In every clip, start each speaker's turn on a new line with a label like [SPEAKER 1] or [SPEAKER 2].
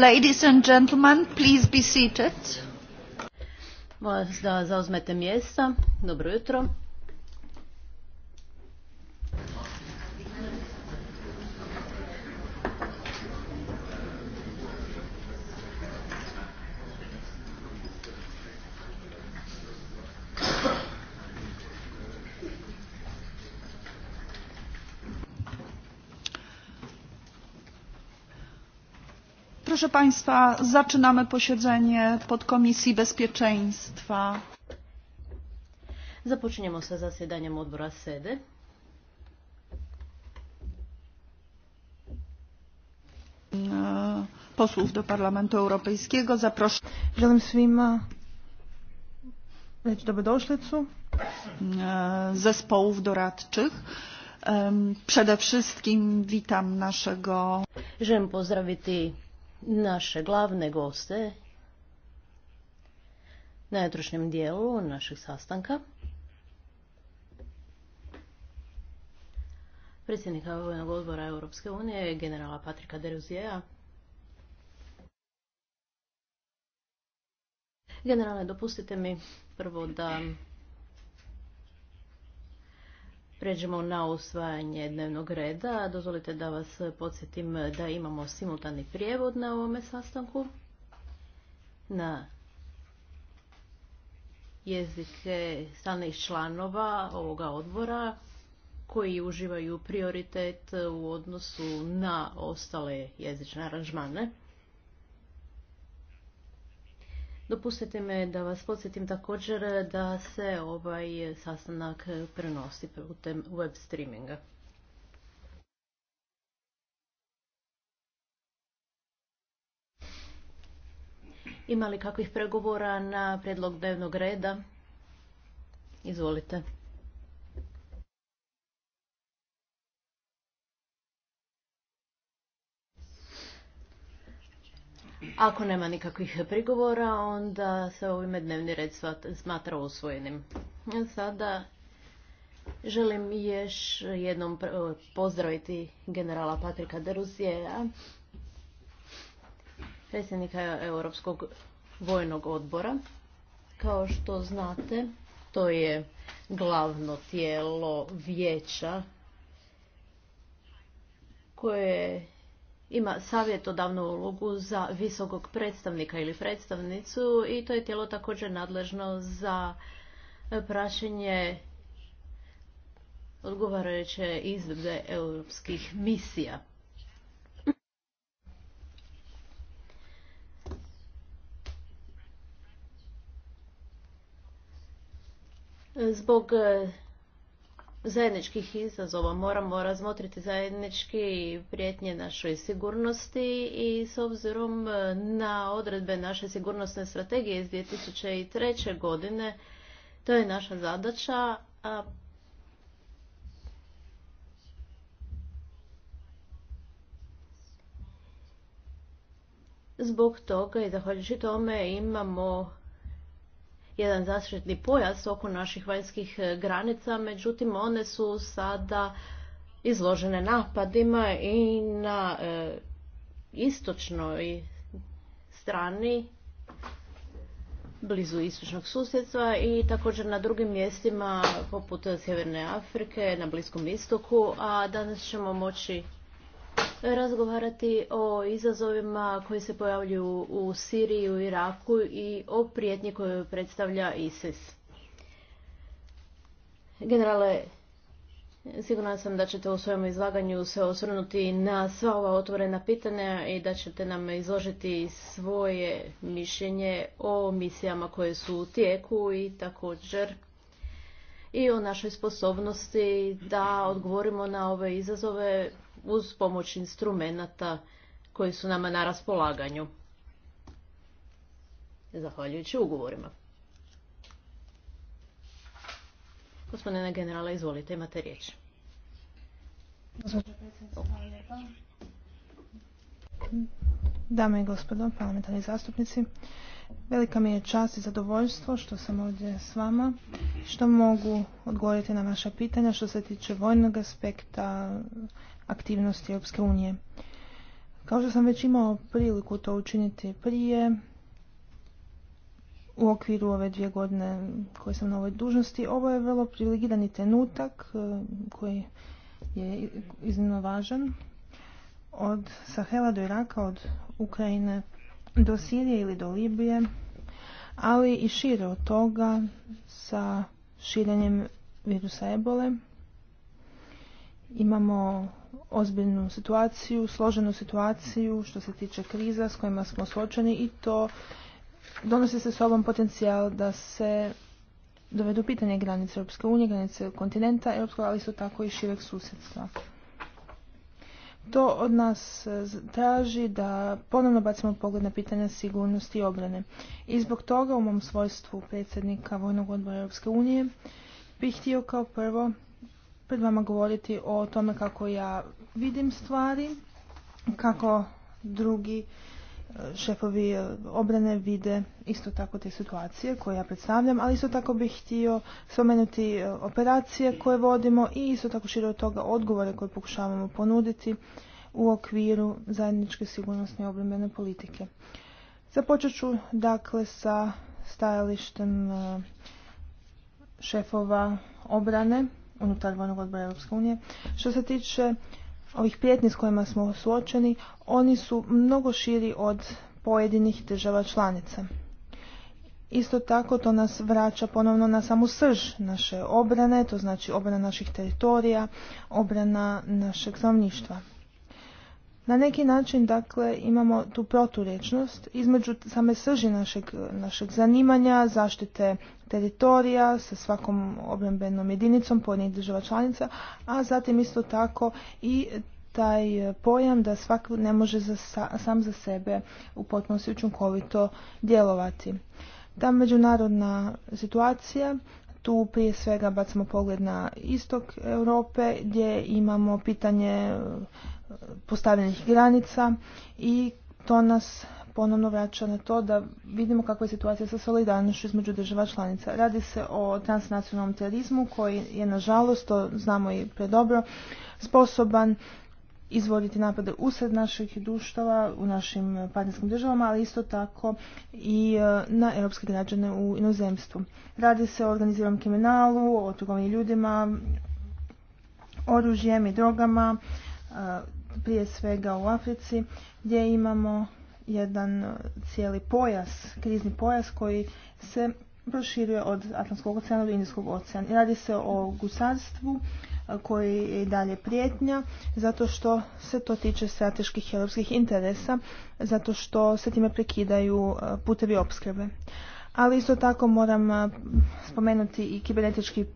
[SPEAKER 1] Ladies and gentlemen, please be seated. Molim vas da zauzmete mjesta. Dobro jutro.
[SPEAKER 2] Proszę Państwa, zaczynamy posiedzenie podkomisji bezpieczeństwa.
[SPEAKER 1] Započinjemo sa zasjedanjem odbora sedy
[SPEAKER 2] e, Posłów do Parlamentu Europejskiego zapraszam. Želim svima e, reći dobrodošlicu. E, zespołów doradczych. Przede wszystkim witam naszego...
[SPEAKER 1] Želim pozdraviti naše glavne goste na jutrošnjem dijelu našeg sastanka. Predsjednika Vojnog odbora Europske unije, generala Patrika Deruzijeja. Generalne, dopustite mi prvo da pređemo na usvajanje dnevnog reda. Dozvolite da vas podsjetim da imamo simultani prijevod na ovome sastanku na jezike stanih članova ovoga odbora koji uživaju prioritet u odnosu na ostale jezične aranžmane. Dopustite me da vas podsjetim također da se ovaj sastanak prenosi putem web streaminga. Ima li kakvih pregovora na predlog dnevnog reda? Izvolite. Ako nema nikakvih prigovora, onda se ovime dnevni red smatra usvojenim. Sada želim još jednom e, pozdraviti generala Patrika Derusijera, predsjednika Europskog vojnog odbora. Kao što znate, to je glavno tijelo vijeća koje ima savjetodavnu ulogu za visokog predstavnika ili predstavnicu i to je tijelo također nadležno za praćenje odgovarajuće izvedbe europskih misija. Zbog zajedničkih izazova. Moramo razmotriti zajednički prijetnje našoj sigurnosti i s obzirom na odredbe naše sigurnosne strategije iz 2003. godine, to je naša zadaća. zbog toga i zahvaljujući tome imamo jedan zaštitni pojas oko naših vanjskih e, granica, međutim one su sada izložene napadima i na e, istočnoj strani blizu istočnog susjedstva i također na drugim mjestima poput Sjeverne Afrike, na Bliskom istoku, a danas ćemo moći razgovarati o izazovima koji se pojavljuju u Siriji, u Iraku i o prijetnji koju predstavlja ISIS. Generale, sigurna sam da ćete u svojem izlaganju se osvrnuti na sva ova otvorena pitanja i da ćete nam izložiti svoje mišljenje o misijama koje su u tijeku i također i o našoj sposobnosti da odgovorimo na ove izazove uz pomoć instrumenta koji su nama na raspolaganju, zahvaljujući ugovorima. Gospodine generala, izvolite, imate riječ.
[SPEAKER 2] Dame i gospodo, parlamentarni zastupnici, Velika mi je čast i zadovoljstvo što sam ovdje s vama, što mogu odgovoriti na vaša pitanja što se tiče vojnog aspekta aktivnosti Europske unije. Kao što sam već imao priliku to učiniti prije, u okviru ove dvije godine koje sam na ovoj dužnosti, ovo je vrlo privilegirani trenutak eh, koji je iznimno važan. Od Sahela do Iraka, od Ukrajine do Sirije ili do Libije, ali i šire od toga sa širenjem virusa ebole. Imamo ozbiljnu situaciju, složenu situaciju što se tiče kriza s kojima smo suočeni i to donosi se sobom potencijal da se dovedu pitanje granice Europske unije, granice kontinenta Europskog, ali isto tako i šireg susjedstva. To od nas e, traži da ponovno bacimo pogled na pitanja sigurnosti i obrane. I zbog toga u mom svojstvu predsjednika Vojnog odbora Europske unije bih htio kao prvo pred vama govoriti o tome kako ja vidim stvari, kako drugi šefovi eh, obrane vide isto tako te situacije koje ja predstavljam, ali isto tako bih htio spomenuti eh, operacije koje vodimo i isto tako šire od toga odgovore koje pokušavamo ponuditi u okviru zajedničke sigurnosne i obrambene politike. Započet ću dakle sa stajalištem eh, šefova obrane unutar vojnog odbora Europske unije. Što se tiče ovih prijetnji s kojima smo suočeni, oni su mnogo širi od pojedinih država članica. Isto tako to nas vraća ponovno na samu srž naše obrane, to znači obrana naših teritorija, obrana našeg zavništva na neki način, dakle, imamo tu proturečnost između same srži našeg, našeg zanimanja, zaštite teritorija sa svakom obrambenom jedinicom pojedinih država članica, a zatim isto tako i taj pojam da svak ne može sam za sebe u potpunosti učinkovito djelovati. Ta međunarodna situacija tu prije svega bacamo pogled na istok Europe gdje imamo pitanje e, postavljenih granica i to nas ponovno vraća na to da vidimo kakva je situacija sa solidarnošću između država članica. Radi se o transnacionalnom terorizmu koji je nažalost, to znamo i predobro, sposoban izvoditi napade usred naših društava u našim partnerskim državama, ali isto tako i e, na europske građane u inozemstvu. Radi se o organiziranom kriminalu, o trgovini ljudima, oružjem i drogama, e, prije svega u Africi, gdje imamo jedan e, cijeli pojas, krizni pojas koji se proširuje od Atlantskog oceana do Indijskog oceana. Radi se o gusarstvu, koji je i dalje prijetnja, zato što se to tiče strateških europskih interesa, zato što se time prekidaju e, putevi opskrbe. Ali isto tako moram e, spomenuti i kibernetički e,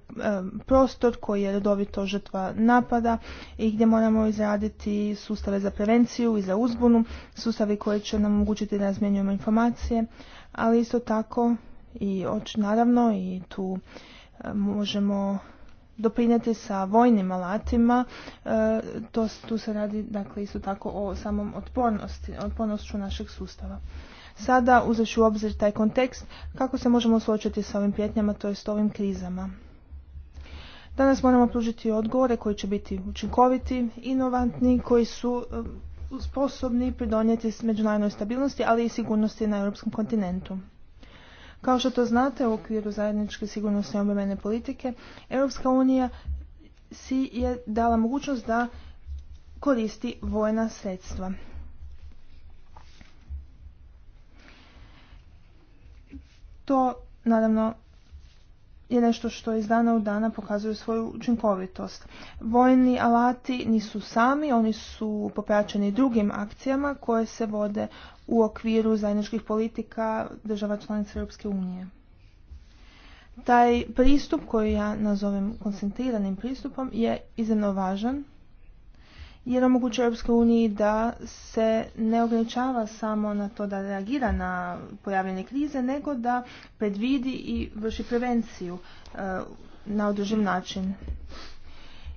[SPEAKER 2] prostor koji je redovito žrtva napada i gdje moramo izraditi sustave za prevenciju i za uzbunu, sustavi koji će nam omogućiti da razmjenjujemo informacije, ali isto tako i naravno i tu možemo doprinijeti sa vojnim alatima. E, to, tu se radi dakle, isto tako o samom otpornosti, otpornošću našeg sustava. Sada, uzeću u obzir taj kontekst, kako se možemo suočiti sa ovim prijetnjama, to jest ovim krizama. Danas moramo pružiti odgovore koji će biti učinkoviti, inovantni, koji su e, sposobni pridonijeti međunarodnoj stabilnosti, ali i sigurnosti na europskom kontinentu. Kao što to znate u okviru zajedničke sigurnosne obrambene politike, Europska unija si je dala mogućnost da koristi vojna sredstva. To naravno je nešto što iz dana u dana pokazuje svoju učinkovitost. Vojni alati nisu sami, oni su popraćeni drugim akcijama koje se vode u okviru zajedničkih politika država članica Europske unije. Taj pristup koji ja nazovem koncentriranim pristupom je iznimno važan jer omogućuje Europske uniji da se ne ograničava samo na to da reagira na pojavljene krize, nego da predvidi i vrši prevenciju eh, na održiv način.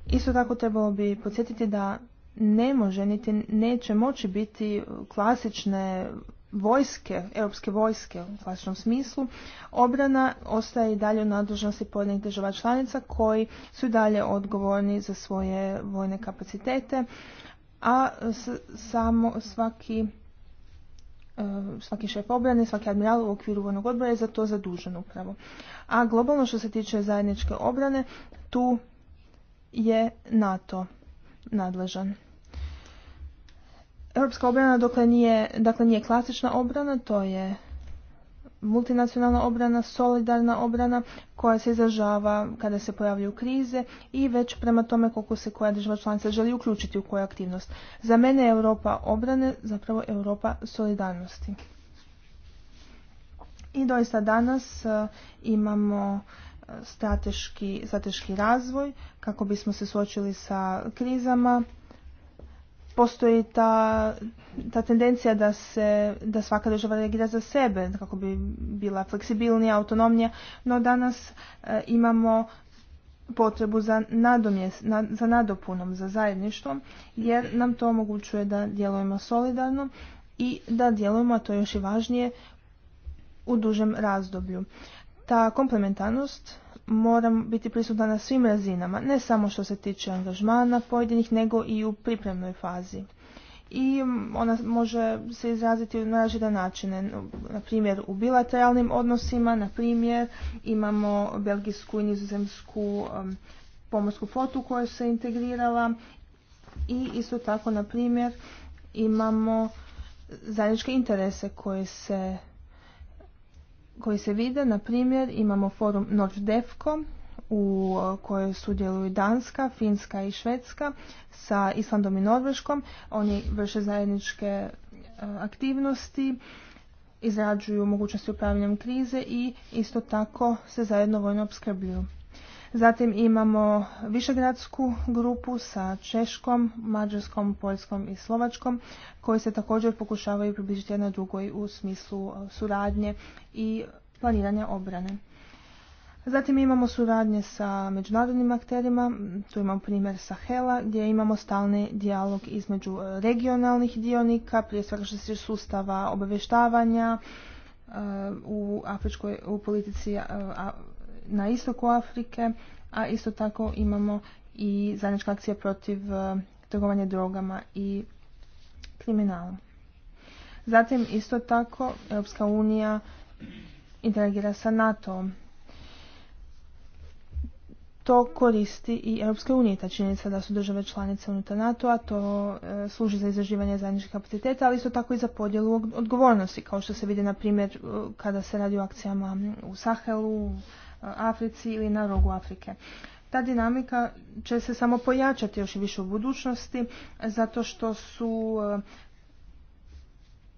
[SPEAKER 2] Isto tako trebalo bi podsjetiti da ne može niti neće moći biti klasične vojske, europske vojske u klasičnom smislu, obrana ostaje i dalje u nadležnosti pojedinih država članica koji su i dalje odgovorni za svoje vojne kapacitete, a samo svaki e, svaki šef obrane, svaki admiral u okviru vojnog odbora je za to zadužen upravo. A globalno što se tiče zajedničke obrane, tu je NATO nadležan. Europska obrana dokle nije, dakle nije klasična obrana, to je multinacionalna obrana, solidarna obrana koja se izražava kada se pojavljuju krize i već prema tome koliko se koja država članica želi uključiti u koju aktivnost. Za mene je Europa obrane zapravo Europa solidarnosti. I doista danas e, imamo e, strateški, strateški razvoj kako bismo se suočili sa krizama postoji ta, ta tendencija da se da svaka država reagira za sebe kako bi bila fleksibilnija, autonomnija, no danas e, imamo potrebu za, nadomjes, za nadopunom, za zajedništvom, jer nam to omogućuje da djelujemo solidarno i da djelujemo, a to je još i važnije, u dužem razdoblju. Ta komplementarnost moram biti prisutna na svim razinama, ne samo što se tiče angažmana pojedinih, nego i u pripremnoj fazi. I mm, ona može se izraziti na različite načine. Na primjer, u bilateralnim odnosima, na primjer, imamo belgijsku i nizozemsku mm, pomorsku flotu koja se integrirala i isto tako, na primjer, imamo zajedničke interese koje se koji se vide. Na primjer, imamo forum Nordefco u eh, kojoj sudjeluju Danska, Finska i Švedska sa Islandom i Norveškom. Oni vrše zajedničke eh, aktivnosti, izrađuju mogućnosti upravljanja krize i isto tako se zajedno vojno opskrbljuju. Zatim imamo višegradsku grupu sa Češkom, Mađarskom, Poljskom i Slovačkom koji se također pokušavaju približiti jednoj drugoj u smislu e, suradnje i planiranja obrane. Zatim imamo suradnje sa međunarodnim akterima, tu imamo primjer Sahela gdje imamo stalni dijalog između e, regionalnih dionika, prije svega što se sustava obavještavanja e, u, Afričkoj, u politici na istoku Afrike, a isto tako imamo i zajednička akcije protiv e, trgovanja drogama i kriminala. Zatim isto tako Europska unija interagira sa nato To koristi i Europske unije, ta činjenica da su države članice unutar NATO-a, to e, služi za izraživanje zajedničkih kapaciteta, ali isto tako i za podjelu odgovornosti, kao što se vidi na primjer kada se radi o akcijama u Sahelu, Africi ili na rogu Afrike. Ta dinamika će se samo pojačati još i više u budućnosti zato što su e,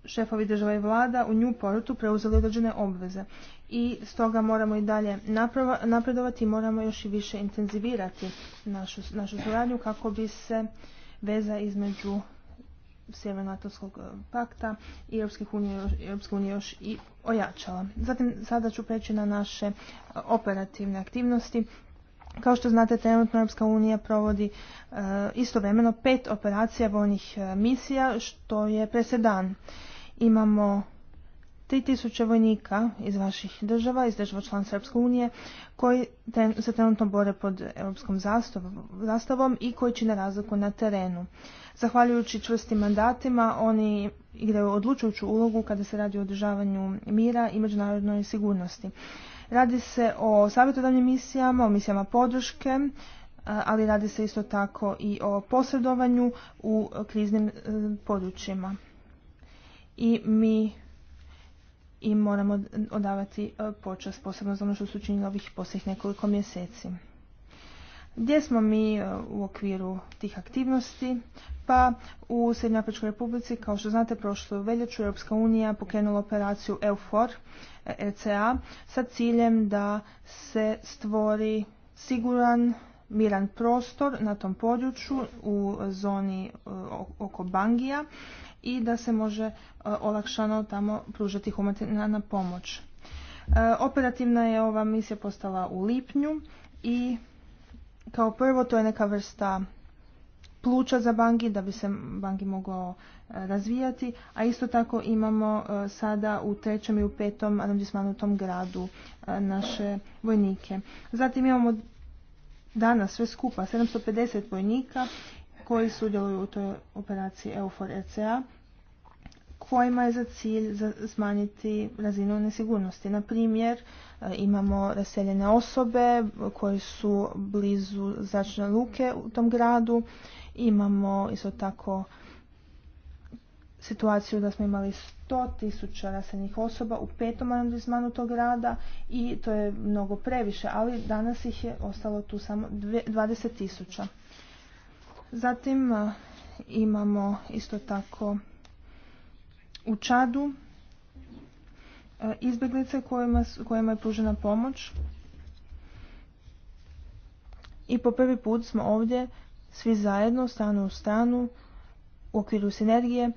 [SPEAKER 2] šefovi država i vlada u nju porutu preuzeli određene obveze. I stoga moramo i dalje napredovati i moramo još i više intenzivirati našu, našu suradnju kako bi se veza između sjevernatorskog e, pakta i Europskih unije još i ojačala. Zatim sada ću preći na naše e, operativne aktivnosti. Kao što znate, trenutno Europska unija provodi e, istovremeno pet operacija vojnih misija, što je presedan. Imamo 3000 vojnika iz vaših država, iz država član Srpske unije, koji se trenutno bore pod europskom zastavom i koji čine razliku na terenu. Zahvaljujući čvrstim mandatima, oni igraju odlučujuću ulogu kada se radi o održavanju mira i međunarodnoj sigurnosti. Radi se o savjetodavnim misijama, o misijama podrške, ali radi se isto tako i o posredovanju u kriznim e, područjima. I mi i moramo odavati e, počas posebno za ono što su učinili ovih posljednjih nekoliko mjeseci. Gdje smo mi e, u okviru tih aktivnosti? Pa u Srednjoafričkoj republici, kao što znate, prošlo veljaču Europska unija pokrenula operaciju EUFOR, ECA, e sa ciljem da se stvori siguran, miran prostor na tom području u zoni oko Bangija i da se može e, olakšano tamo pružati humanitarna pomoć. E, operativna je ova misija postala u lipnju i kao prvo to je neka vrsta pluća za bangi da bi se bangi mogao e, razvijati, a isto tako imamo sada u trećem i u petom arondismanu tom gradu naše vojnike. Zatim imamo danas sve skupa 750 vojnika koji sudjeluju u toj operaciji EUFOR ECA kojima je za cilj smanjiti razinu nesigurnosti. Na primjer, e, imamo raseljene osobe koji su blizu zračne luke u tom gradu. Imamo isto tako situaciju da smo imali 100.000 raseljenih osoba u petom arondizmanu tog grada i to je mnogo previše, ali danas ih je ostalo tu samo 20000 tisuća. Zatim e, imamo isto tako u Čadu e, izbjeglice kojima, je pružena pomoć. I po prvi put smo ovdje svi zajedno, stanu u stranu, u okviru sinergije,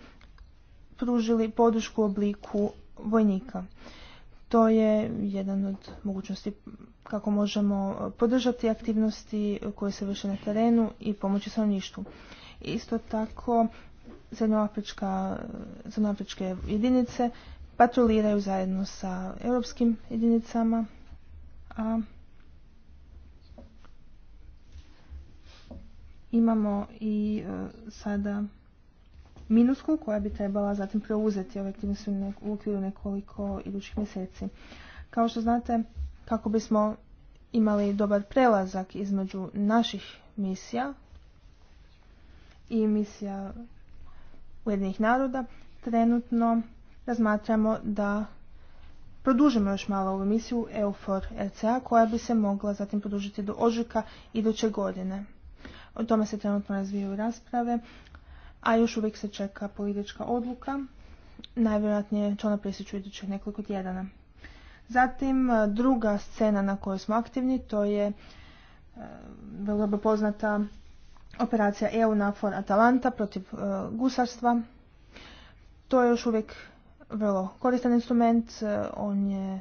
[SPEAKER 2] pružili podršku u obliku vojnika. To je jedan od mogućnosti kako možemo podržati aktivnosti koje se vrše na terenu i pomoći stanovništvu. Isto tako, zemljoafričke jedinice patroliraju zajedno sa europskim jedinicama, a imamo i e, sada minusku koja bi trebala zatim preuzeti ove aktivnosti u okviru nekoliko idućih mjeseci. Kao što znate, kako bismo imali dobar prelazak između naših misija i misija Ujedinih naroda, trenutno razmatramo da produžimo još malo ovu misiju EUFOR RCA koja bi se mogla zatim produžiti do ožujka iduće godine. O tome se trenutno razvijaju rasprave a još uvijek se čeka politička odluka. Najvjerojatnije će ona presjeći u idućih nekoliko tjedana. Zatim, e, druga scena na kojoj smo aktivni, to je e, vrlo dobro poznata operacija EU for Atalanta protiv e, gusarstva. To je još uvijek vrlo koristan instrument, on je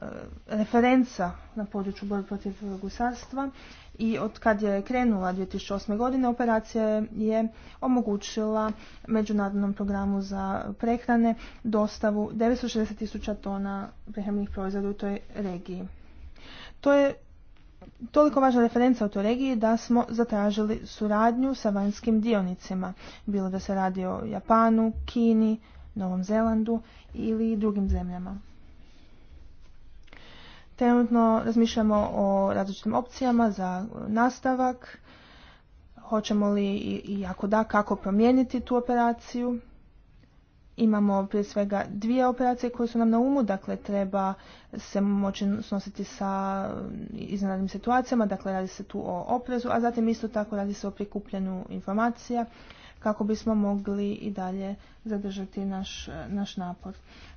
[SPEAKER 2] E, referenca na području borbe protiv gusarstva i od kad je krenula 2008. godine operacija je omogućila Međunarodnom programu za prehrane dostavu 960 tisuća tona prehrambenih proizvoda u toj regiji. To je toliko važna referenca u toj regiji da smo zatražili suradnju sa vanjskim dionicima, bilo da se radi o Japanu, Kini, Novom Zelandu ili drugim zemljama. Trenutno razmišljamo o različitim opcijama za nastavak, hoćemo li i ako da kako promijeniti tu operaciju. Imamo prije svega dvije operacije koje su nam na umu, dakle treba se moći snositi sa iznenadnim situacijama, dakle radi se tu o oprezu, a zatim isto tako radi se o prikupljenu informacija kako bismo mogli i dalje zadržati naš, eh, naš napor.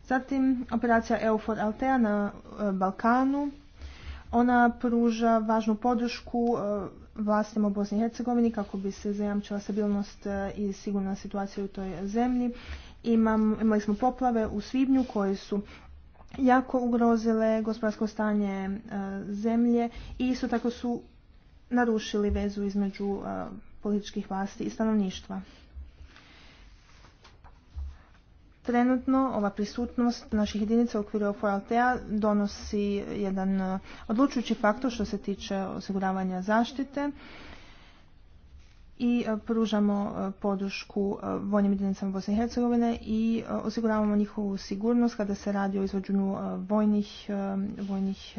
[SPEAKER 2] Zatim operacija EUFOR Altea na eh, Balkanu. Ona pruža važnu podršku eh, vlastima u Bosni i Hercegovini kako bi se zajamčila stabilnost i sigurna situacija u toj zemlji. Imam, imali smo poplave u Svibnju koje su jako ugrozile gospodarsko stanje zemlje i isto tako su narušili vezu između političkih vlasti i stanovništva. Trenutno ova prisutnost naših jedinica u okviru oflt donosi jedan e, odlučujući faktor što se tiče osiguravanja zaštite i e, pružamo e, podršku vojnim jedinicama Bosne i Hercegovine i osiguravamo njihovu sigurnost kada se radi o izvođenju vojnih, vojnih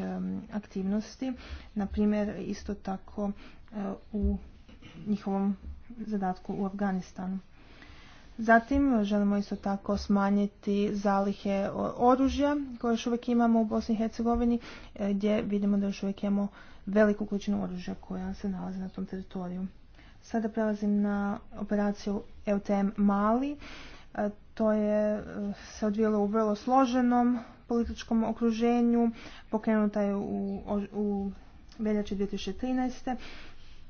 [SPEAKER 2] aktivnosti, na primjer isto tako u njihovom zadatku u Afganistanu. Zatim želimo isto tako smanjiti zalihe oružja koje još uvijek imamo u Bosni i Hercegovini e, gdje vidimo da još uvijek imamo veliku količinu oružja koja se nalazi na tom teritoriju. Sada prelazim na operaciju EUTM Mali. E, to je e, se odvijelo u vrlo složenom političkom okruženju. Pokrenuta je u, u veljači 2013.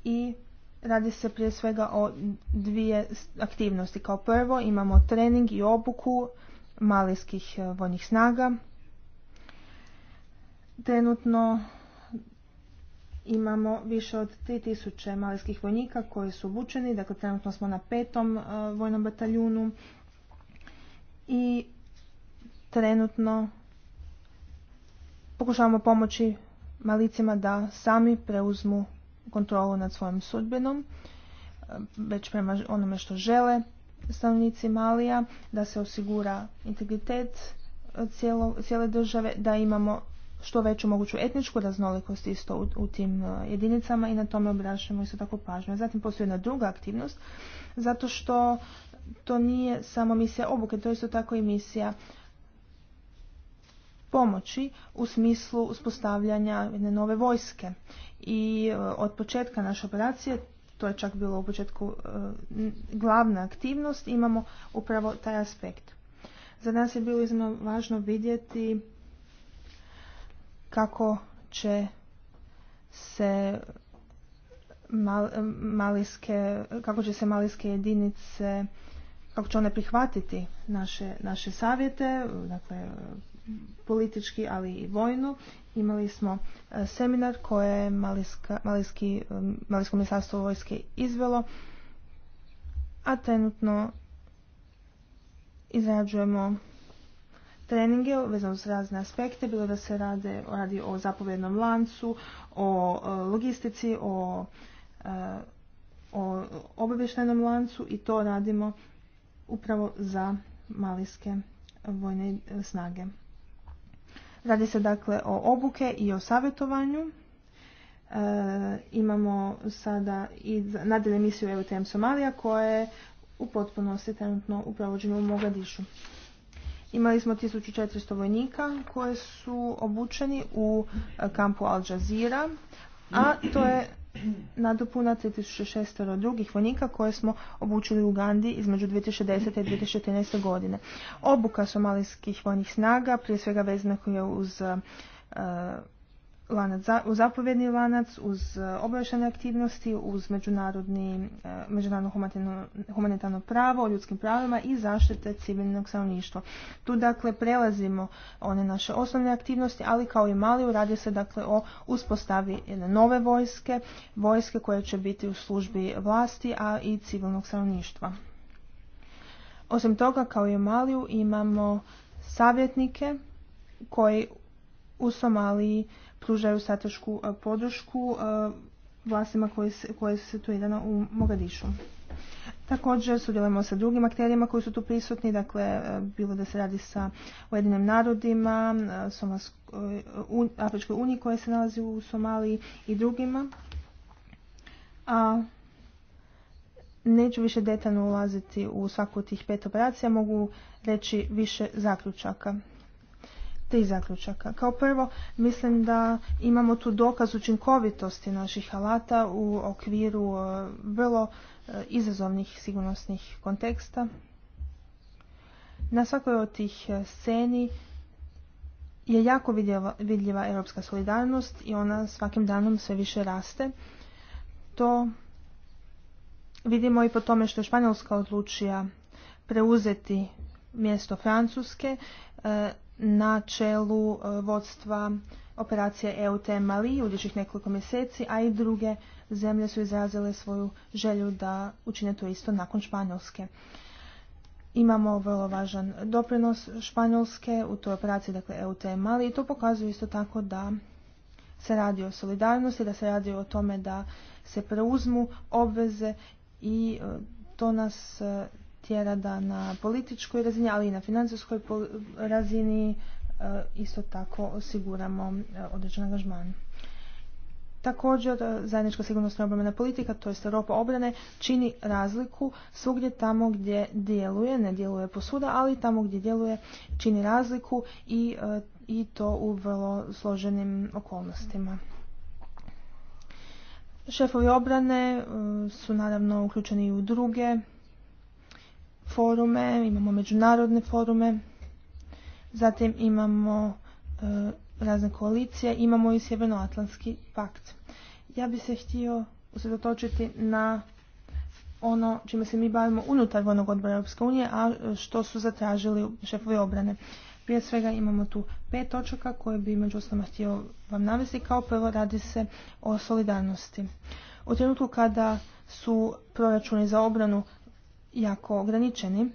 [SPEAKER 2] i Radi se prije svega o dvije aktivnosti. Kao prvo imamo trening i obuku malijskih e, vojnih snaga. Trenutno imamo više od 3000 malijskih vojnika koji su obučeni, dakle trenutno smo na petom e, vojnom bataljunu i trenutno pokušavamo pomoći malicima da sami preuzmu kontrolu nad svojom sudbinom, e, već prema onome što žele stanovnici Malija, da se osigura integritet e, cijele države, da imamo što veću moguću etničku raznolikost isto u, tim e, jedinicama i na tome obraćamo isto tako pažnju. Zatim postoji jedna druga aktivnost, zato što to nije samo misija obuke, to je isto tako i misija pomoći u smislu uspostavljanja jedne nove vojske i e, od početka naše operacije, to je čak bilo u početku e, glavna aktivnost, imamo upravo taj aspekt. Za nas je bilo iznimno važno vidjeti kako će se e, malijske, kako će se malijske jedinice kako će one prihvatiti naše, naše savjete, dakle politički, ali i vojnu. Imali smo e, seminar koje je Malijsko e, ministarstvo vojske izvelo, a trenutno izrađujemo treninge vezano s razne aspekte, bilo da se radi o zapovjednom lancu, o e, logistici, o, o obavještajnom lancu i to radimo upravo za malijske vojne snage. Radi se dakle o obuke i o savjetovanju. E, imamo sada i nadalje misiju EUTM Somalija koja je u potpunosti trenutno u provođenju u Mogadišu. Imali smo 1400 vojnika koji su obučeni u e, kampu Al Jazeera, a to je nadopuna 3600 drugih vojnika koje smo obučili u Ugandi između 2010. i 2013. godine. Obuka somalijskih vojnih snaga prije svega vezana je uz eh, lanac, uz zapovjedni lanac, uz e, obavještajne aktivnosti, uz međunarodni, e, međunarodno humanitarno pravo ljudskim pravima i zaštite civilnog stanovništva. Tu dakle prelazimo one naše osnovne aktivnosti, ali kao i Maliju radi se dakle o uspostavi nove vojske, vojske koje će biti u službi vlasti, a i civilnog stanovništva. Osim toga, kao i Maliju, imamo savjetnike koji u Somaliji pružaju stratešku e, podršku e, vlastima koje, su situirane u Mogadišu. Također sudjelujemo sa drugim akterijama koji su tu prisutni, dakle e, bilo da se radi sa Ujedinim narodima, Afričkoj uniji koja se nalazi u Somaliji i drugima. A neću više detaljno ulaziti u svaku od tih pet operacija, mogu reći više zaključaka zaključaka. Kao prvo, mislim da imamo tu dokaz učinkovitosti naših alata u okviru e, vrlo e, izazovnih sigurnosnih konteksta. Na svakoj od tih e, sceni je jako vidljiva, europska solidarnost i ona svakim danom sve više raste. To vidimo i po tome što je Španjolska odlučija preuzeti mjesto Francuske na čelu e, vodstva operacije EUT Mali u idućih nekoliko mjeseci, a i druge zemlje su izrazile svoju želju da učine to isto nakon Španjolske. Imamo vrlo važan doprinos Španjolske u toj operaciji, dakle EUT Mali, i to pokazuje isto tako da se radi o solidarnosti, da se radi o tome da se preuzmu obveze i e, to nas e, tjera da na političkoj razini, ali i na financijskoj razini e, isto tako osiguramo e, određen angažman. Također, e, zajednička sigurnosna obrambena politika, to je Europa obrane, čini razliku svugdje tamo gdje djeluje, ne djeluje posuda, ali tamo gdje djeluje čini razliku i, i to u vrlo složenim okolnostima. Šefovi obrane su naravno uključeni i u druge forume, imamo međunarodne forume, zatim imamo e, razne koalicije, imamo i Sjevernoatlantski pakt. Ja bih se htio usredotočiti na ono čime se mi bavimo unutar vojnog odbora Europske unije, a e, što su zatražili šefovi obrane. Prije svega imamo tu pet točaka koje bi među ostama htio vam navesti. Kao prvo radi se o solidarnosti. U trenutku kada su proračuni za obranu jako ograničeni.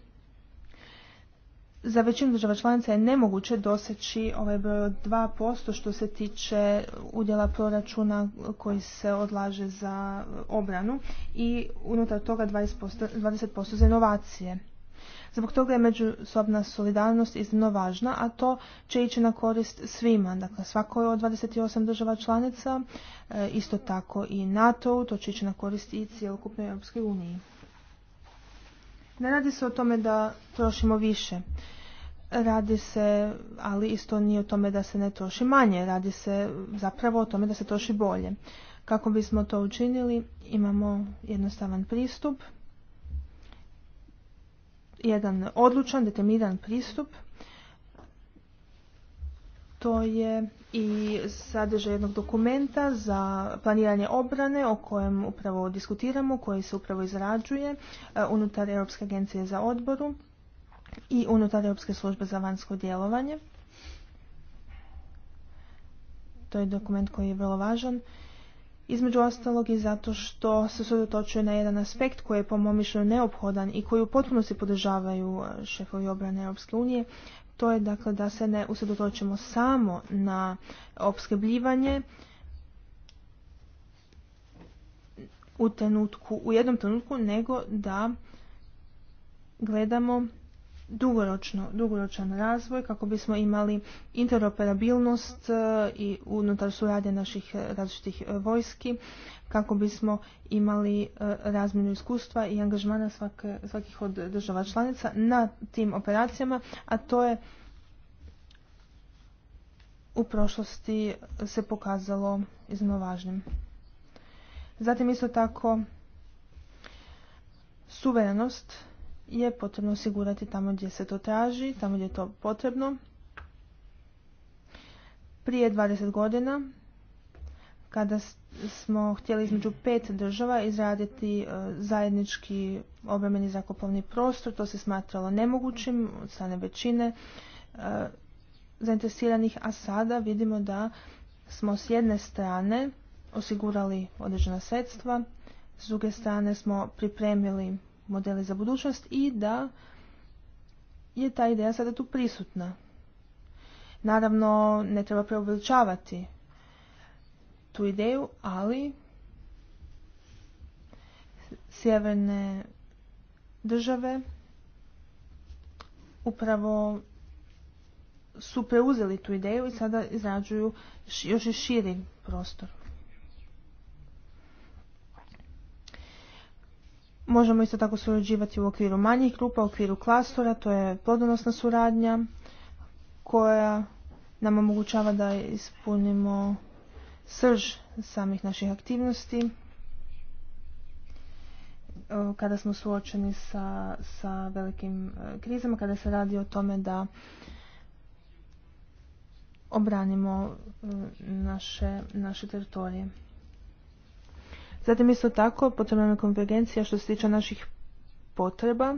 [SPEAKER 2] Za većinu država članica je nemoguće doseći ovaj broj od 2% što se tiče udjela proračuna koji se odlaže za obranu i unutar toga 20%, 20 za inovacije. Zbog toga je međusobna solidarnost iznimno važna, a to će ići na korist svima. Dakle, svako od 28 država članica, e, isto tako i NATO, to će ići na korist i cijelokupnoj Europskoj uniji. Ne radi se o tome da trošimo više. Radi se, ali isto nije o tome da se ne troši manje. Radi se zapravo o tome da se troši bolje. Kako bismo to učinili, imamo jednostavan pristup, jedan odlučan, determiniran pristup – to je i sadržaj jednog dokumenta za planiranje obrane o kojem upravo diskutiramo, koji se upravo izrađuje e, unutar Europske agencije za odboru i unutar Europske službe za vanjsko djelovanje. To je dokument koji je vrlo važan. Između ostalog i zato što se sudotočuje na jedan aspekt koji je po mom mišljenju neophodan i koji u potpunosti podržavaju e, šefovi obrane Europske unije, to je dakle da se ne usredotočimo samo na opskrbljivanje u trenutku, u jednom trenutku, nego da gledamo dugoročno, dugoročan razvoj kako bismo imali interoperabilnost e, i unutar suradnje naših e, različitih e, vojski kako bismo imali e, razmjenu iskustva i angažmana svakih od država članica na tim operacijama, a to je u prošlosti se pokazalo iznimno važnim. Zatim isto tako suverenost je potrebno osigurati tamo gdje se to traži, tamo gdje je to potrebno. Prije 20 godina kada smo htjeli između pet država izraditi e, zajednički obrambeni zakupovni prostor. To se smatralo nemogućim od strane većine e, zainteresiranih, a sada vidimo da smo s jedne strane osigurali određena sredstva, s druge strane smo pripremili modele za budućnost i da je ta ideja sada tu prisutna. Naravno, ne treba preobličavati tu ideju, ali sjeverne države upravo su preuzeli tu ideju i sada izrađuju još i širi prostor. Možemo isto tako surađivati u okviru manjih grupa, u okviru klastora, to je plodonosna suradnja koja nam omogućava da ispunimo srž samih naših aktivnosti e, kada smo suočeni sa, sa velikim e, krizama, kada se radi o tome da obranimo e, naše, naše teritorije. Zatim isto tako potrebna je konvergencija što se tiče naših potreba.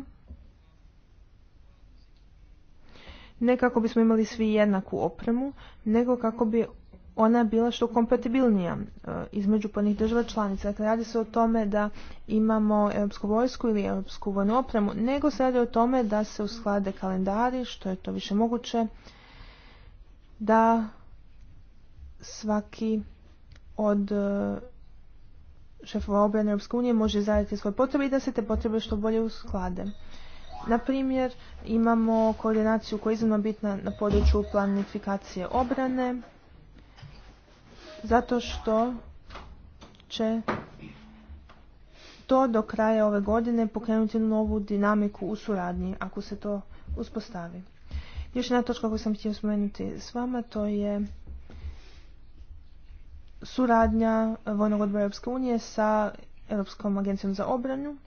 [SPEAKER 2] Ne kako bismo imali svi jednaku opremu, nego kako bi ona je bila što kompatibilnija e, između ponih država članica. Dakle, radi se o tome da imamo europsku vojsku ili europsku vojnu opremu, nego se radi o tome da se usklade kalendari, što je to više moguće, da svaki od e, šefova obrane Europske unije može izraditi svoje potrebe i da se te potrebe što bolje usklade. Na primjer, imamo koordinaciju koja je iznimno bitna na području planifikacije obrane, zato što će to do kraja ove godine pokrenuti novu dinamiku u suradnji, ako se to uspostavi. Još jedna točka koju sam htio spomenuti s vama, to je suradnja Vojnog odbora Europske unije sa Europskom agencijom za obranu.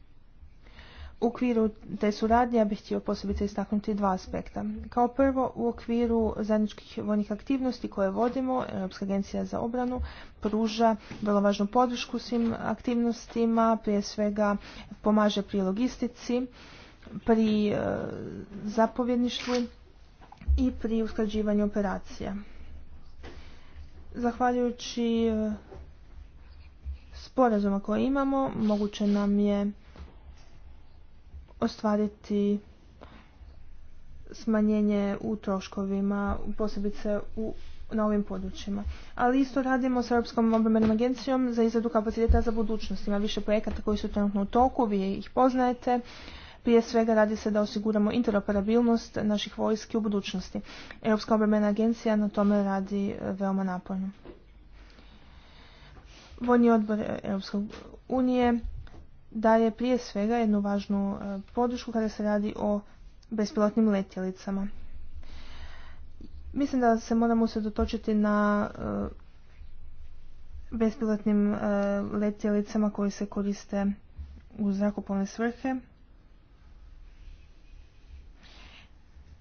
[SPEAKER 2] U okviru te suradnje ja bih htio posebice istaknuti dva aspekta. Kao prvo, u okviru zajedničkih vojnih aktivnosti koje vodimo, Europska agencija za obranu pruža vrlo važnu podršku svim aktivnostima, prije svega pomaže pri logistici, pri e, zapovjedništvu i pri usklađivanju operacija. Zahvaljujući e, sporazuma koje imamo, moguće nam je ostvariti smanjenje u troškovima, posebice u, na ovim područjima. Ali isto radimo s Europskom obrambenom agencijom za izradu kapaciteta za budućnost. Ima više projekata koji su trenutno u toku, vi ih poznajete. Prije svega radi se da osiguramo interoperabilnost naših vojski u budućnosti. Europska obrambena agencija na tome radi e, veoma naporno. Vojni odbor Europske unije daje prije svega jednu važnu e, podršku kada se radi o bespilotnim letjelicama. Mislim da se moramo usredotočiti na e, bespilotnim e, letjelicama koji se koriste u zrakoplovne svrhe.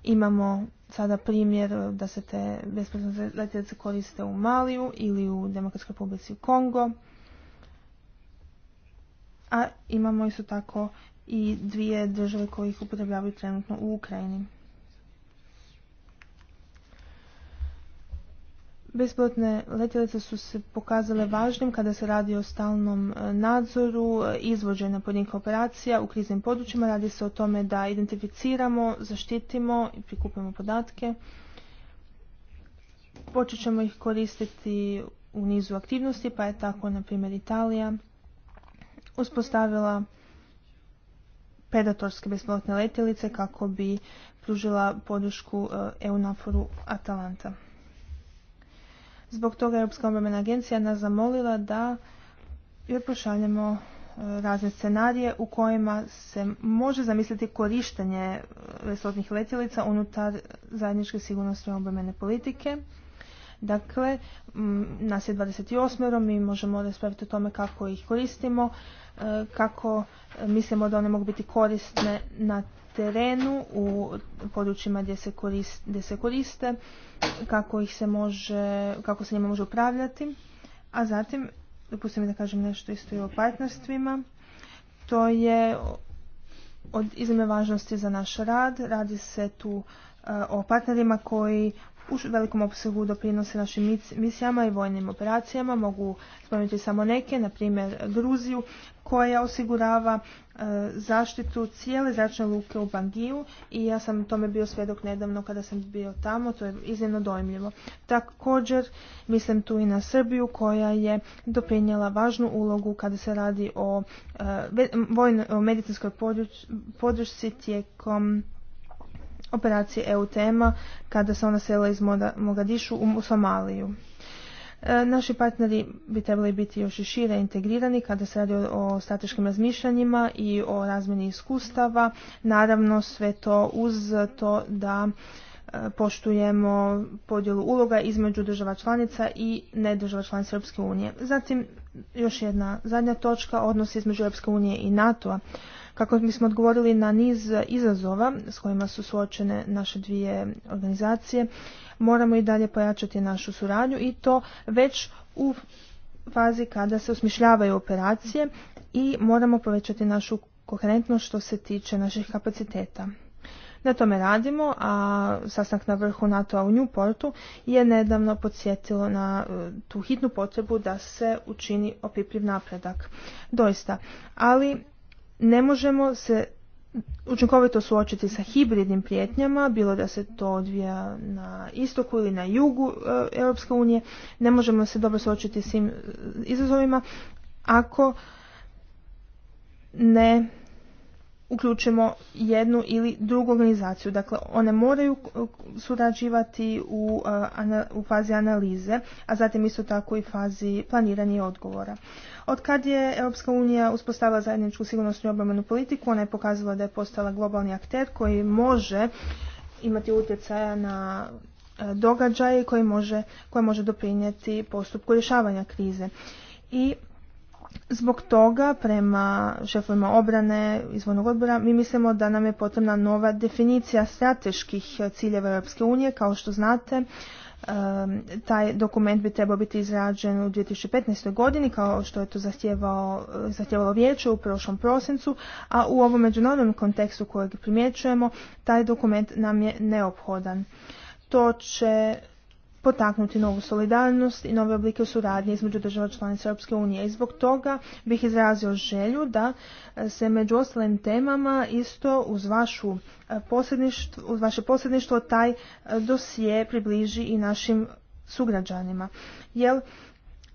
[SPEAKER 2] Imamo sada primjer da se te bespilotne letjelice koriste u Maliju ili u Demokratskoj republici Kongo a imamo isto tako i dvije države koje ih upotrebljavaju trenutno u Ukrajini. Besplatne letjelice su se pokazale važnim kada se radi o stalnom e, nadzoru, e, izvođenja pojedinih operacija u kriznim područjima. Radi se o tome da identificiramo, zaštitimo i prikupimo podatke. Počet ćemo ih koristiti u nizu aktivnosti, pa je tako, na primjer, Italija uspostavila predatorske besplatne letjelice kako bi pružila podršku e, EUNAFOR-u Atalanta. Zbog toga Europska obrambena agencija nas zamolila da joj pošaljemo e, razne scenarije u kojima se može zamisliti korištenje e, besplatnih letjelica unutar zajedničke sigurnosti obrambene politike Dakle, nas je 28. Mi možemo raspraviti o tome kako ih koristimo, e, kako mislimo da one mogu biti korisne na terenu u područjima gdje se, koriste, se koriste, kako, ih se može, kako se njima može upravljati. A zatim, dopustite mi da kažem nešto isto i o partnerstvima. To je od iznimne važnosti za naš rad. Radi se tu e, o partnerima koji u velikom opsegu doprinose našim misijama i vojnim operacijama. Mogu spomenuti samo neke, na primjer Gruziju, koja osigurava e, zaštitu cijele zračne luke u Bangiju i ja sam tome bio svjedok nedavno kada sam bio tamo, to je iznimno dojmljivo. Također mislim tu i na Srbiju koja je doprinjela važnu ulogu kada se radi o, e, medicinskoj podršci tijekom operacije EU tema kada se ona sela iz Mogadišu u Somaliju. E, naši partneri bi trebali biti još i šire integrirani kada se radi o strateškim razmišljanjima i o razmjeni iskustava. Naravno sve to uz to da e, poštujemo podjelu uloga između država članica i ne država članica Europske unije. Zatim još jedna zadnja točka, odnosi između Europske unije i NATO-a kako bismo odgovorili na niz izazova s kojima su suočene naše dvije organizacije, moramo i dalje pojačati našu suradnju i to već u fazi kada se osmišljavaju operacije i moramo povećati našu koherentnost što se tiče naših kapaciteta. Na tome radimo, a sastanak na vrhu NATO-a u Newportu je nedavno podsjetilo na e, tu hitnu potrebu da se učini opipljiv napredak. Doista, ali ne možemo se učinkovito suočiti sa hibridnim prijetnjama, bilo da se to odvija na istoku ili na jugu e, Europske unije, ne možemo se dobro suočiti s tim e, izazovima ako ne uključimo jednu ili drugu organizaciju. Dakle, one moraju uh, surađivati u, uh, u fazi analize, a zatim isto tako i fazi planiranja i odgovora. Od kad je Europska unija uspostavila zajedničku sigurnosnu i obrambenu politiku, ona je pokazala da je postala globalni akter koji može imati utjecaja na uh, događaje koje može, koje može doprinijeti postupku rješavanja krize. I Zbog toga, prema šefovima obrane izvornog odbora, mi mislimo da nam je potrebna nova definicija strateških ciljeva Europske unije. Kao što znate, e, taj dokument bi trebao biti izrađen u 2015. godini, kao što je to zahtjevalo vijeće u prošlom prosincu, a u ovom međunarodnom kontekstu kojeg primjećujemo, taj dokument nam je neophodan. To će potaknuti novu solidarnost i nove oblike suradnje između država članica Europske unije. I zbog toga bih izrazio želju da e, se među ostalim temama isto uz, vašu e, uz vaše posredništvo taj e, dosije približi i našim sugrađanima. Jer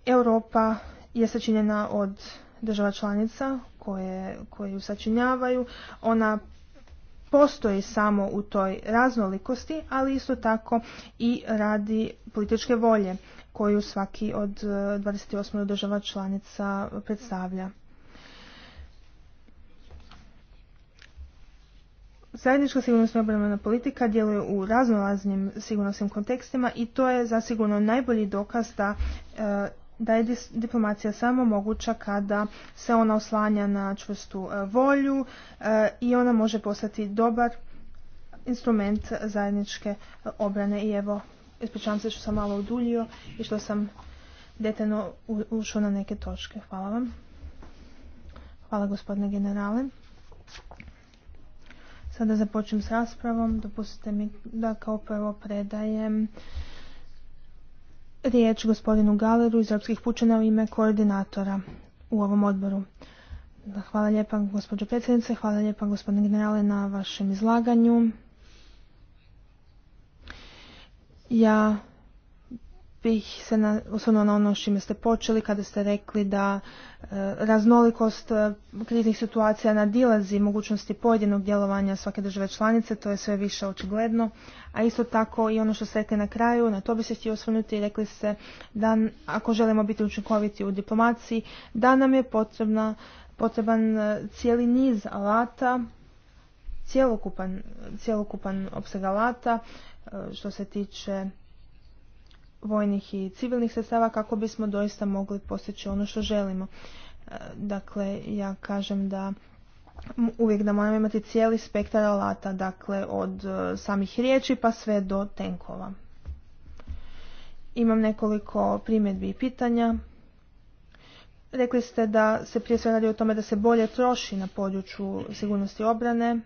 [SPEAKER 2] Europa je sačinjena od država članica koje, koje ju sačinjavaju. Ona postoji samo u toj raznolikosti, ali isto tako i radi političke volje koju svaki od 28 e, država članica predstavlja. Zajednička sigurnosna obrambena politika djeluje u raznolaznim sigurnosnim kontekstima i to je zasigurno najbolji dokaz da e, da je diplomacija samo moguća kada se ona oslanja na čvrstu e, volju e, i ona može postati dobar instrument zajedničke e, obrane. I evo, ispričavam se što sam malo uduljio i što sam detaljno ušao na neke točke. Hvala vam. Hvala gospodine generale. Sada započnem s raspravom. Dopustite mi da kao prvo predajem riječ gospodinu Galeru iz Europskih pučana u ime koordinatora u ovom odboru. Hvala lijepa gospođo predsjednice, hvala lijepa gospodine generale na vašem izlaganju. Ja bih se na, na ono s čime ste počeli kada ste rekli da e, raznolikost e, kriznih situacija nadilazi mogućnosti pojedinog djelovanja svake države članice, to je sve više očigledno. A isto tako i ono što ste rekli na kraju, na to bi se htio osvrnuti i rekli ste da ako želimo biti učinkoviti u diplomaciji, da nam je potrebna, potreban e, cijeli niz alata, cjelokupan, cjelokupan opseg alata što se tiče vojnih i civilnih sredstava kako bismo doista mogli postići ono što želimo. E, dakle, ja kažem da uvijek da moramo imati cijeli spektar alata, dakle od e, samih riječi pa sve do tenkova. Imam nekoliko primjedbi i pitanja. Rekli ste da se prije sve radi o tome da se bolje troši na području sigurnosti obrane,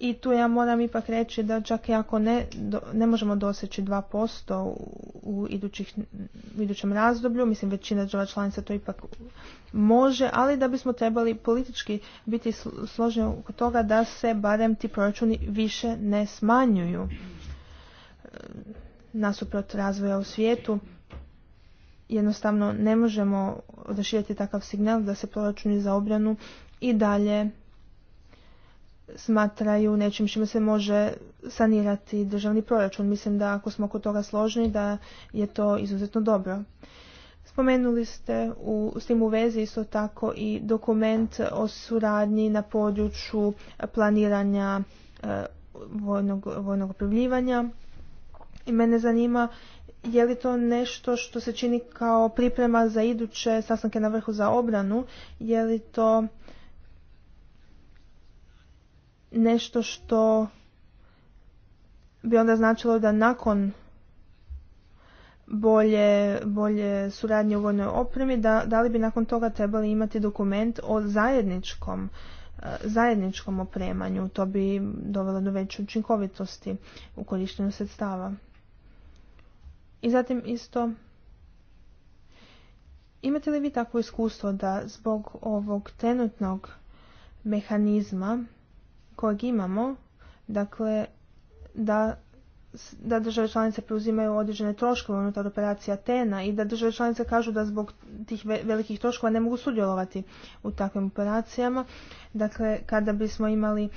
[SPEAKER 2] i tu ja moram ipak reći da čak i ako ne, ne možemo doseći 2% u, u, idućih, u idućem razdoblju, mislim većina država članica to ipak može, ali da bismo trebali politički biti složeni oko toga da se barem ti proračuni više ne smanjuju e, nasuprot razvoja u svijetu. Jednostavno ne možemo odrašivati takav signal da se proračuni za obranu i dalje smatraju nečim čime se može sanirati državni proračun. Mislim da ako smo oko toga složni da je to izuzetno dobro. Spomenuli ste u, s tim u vezi isto tako i dokument o suradnji na području planiranja e, vojnog, vojnog I mene zanima je li to nešto što se čini kao priprema za iduće sastanke na vrhu za obranu, je li to nešto što bi onda značilo da nakon bolje, bolje suradnje u vojnoj opremi, da, da li bi nakon toga trebali imati dokument o zajedničkom e, zajedničkom opremanju. To bi dovelo do veće učinkovitosti u korištenju sredstava. I zatim isto, imate li vi takvo iskustvo da zbog ovog trenutnog mehanizma kojeg imamo, dakle da da države članice preuzimaju određene troškove unutar operacija Atena i da države članice kažu da zbog tih velikih troškova ne mogu sudjelovati u takvim operacijama. Dakle, kada bismo imali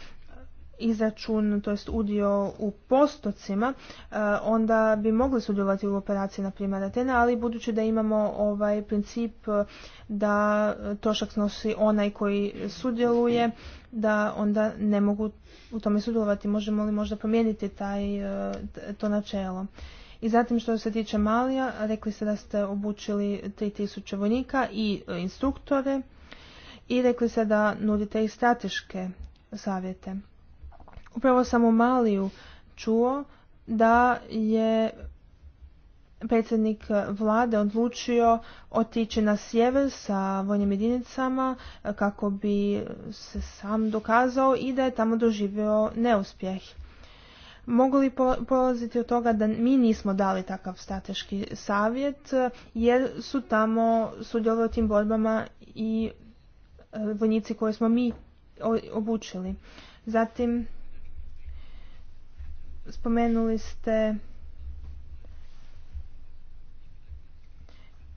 [SPEAKER 2] izračun, to jest udio u postocima, e, onda bi mogli sudjelovati u operaciji, na primjer, Atena, ali budući da imamo ovaj princip e, da trošak snosi onaj koji sudjeluje, da onda ne mogu u tome sudjelovati, možemo li možda promijeniti taj, e, to načelo. I zatim što se tiče Malija, rekli ste da ste obučili 3000 vojnika i instruktore i rekli ste da nudite i strateške savjete. Upravo sam u Maliju čuo da je predsjednik vlade odlučio otići na sjever sa vojnim jedinicama kako bi se sam dokazao i da je tamo doživio neuspjeh. Mogu li polaziti od toga da mi nismo dali takav strateški savjet jer su tamo sudjelovali u tim borbama i e, vojnici koje smo mi obučili. Zatim Spomenuli ste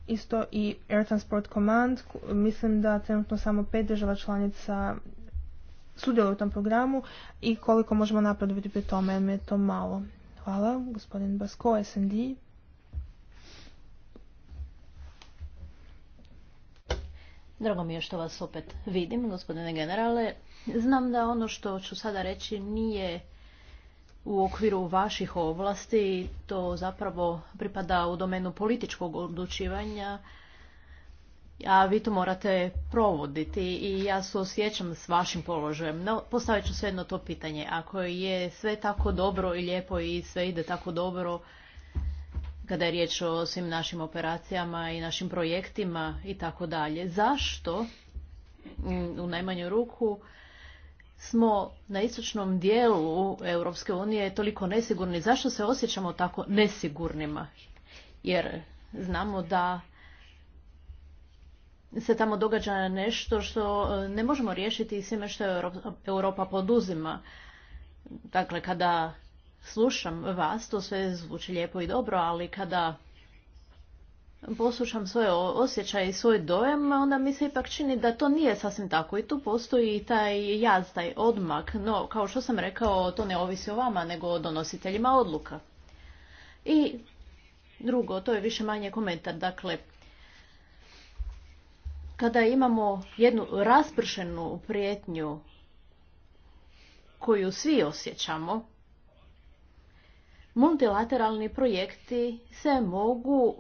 [SPEAKER 2] isto i Air Transport Command. Mislim da trenutno samo pet država članica sudjeluje u tom programu i koliko možemo napraviti pri tome, je to malo. Hvala, gospodin Basko, SND.
[SPEAKER 1] Drago mi je što vas opet vidim, gospodine generale. Znam da ono što ću sada reći nije u okviru vaših ovlasti, to zapravo pripada u domenu političkog odlučivanja, a vi to morate provoditi i ja se osjećam s vašim položajem. No, postavit ću sve jedno to pitanje. Ako je sve tako dobro i lijepo i sve ide tako dobro, kada je riječ o svim našim operacijama i našim projektima i tako dalje. Zašto, mm, u najmanju ruku, smo na istočnom dijelu Europske unije toliko nesigurni? Zašto se osjećamo tako nesigurnima? Jer znamo da se tamo događa nešto što e, ne možemo riješiti svime što Europa poduzima. Dakle, kada slušam vas, to sve zvuči lijepo i dobro, ali kada poslušam svoje osjećaje i svoj dojam, onda mi se ipak čini da to nije sasvim tako i tu postoji taj jaz, taj odmak, no kao što sam rekao, to ne ovisi o vama, nego o donositeljima odluka. I drugo, to je više manje komentar, dakle, kada imamo jednu raspršenu prijetnju koju svi osjećamo, multilateralni projekti se mogu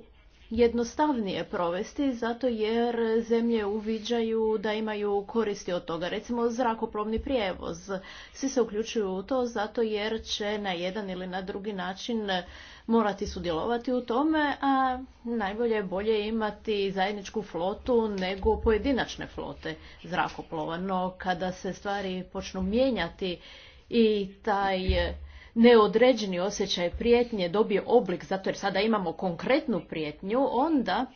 [SPEAKER 1] jednostavnije provesti zato jer zemlje uviđaju da imaju koristi od toga. Recimo zrakoplovni prijevoz. Svi se uključuju u to zato jer će na jedan ili na drugi način morati sudjelovati u tome, a najbolje je bolje imati zajedničku flotu nego pojedinačne flote zrakoplova. No kada se stvari počnu mijenjati i taj neodređeni osjećaj prijetnje dobije oblik, zato jer sada imamo konkretnu prijetnju, onda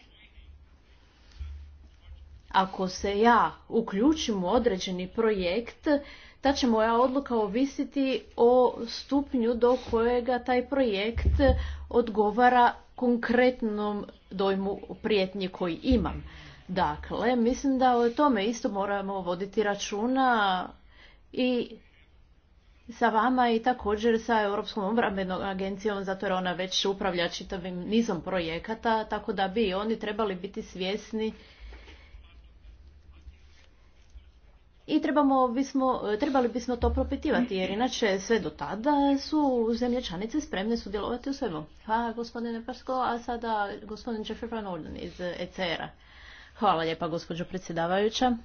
[SPEAKER 1] ako se ja uključim u određeni projekt, ta će moja odluka ovisiti o stupnju do kojega taj projekt odgovara konkretnom dojmu prijetnje koji imam. Dakle, mislim da o tome isto moramo voditi računa i sa vama i također sa Europskom obrambenom agencijom, zato jer ona već upravlja čitavim nizom projekata, tako da bi oni trebali biti svjesni i trebamo bismo, trebali bismo to propitivati, jer inače sve do tada su zemlje članice spremne sudjelovati u svemu. Hvala gospodine Parsko, a sada gospodin Jeffrey Van Orden iz ECR-a. Hvala lijepa gospođo predsjedavajuća.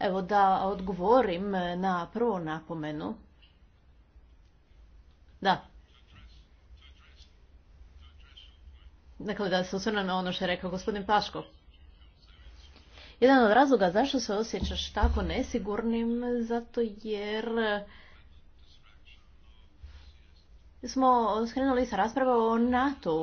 [SPEAKER 1] Evo da odgovorim na prvu napomenu. Da. Dakle, da se osvrnem na ono što je rekao gospodin Paško. Jedan od razloga zašto se osjećaš tako nesigurnim, zato jer smo skrenuli sa rasprave o NATO.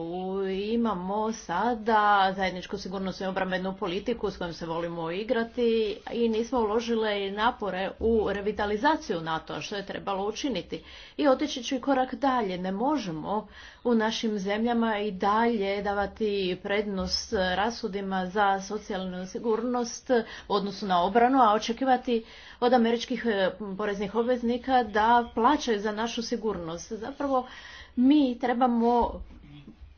[SPEAKER 1] Imamo sada zajedničku sigurnost i obrambenu politiku s kojom se volimo igrati i nismo uložile napore u revitalizaciju NATO-a što je trebalo učiniti. I otići ću i korak dalje. Ne možemo u našim zemljama i dalje davati prednost rasudima za socijalnu sigurnost u odnosu na obranu, a očekivati od američkih e, poreznih obveznika da plaćaju za našu sigurnost. Zapravo mi trebamo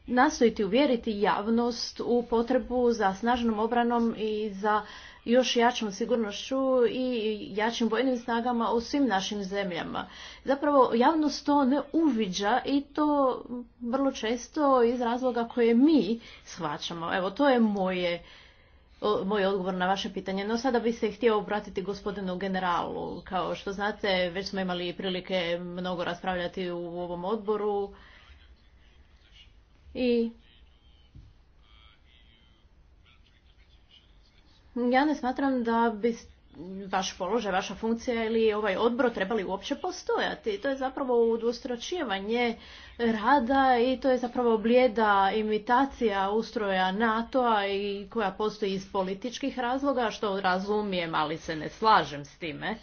[SPEAKER 1] nastojiti uvjeriti javnost u potrebu za snažnom obranom i za još jačom sigurnošću i jačim vojnim snagama u svim našim zemljama. Zapravo javnost to ne uviđa i to vrlo često iz razloga koje mi shvaćamo. Evo, to je moje moj odgovor na vaše pitanje. No sada bi se htio obratiti gospodinu generalu. Kao što znate, već smo imali prilike mnogo raspravljati u ovom odboru. I Ja ne smatram da bi vaš položaj, vaša funkcija ili ovaj odbor trebali uopće postojati. To je zapravo udvostračivanje rada i to je zapravo blijeda imitacija ustroja NATO-a i koja postoji iz političkih razloga, što razumijem, ali se ne slažem s time.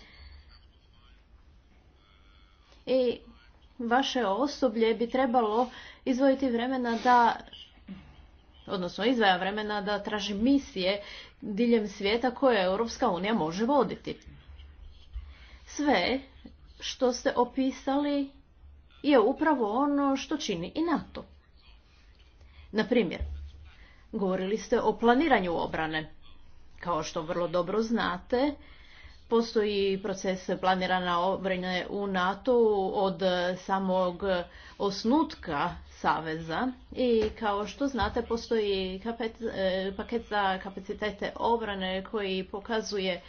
[SPEAKER 1] I vaše osoblje bi trebalo izvojiti vremena da odnosno izvaja vremena da traži misije diljem svijeta koje Europska unija može voditi. Sve što ste opisali je upravo ono što čini i NATO. Na primjer, govorili ste o planiranju obrane. Kao što vrlo dobro znate, postoji proces planirana obrane u NATO od samog osnutka saveza i kao što znate postoji e, paket za kapacitete obrane koji pokazuje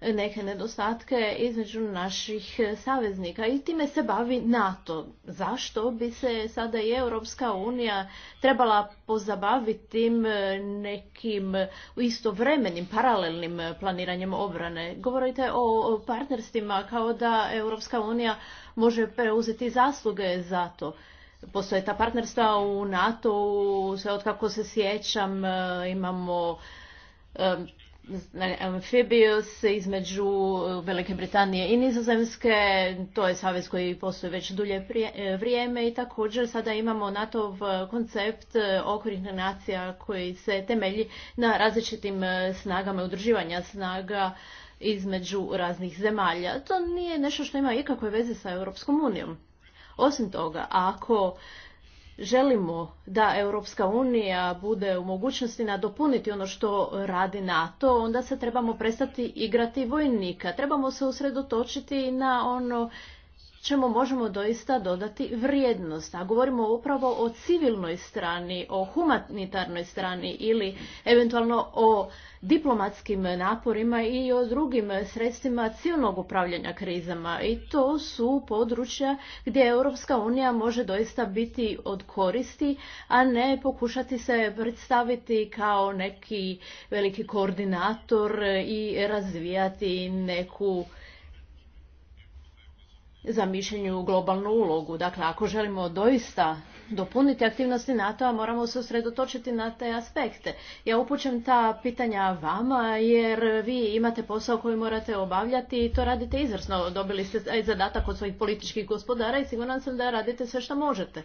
[SPEAKER 1] neke nedostatke između naših saveznika i time se bavi NATO. Zašto bi se sada i Europska unija trebala pozabaviti e, nekim istovremenim, paralelnim planiranjem obrane? Govorite o partnerstvima kao da Europska unija može preuzeti zasluge za to postoje ta partnerstva u NATO, sve od kako se sjećam e, imamo e, e, Amphibious između Velike Britanije i Nizozemske, to je savez koji postoji već dulje vrijeme i također sada imamo NATO koncept okvirnih nacija koji se temelji na različitim snagama i udruživanja snaga između raznih zemalja. To nije nešto što ima ikakve veze sa Europskom unijom. Osim toga, ako želimo da Europska unija bude u mogućnosti nadopuniti ono što radi NATO, onda se trebamo prestati igrati vojnika. Trebamo se usredotočiti na ono čemu možemo doista dodati vrijednost. A govorimo upravo o civilnoj strani, o humanitarnoj strani ili eventualno o diplomatskim naporima i o drugim sredstvima civilnog upravljanja krizama. I to su područja gdje Europska unija može doista biti od koristi, a ne pokušati se predstaviti kao neki veliki koordinator i razvijati neku zamišljenju globalnu ulogu. Dakle, ako želimo doista dopuniti aktivnosti NATO-a, moramo se usredotočiti na te aspekte. Ja upućem ta pitanja vama, jer vi imate posao koji morate obavljati i to radite izvrsno. Dobili ste zadatak od svojih političkih gospodara i siguran sam da radite sve što možete.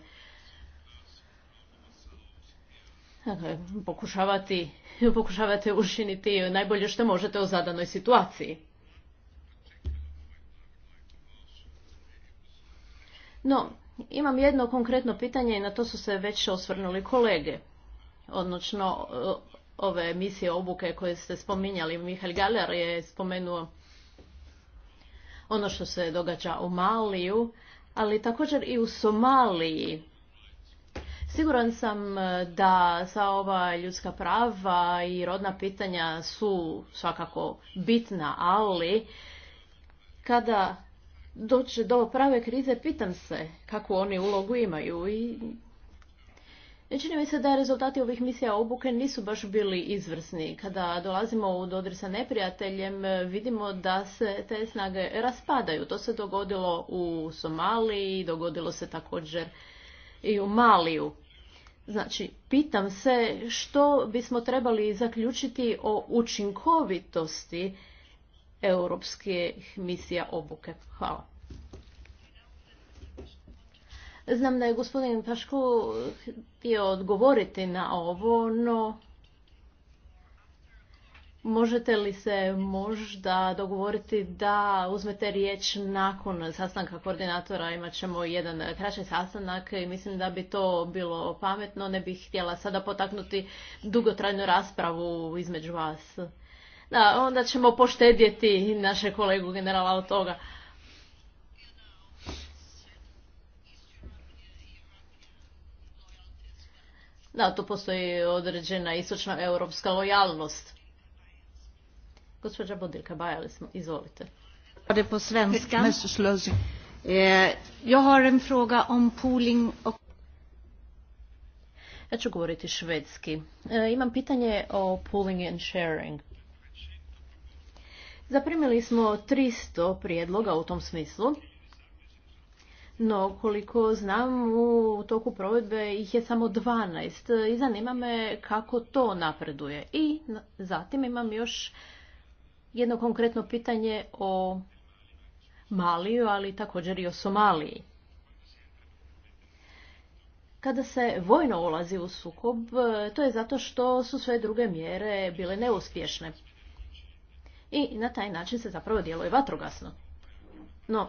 [SPEAKER 1] Dakle, pokušavate učiniti najbolje što možete u zadanoj situaciji. No, imam jedno konkretno pitanje i na to su se već osvrnuli kolege. Odnočno, ove emisije obuke koje ste spominjali, Mihael Galer je spomenuo ono što se događa u Maliju, ali također i u Somaliji. Siguran sam e, da sa ova ljudska prava i rodna pitanja su svakako bitna, ali kada doći do prave krize, pitam se kakvu oni ulogu imaju i Čini mi se da rezultati ovih misija obuke nisu baš bili izvrsni. Kada dolazimo u dodir sa neprijateljem, vidimo da se te snage raspadaju. To se dogodilo u Somaliji, dogodilo se također i u Maliju. Znači, pitam se što bismo trebali zaključiti o učinkovitosti Europske misija obuke. Hvala. Znam da je gospodin Paško htio odgovoriti na ovo, no možete li se možda dogovoriti da uzmete riječ nakon sastanka koordinatora, imat ćemo jedan kraći sastanak i mislim da bi to bilo pametno, ne bih htjela sada potaknuti dugotrajnu raspravu između vas. Da, onda ćemo poštedjeti naše kolegu generala od toga. Da, tu postoji određena istočna europska lojalnost. Gospođa Bodilka Bajali smo, izvolite. på svenska. Eh, jag har en pooling ja ću govoriti švedski. Eh, imam pitanje o pooling and sharing. Zaprimili smo 300 prijedloga u tom smislu, no koliko znam u toku provedbe ih je samo 12 i zanima me kako to napreduje. I zatim imam još jedno konkretno pitanje o Maliju, ali također i o Somaliji. Kada se vojno ulazi u sukob, to je zato što su sve druge mjere bile neuspješne i na taj način se zapravo djeluje vatrogasno. No,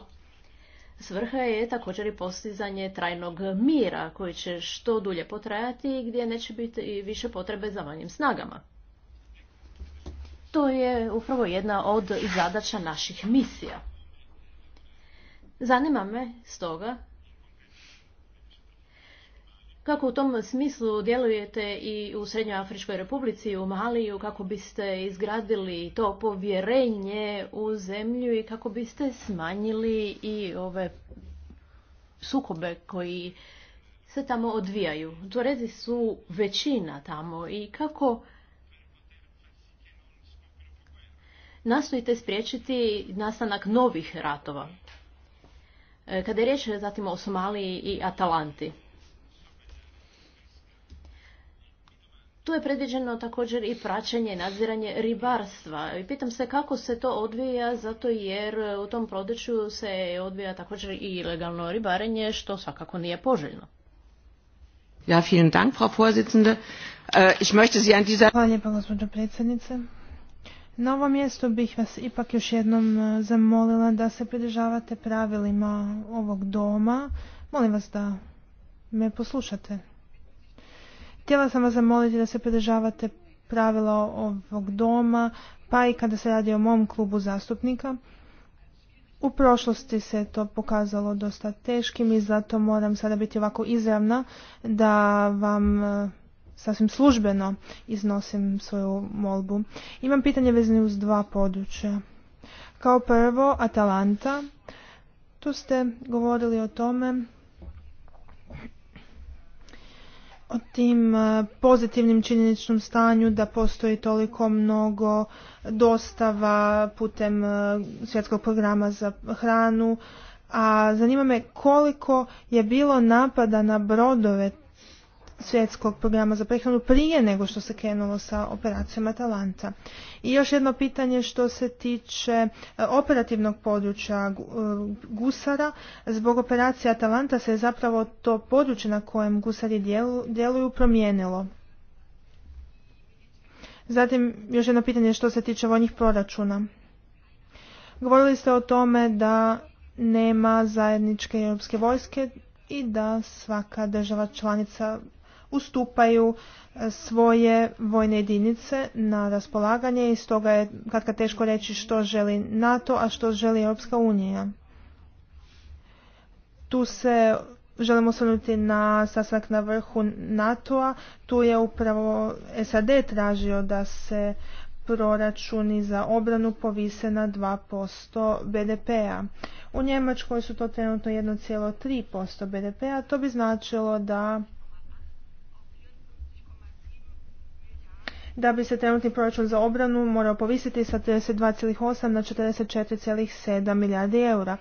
[SPEAKER 1] svrha je također i postizanje trajnog mira koji će što dulje potrajati i gdje neće biti više potrebe za manjim snagama. To je upravo jedna od zadaća naših misija. Zanima me stoga kako u tom smislu djelujete i u Srednjoafričkoj republici, u Maliju, kako biste izgradili to povjerenje u zemlju i kako biste smanjili i ove sukobe koji se tamo odvijaju. Tuarezi su većina tamo i kako nastojite spriječiti nastanak novih ratova. E, kada je riječ zatim o Somaliji i Atalanti, Tu je predviđeno također i praćenje i nadziranje ribarstva. I pitam se kako se to odvija, zato jer u tom području se odvija također i ilegalno ribarenje, što svakako nije poželjno.
[SPEAKER 2] Ja, vielen Dank, Frau Vorsitzende. Äh, Hvala gospođo predsjednice. Na ovom mjestu bih vas ipak još jednom e, zamolila da se pridržavate pravilima ovog doma. Molim vas da me poslušate. Htjela sam vas zamoliti da se pridržavate pravila ovog doma, pa i kada se radi o mom klubu zastupnika. U prošlosti se to pokazalo dosta teškim i zato moram sada biti ovako izravna da vam e, sasvim službeno iznosim svoju molbu. Imam pitanje vezano uz dva područja. Kao prvo, Atalanta. Tu ste govorili o tome o tim e, pozitivnim činjeničnom stanju da postoji toliko mnogo dostava putem e, svjetskog programa za hranu, a zanima me koliko je bilo napada na brodove svjetskog programa za prehranu prije nego što se krenulo sa operacijama Atalanta. I još jedno pitanje što se tiče e, operativnog područja e, gusara. Zbog operacije Atalanta se je zapravo to područje na kojem gusari djeluju promijenilo. Zatim još jedno pitanje što se tiče vojnih proračuna. Govorili ste o tome da nema zajedničke europske vojske i da svaka država članica ustupaju svoje vojne jedinice na raspolaganje i stoga je kad teško reći što želi NATO, a što želi Europska unija. Tu se želimo osvrnuti na sastanak na vrhu NATO-a. Tu je upravo SAD tražio da se proračuni za obranu povise na 2% BDP-a. U Njemačkoj su to trenutno 1,3% BDP-a. To bi značilo da da bi se trenutni proračun za obranu morao povisiti sa 32,8 na 44,7 milijardi eura.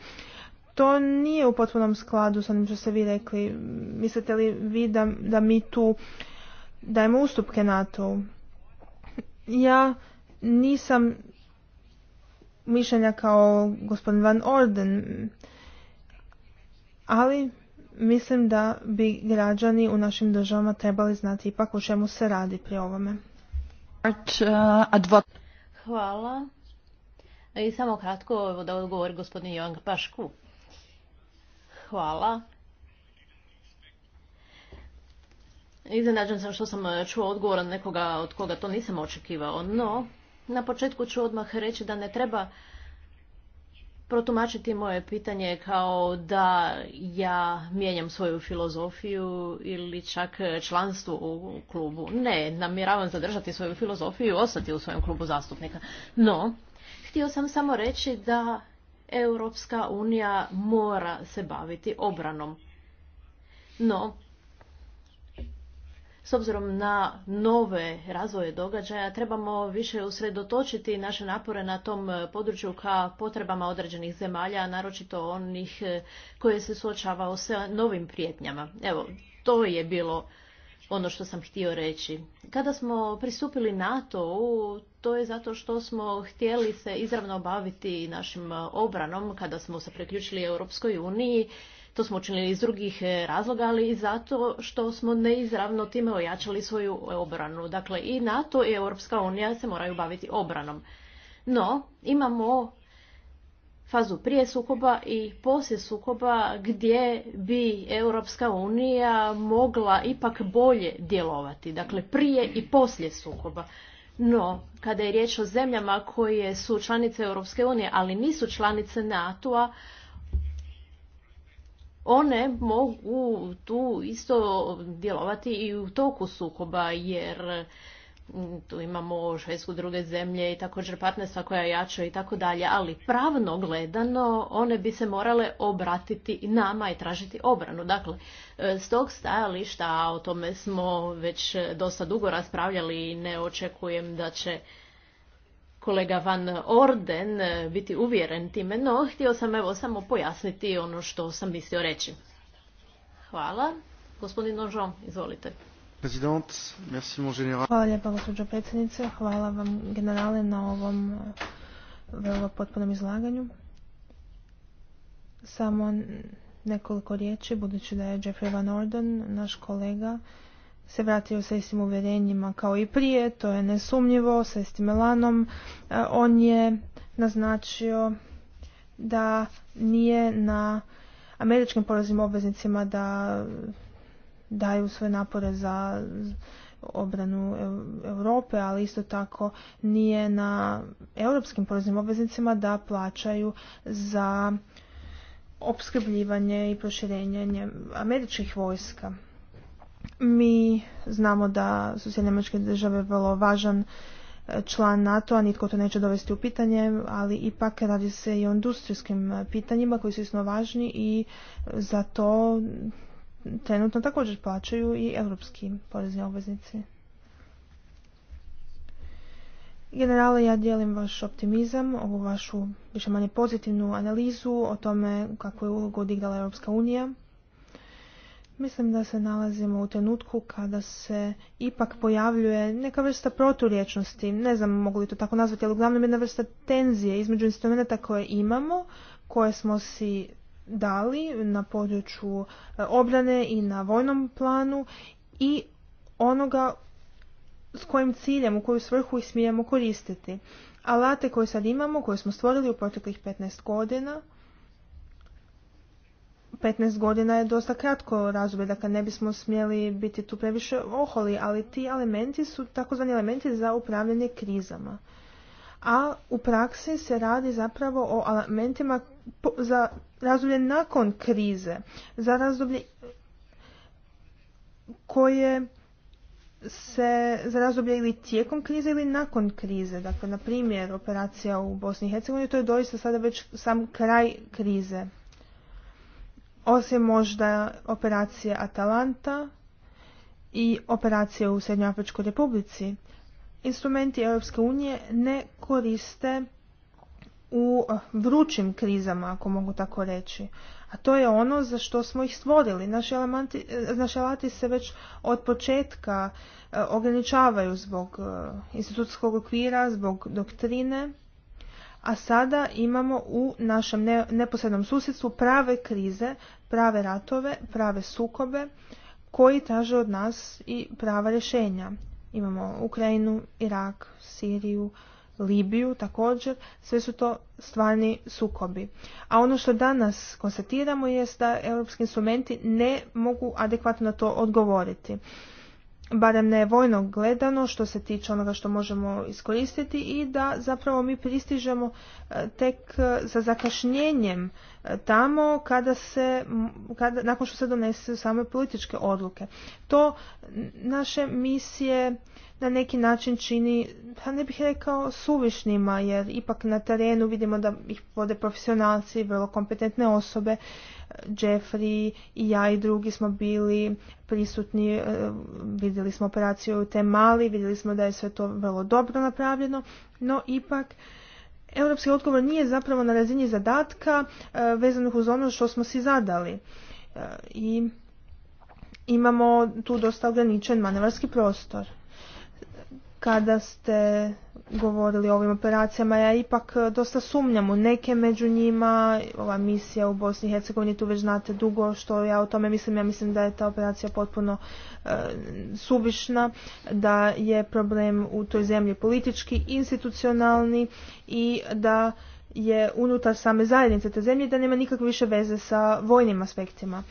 [SPEAKER 2] To nije u potpunom skladu sa onim što ste vi rekli. Mislite li vi da, da mi tu dajemo ustupke nato Ja nisam mišljenja kao gospodin Van Orden, ali mislim da bi građani u našim državama trebali znati ipak o čemu se radi pri ovome. Uh,
[SPEAKER 1] Hvala. I samo kratko da odgovori gospodin Jovan Pašku. Hvala. Iznenađen sam što sam čuo odgovor od nekoga od koga to nisam očekivao, no na početku ću odmah reći da ne treba protumačiti moje pitanje kao da ja mijenjam svoju filozofiju ili čak članstvo u klubu. Ne, namjeravam zadržati svoju filozofiju i ostati u svojem klubu zastupnika. No, htio sam samo reći da Europska unija mora se baviti obranom. No, s obzirom na nove razvoje događaja trebamo više usredotočiti naše napore na tom e, području ka potrebama određenih zemalja, naročito onih e, koje se suočavao sa novim prijetnjama. Evo, to je bilo ono što sam htio reći. Kada smo pristupili nato to je zato što smo htjeli se izravno baviti našim e, obranom kada smo se priključili Europskoj uniji smo učinili iz drugih e, razloga, ali i zato što smo neizravno time ojačali svoju e, obranu. Dakle, i NATO i Europska unija se moraju baviti obranom. No, imamo fazu prije sukoba i poslije sukoba gdje bi Europska unija mogla ipak bolje djelovati, dakle prije i poslije sukoba. No, kada je riječ o zemljama koje su članice Europske unije, ali nisu članice NATO-a, one mogu tu isto djelovati i u toku sukoba jer mm, tu imamo Švedsku, druge zemlje i također partnerstva koja jačaju i tako dalje, ali pravno gledano one bi se morale obratiti nama i tražiti obranu. Dakle, e, s tog stajališta, o tome smo već dosta dugo raspravljali i ne očekujem da će kolega Van Orden e, biti uvjeren time, no htio sam evo samo pojasniti ono što sam mislio reći.
[SPEAKER 2] Hvala. Gospodin Nožon, izvolite. Hvala lijepa gospođo predsjednice, hvala vam generale na ovom e, vrlo potpunom izlaganju. Samo nekoliko riječi, budući da je Jeffrey Van Orden, naš kolega, se vratio sa istim uvjerenjima kao i prije, to je nesumnjivo, sa istim Elanom. E, on je naznačio da nije na američkim poreznim obveznicima da daju svoje napore za obranu Europe, ali isto tako nije na europskim poreznim obveznicima da plaćaju za opskrbljivanje i proširenje američkih vojska. Mi znamo da su Sjedinjene države vrlo važan e, član NATO-a, nitko to neće dovesti u pitanje, ali ipak radi se i o industrijskim e, pitanjima koji su isto važni i za to trenutno također plaćaju i europski porezni obveznici. Generale, ja dijelim vaš optimizam, ovu vašu više manje pozitivnu analizu o tome kako je ulogu odigrala Europska unija. Mislim da se nalazimo u trenutku kada se ipak pojavljuje neka vrsta proturječnosti, ne znam mogu li to tako nazvati, ali uglavnom jedna vrsta tenzije između instrumenta koje imamo, koje smo si dali na području e, obrane i na vojnom planu i onoga s kojim ciljem, u koju svrhu ih smijemo koristiti. Alate koje sad imamo, koje smo stvorili u proteklih 15 godina, 15 godina je dosta kratko razdoblje, dakle ne bismo smjeli biti tu previše oholi, ali ti elementi su takozvani elementi za upravljanje krizama. A u praksi se radi zapravo o elementima za razdoblje nakon krize, za razdoblje koje se za razdoblje ili tijekom krize ili nakon krize. Dakle, na primjer, operacija u Bosni i Hercegovini, to je doista sada već sam kraj krize osim možda operacije Atalanta i operacije u Srednjoafričkoj republici, instrumenti Europske unije ne koriste u vrućim krizama, ako mogu tako reći. A to je ono za što smo ih stvorili. Naši, alati se već od početka e, ograničavaju zbog e, institutskog okvira, zbog doktrine a sada imamo u našem neposrednom susjedstvu prave krize, prave ratove, prave sukobe koji traže od nas i prava rješenja. Imamo Ukrajinu, Irak, Siriju, Libiju također, sve su to stvarni sukobi. A ono što danas konstatiramo jest da europski instrumenti ne mogu adekvatno na to odgovoriti barem ne vojno gledano što se tiče onoga što možemo iskoristiti i da zapravo mi pristižemo e, tek e, za zakašnjenjem e, tamo kada se, kada, nakon što se donesu same političke odluke. To naše misije na neki način čini, pa ne bih rekao suvišnima, jer ipak na terenu vidimo da ih vode profesionalci, vrlo kompetentne osobe Jeffrey i ja i drugi smo bili prisutni, e, vidjeli smo operaciju u Temali, vidjeli smo da je sve to vrlo dobro napravljeno, no ipak europski odgovor nije zapravo na razini zadatka e, vezanih uz ono što smo si zadali. E, I imamo tu dosta ograničen manevarski prostor. Kada ste govorili o ovim operacijama, ja ipak e, dosta sumnjam u neke među njima. Ova misija u Bosni i Hercegovini, tu već znate dugo što ja o tome mislim. Ja mislim da je ta operacija potpuno e, da je problem u toj zemlji politički, institucionalni i da je unutar same zajednice te zemlje da nema nikakve više veze sa vojnim aspektima.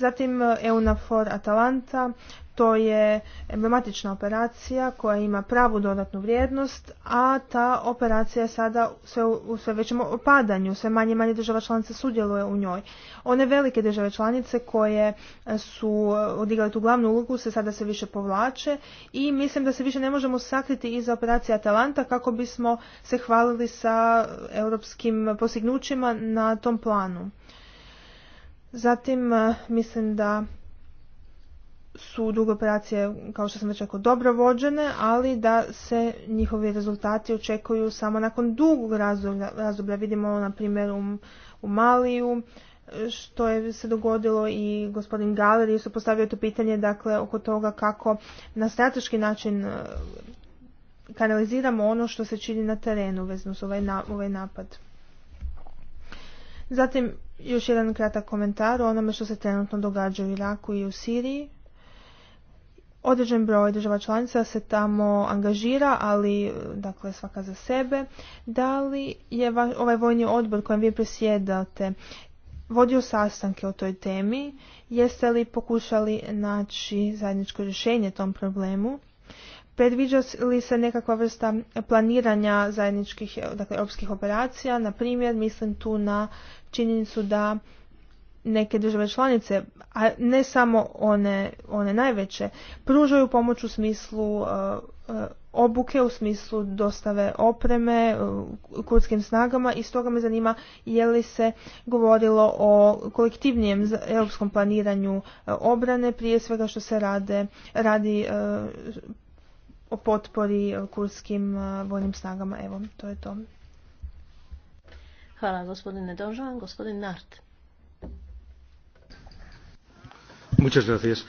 [SPEAKER 2] Zatim e, EUNAFOR Atalanta, to je emblematična operacija koja ima pravu dodatnu vrijednost, a ta operacija je sada sve u sve većem opadanju, sve manje manje država članica sudjeluje u njoj. One velike države članice koje su e, odigale tu glavnu ulogu se sada sve više povlače i mislim da se više ne možemo sakriti iza operacije Atalanta kako bismo se hvalili sa europskim postignućima na tom planu. Zatim e, mislim da su dugo operacije, kao što sam već rekao, dobro vođene, ali da se njihovi rezultati očekuju samo nakon dugog razdoblja. Vidimo na primjer u Maliju, e, što je se dogodilo i gospodin Galeri su postavio to pitanje dakle, oko toga kako na strateški način e, kanaliziramo ono što se čini na terenu vezno s ovaj, ovaj napad. Zatim još jedan kratak komentar o onome što se trenutno događa u Iraku i u Siriji. Određen broj država članica se tamo angažira, ali dakle svaka za sebe. Da li je ovaj vojni odbor kojem vi presjedate vodio sastanke o toj temi? Jeste li pokušali naći zajedničko rješenje tom problemu? Predviđa li se nekakva vrsta planiranja zajedničkih dakle, europskih operacija? Na primjer, mislim tu na činjenicu da neke države članice, a ne samo one, one najveće, pružaju pomoć u smislu uh, uh, obuke, u smislu dostave opreme uh, kurdskim snagama i stoga me zanima je li se govorilo o kolektivnijem europskom planiranju uh, obrane, prije svega što se rade, radi o potpori kurskim vojnim snagama. Evo, to je to.
[SPEAKER 1] Hvala gospodine Dožan. Gospodin Nart.
[SPEAKER 3] Muchas gracias.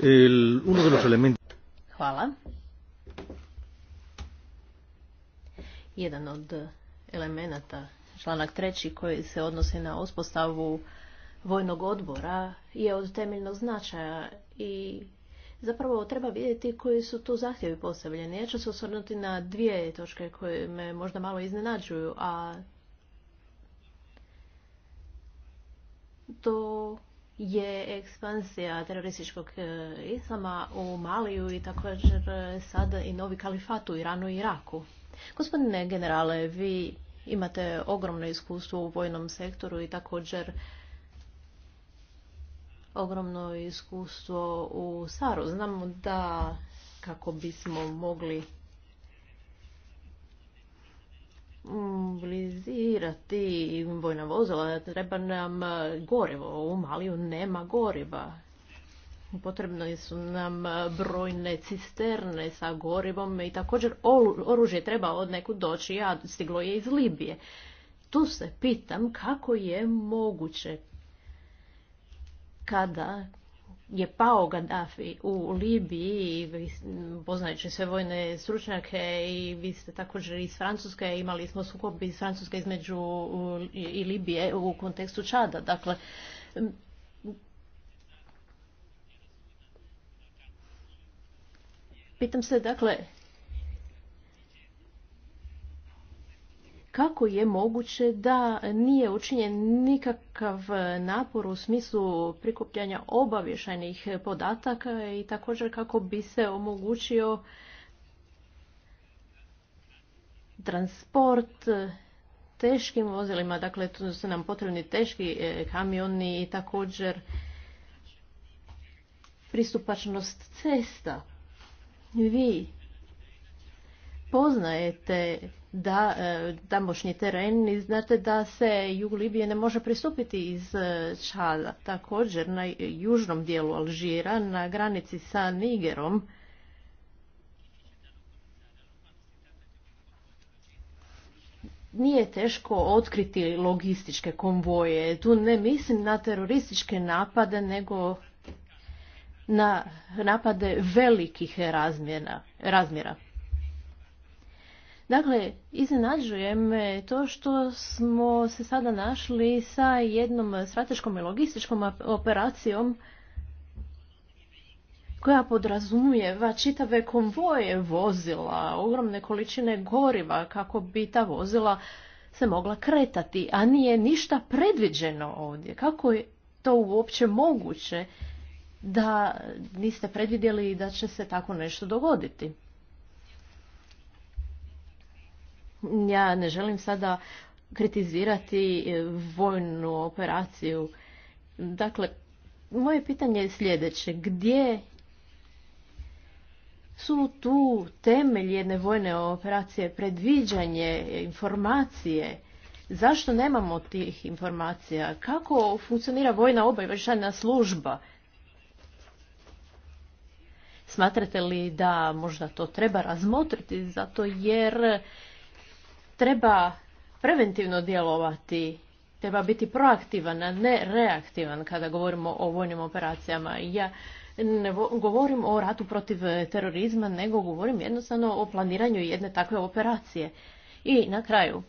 [SPEAKER 3] El, uno de los elementos...
[SPEAKER 1] Hvala. Jedan od elemenata, članak treći koji se odnosi na uspostavu vojnog odbora je od temeljnog značaja i zapravo treba vidjeti koji su tu zahtjevi postavljeni. Ja ću se osvrnuti na dvije točke koje me možda malo iznenađuju, a to je ekspansija terorističkog e, islama u Maliju i također e, sada i novi kalifat u Iranu i Iraku. Gospodine generale, vi imate ogromno iskustvo u vojnom sektoru i također ogromno iskustvo u Saru. Znamo da kako bismo mogli mobilizirati vojna vozila, treba nam e, gorivo. U Maliju nema goriva. Potrebne su nam e, brojne cisterne sa gorivom i također oružje treba od neku doći, a stiglo je iz Libije. Tu se pitam kako je moguće kada je pao Gaddafi u Libiji poznajući sve vojne stručnjake i vi ste također iz Francuske, imali smo sukob iz Francuske između i Libije u kontekstu Čada. Dakle, pitam se, dakle, kako je moguće da nije učinjen nikakav napor u smislu prikupljanja obavještajnih podataka i također kako bi se omogućio transport teškim vozilima, dakle tu su nam potrebni teški e, kamioni i također pristupačnost cesta. Vi poznajete da e, tamošnji teren i znate da se jug Libije ne može pristupiti iz e, Čada. Također na južnom dijelu Alžira, na granici sa Nigerom, nije teško otkriti logističke konvoje. Tu ne mislim na terorističke napade, nego na napade velikih razmjera. Dakle, iznenađuje me to što smo se sada našli sa jednom strateškom i logističkom operacijom koja podrazumijeva čitave konvoje vozila, ogromne količine goriva kako bi ta vozila se mogla kretati, a nije ništa predviđeno ovdje. Kako je to uopće moguće da niste predvidjeli da će se tako nešto dogoditi? Ja ne želim sada kritizirati e, vojnu operaciju. Dakle, moje pitanje je sljedeće. Gdje su tu temelj jedne vojne operacije, predviđanje, informacije? Zašto nemamo tih informacija? Kako funkcionira vojna obavještajna služba? Smatrate li da možda to treba razmotriti zato jer treba preventivno djelovati, treba biti proaktivan, a ne reaktivan kada govorimo o vojnim operacijama. Ja ne govorim o ratu protiv e, terorizma, nego govorim jednostavno o planiranju jedne takve operacije. I na kraju,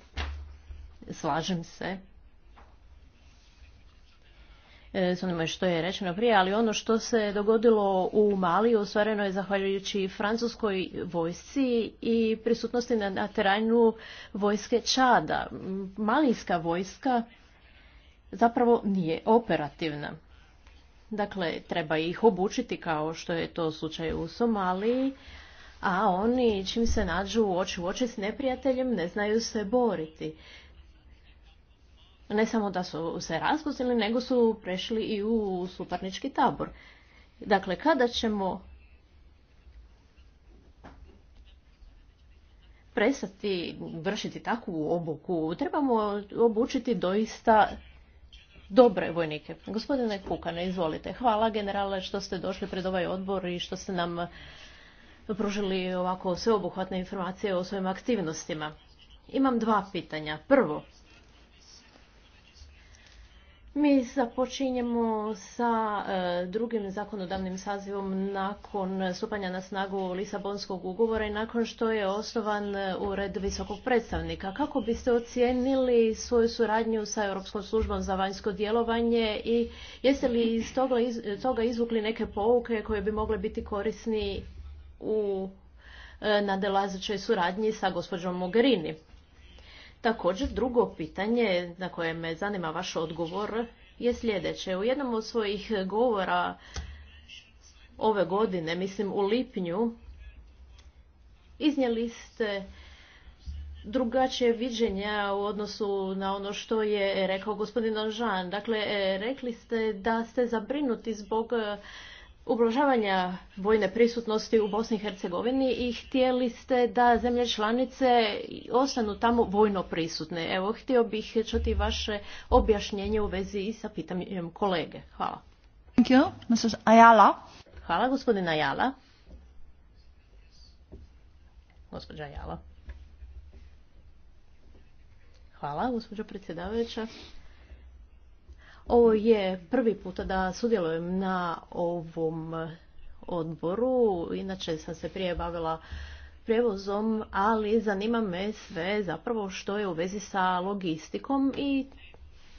[SPEAKER 1] slažem se E, s onime što je rečeno prije, ali ono što se dogodilo u Mali ostvareno je zahvaljujući francuskoj vojsci i prisutnosti na, na vojske Čada. Malijska vojska zapravo nije operativna. Dakle, treba ih obučiti kao što je to slučaj u Somaliji, a oni čim se nađu oči u oči s neprijateljem ne znaju se boriti ne samo da su se raspustili, nego su prešli i u suparnički tabor. Dakle, kada ćemo prestati vršiti takvu obuku, trebamo obučiti doista dobre vojnike. Gospodine Kukane, izvolite. Hvala generale što ste došli pred ovaj odbor i što ste nam pružili ovako sveobuhvatne informacije o svojim aktivnostima. Imam dva pitanja. Prvo, mi započinjemo sa e, drugim zakonodavnim sazivom nakon stupanja na snagu Lisabonskog ugovora i nakon što je osnovan e, ured visokog predstavnika. Kako biste ocijenili svoju suradnju sa Europskom službom za vanjsko djelovanje i jeste li iz toga, e, izvukli neke pouke koje bi mogle biti korisni u nadelazećoj suradnji sa gospođom Mogherini? Također drugo pitanje na koje me zanima vaš odgovor je sljedeće. U jednom od svojih govora ove godine, mislim u lipnju, iznijeli ste drugačije viđenja u odnosu na ono što je rekao gospodin Žan. Dakle, e, rekli ste da ste zabrinuti zbog ublažavanja vojne prisutnosti u Bosni i Hercegovini i htjeli ste da zemlje članice ostanu tamo vojno prisutne. Evo, htio bih čuti vaše objašnjenje u vezi i sa pitanjem kolege. Hvala. Thank you, Mrs. Ayala. Hvala, Ayala. Ayala. Hvala, gospođo predsjedavajuća. Ovo je prvi puta da sudjelujem na ovom odboru. Inače sam se prije bavila prijevozom, ali zanima me sve zapravo što je u vezi sa logistikom i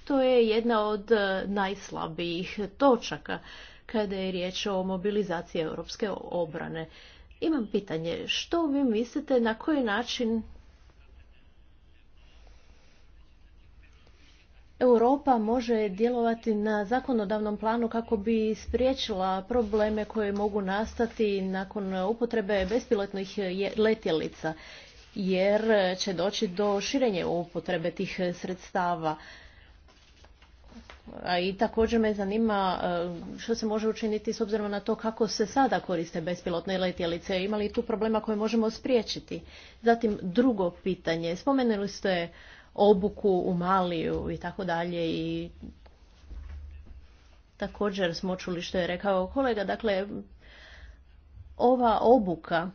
[SPEAKER 1] to je jedna od najslabijih točaka kada je riječ o mobilizaciji europske obrane. Imam pitanje, što vi mislite na koji način Europa može djelovati na zakonodavnom planu kako bi spriječila probleme koje mogu nastati nakon upotrebe bespilotnih letjelica, jer će doći do širenja upotrebe tih sredstava. A i također me zanima e, što se može učiniti s obzirom na to kako se sada koriste bespilotne letjelice. Ima li tu problema koje možemo spriječiti? Zatim drugo pitanje. Spomenuli ste obuku u Maliju i tako dalje i također smo čuli što je rekao kolega, dakle ova obuka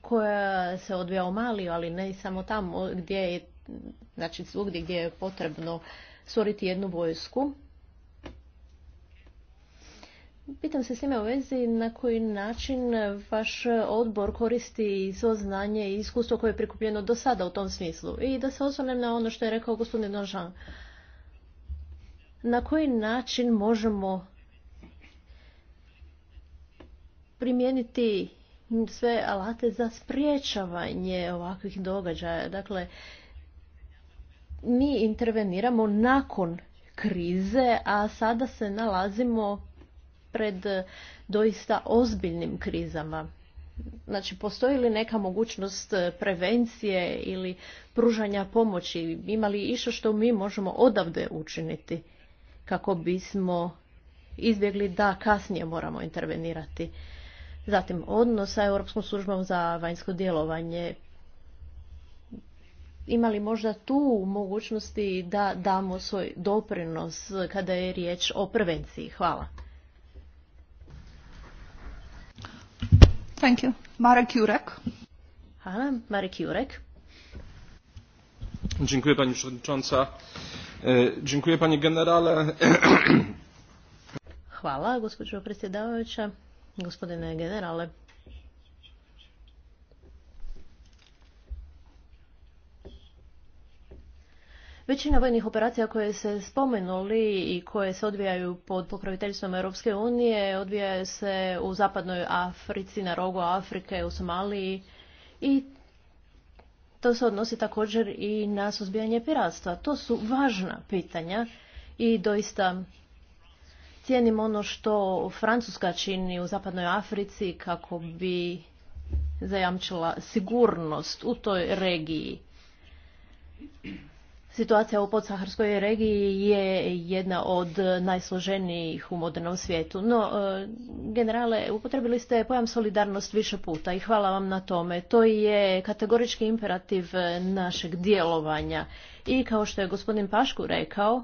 [SPEAKER 1] koja se odvija u Maliju, ali ne samo tamo gdje je, znači svugdje gdje je potrebno stvoriti jednu vojsku, Pitam se s time u vezi na koji način vaš odbor koristi svo znanje i iskustvo koje je prikupljeno do sada u tom smislu. I da se osvrnem na ono što je rekao gospodin Nožan. Na koji način možemo primijeniti sve alate za spriječavanje ovakvih događaja. Dakle, mi interveniramo nakon krize, a sada se nalazimo pred e, doista ozbiljnim krizama. Znači, postoji li neka mogućnost e, prevencije ili pružanja pomoći? Ima li išo što mi možemo odavde učiniti kako bismo izbjegli da kasnije moramo intervenirati? Zatim, odnos sa Europskom službom za vanjsko djelovanje. Ima li možda tu mogućnosti da damo svoj doprinos kada je riječ o prevenciji? Hvala. Thank you. Marek Jurek. Hvala, Marek Jurek.
[SPEAKER 3] Dziękuję Pani Przewodnicząca. E, dziękuję Panie Generale.
[SPEAKER 1] Chwała, gospođo predsjedavajuća, gospodine generale. Većina vojnih operacija koje se spomenuli i koje se odvijaju pod pokroviteljstvom Europske unije odvijaju se u zapadnoj Africi, na rogu Afrike, u Somaliji i to se odnosi također i na suzbijanje piratstva. To su važna pitanja i doista cijenim ono što Francuska čini u zapadnoj Africi kako bi zajamčila sigurnost u toj regiji. Situacija u podsaharskoj regiji je jedna od najsloženijih u modernom svijetu. No, e, generale, upotrebili ste pojam solidarnost više puta i hvala vam na tome. To je kategorički imperativ našeg djelovanja. I kao što je gospodin Pašku rekao,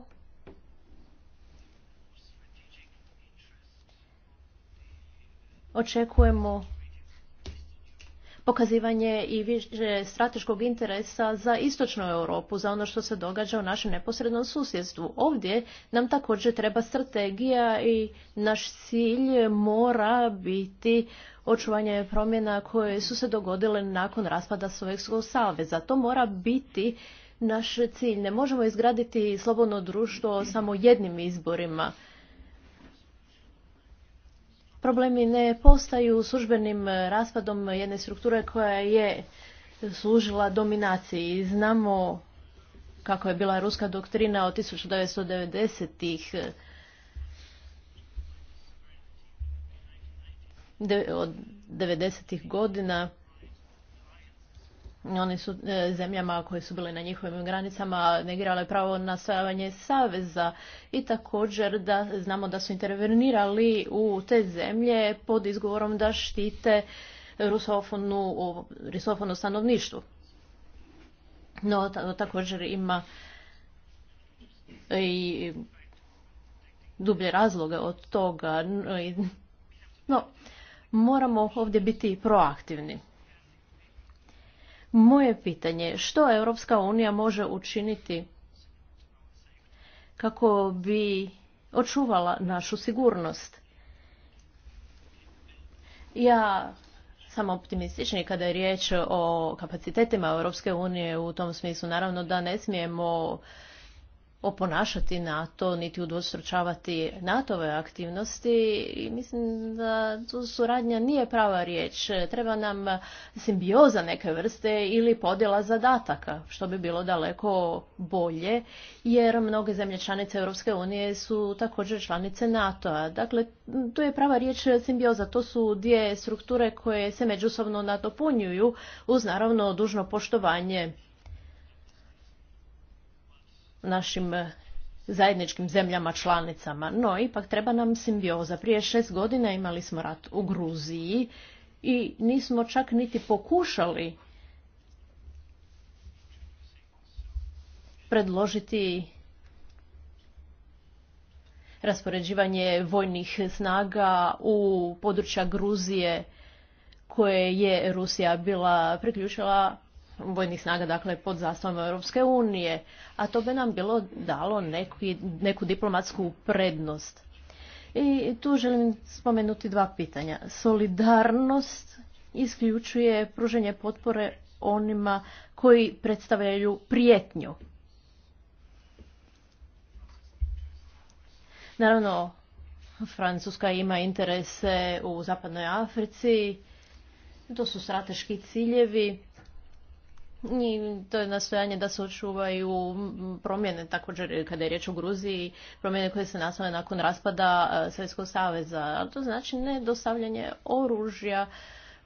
[SPEAKER 1] očekujemo pokazivanje i više strateškog interesa za istočnu Europu, za ono što se događa u našem neposrednom susjedstvu. Ovdje nam također treba strategija i naš cilj mora biti očuvanje promjena koje su se dogodile nakon raspada Sovjetskog saveza. To mora biti naš cilj. Ne možemo izgraditi slobodno društvo samo jednim izborima problemi ne postaju službenim raspadom jedne strukture koja je služila dominaciji. Znamo kako je bila ruska doktrina od 1990-ih od 90-ih godina oni su e, zemljama koje su bile na njihovim granicama negirale pravo na stavanje saveza i također da znamo da su intervenirali u te zemlje pod izgovorom da štite rusofonu, rusofonu stanovništvu. No također ima i dublje razloge od toga. No, moramo ovdje biti proaktivni. Moje pitanje što Europska unija može učiniti kako bi očuvala našu sigurnost? Ja sam optimistični kada je riječ o kapacitetima Europske unije u tom smislu. Naravno da ne smijemo oponašati NATO, niti udvostručavati nato aktivnosti i mislim da tu suradnja nije prava riječ. Treba nam simbioza neke vrste ili podjela zadataka, što bi bilo daleko bolje, jer mnoge zemlje članice Europske unije su također članice NATO-a. Dakle, tu je prava riječ simbioza. To su dvije strukture koje se međusobno nadopunjuju uz naravno dužno poštovanje našim eh, zajedničkim zemljama članicama. No, ipak treba nam simbioza. Prije šest godina imali smo rat u Gruziji i nismo čak niti pokušali predložiti raspoređivanje vojnih snaga u područja Gruzije koje je Rusija bila priključila vojnih snaga, dakle pod zastavom Europske unije, a to bi nam bilo dalo neku diplomatsku prednost. I tu želim spomenuti dva pitanja. Solidarnost isključuje pruženje potpore onima koji predstavljaju prijetnju. Naravno, Francuska ima interese u Zapadnoj Africi, to su strateški ciljevi i to je nastojanje da se očuvaju promjene također kada je riječ o Gruziji, promjene koje se nastale nakon raspada e, Svjetskog saveza, ali to znači ne dostavljanje oružja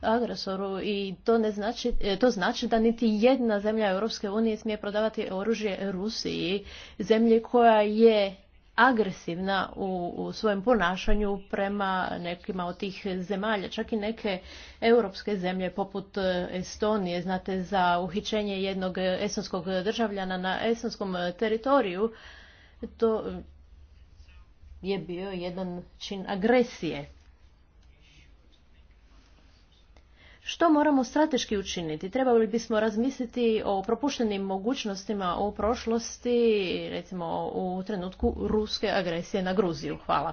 [SPEAKER 1] agresoru i to ne znači, e, to znači da niti jedna zemlja Europske unije smije prodavati oružje Rusiji, zemlji koja je agresivna u, u svojem ponašanju prema nekima od tih zemalja. Čak i neke europske zemlje poput e, Estonije, znate za uhićenje jednog estonskog državljana na estonskom teritoriju, to je bio jedan čin agresije. Što moramo strateški učiniti? Trebali bismo razmisliti o propuštenim mogućnostima u prošlosti, recimo u trenutku ruske agresije na Gruziju. Hvala.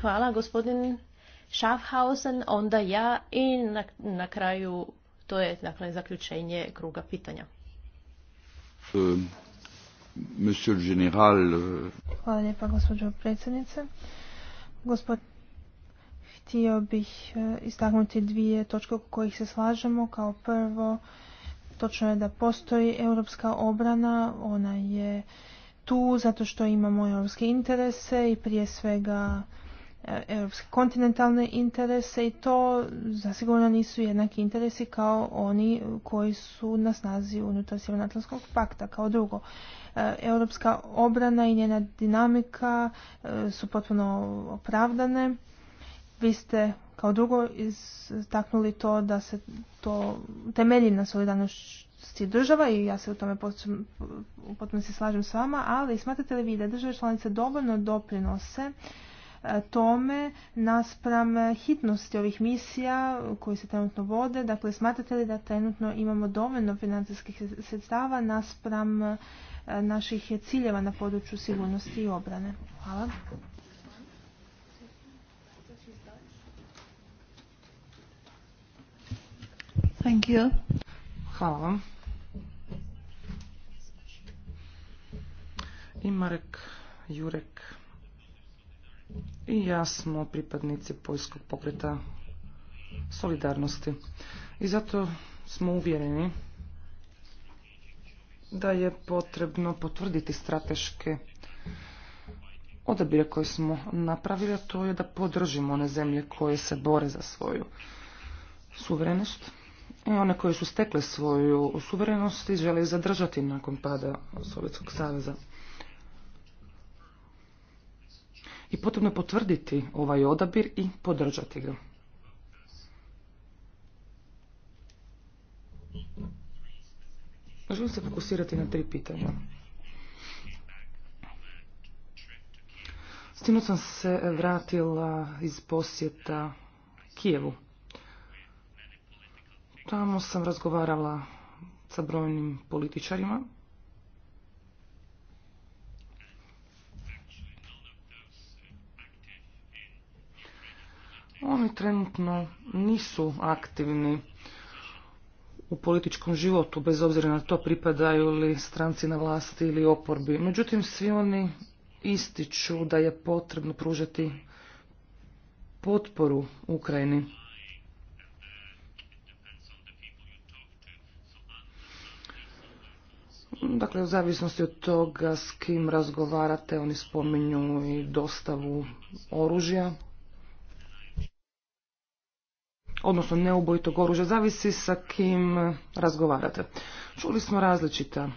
[SPEAKER 1] Hvala gospodin Schaffhausen, onda ja i na, kraju to je dakle zaključenje kruga pitanja.
[SPEAKER 2] Um, uh, Hvala lijepa gospođo predsjednice. Gospod htio bih e, istaknuti dvije točke u kojih se slažemo. Kao prvo, točno je da postoji europska obrana, ona je tu zato što imamo europske interese i prije svega e, europske kontinentalne interese i to zasigurno nisu jednaki interesi kao oni koji su na snazi unutar Sjevernoatlantskog pakta. Kao drugo, e, europska obrana i njena dinamika su potpuno opravdane vi ste kao drugo istaknuli to da se to temelji na solidarnosti država i ja se u tome potpuno se slažem s vama, ali smatrate li vi da države članice dovoljno doprinose e, tome naspram hitnosti ovih misija koji se trenutno vode. Dakle, smatrate li da trenutno imamo dovoljno financijskih sredstava naspram e, naših ciljeva na području sigurnosti i obrane? Hvala. Thank you. Hvala vam.
[SPEAKER 3] I Marek Jurek i ja smo pripadnici Poljskog pokreta solidarnosti. I zato smo uvjereni da je potrebno potvrditi strateške odabire koje smo napravili, a to je da podržimo one zemlje koje se bore za svoju suverenost one koje su stekle svoju suverenost i žele zadržati nakon pada Sovjetskog saveza. I potrebno je potvrditi ovaj odabir i podržati ga. Želim se fokusirati na tri pitanja. Sinoć sam se vratila iz posjeta Kijevu. Tamo sam razgovarala sa brojnim političarima. Oni trenutno nisu aktivni u političkom životu, bez obzira na to pripadaju li stranci na vlasti ili oporbi. Međutim, svi oni ističu da je potrebno pružati potporu Ukrajini. dakle, u zavisnosti od toga s kim razgovarate, oni spominju i dostavu oružja, odnosno neubojitog oružja, zavisi sa kim razgovarate. Čuli smo različita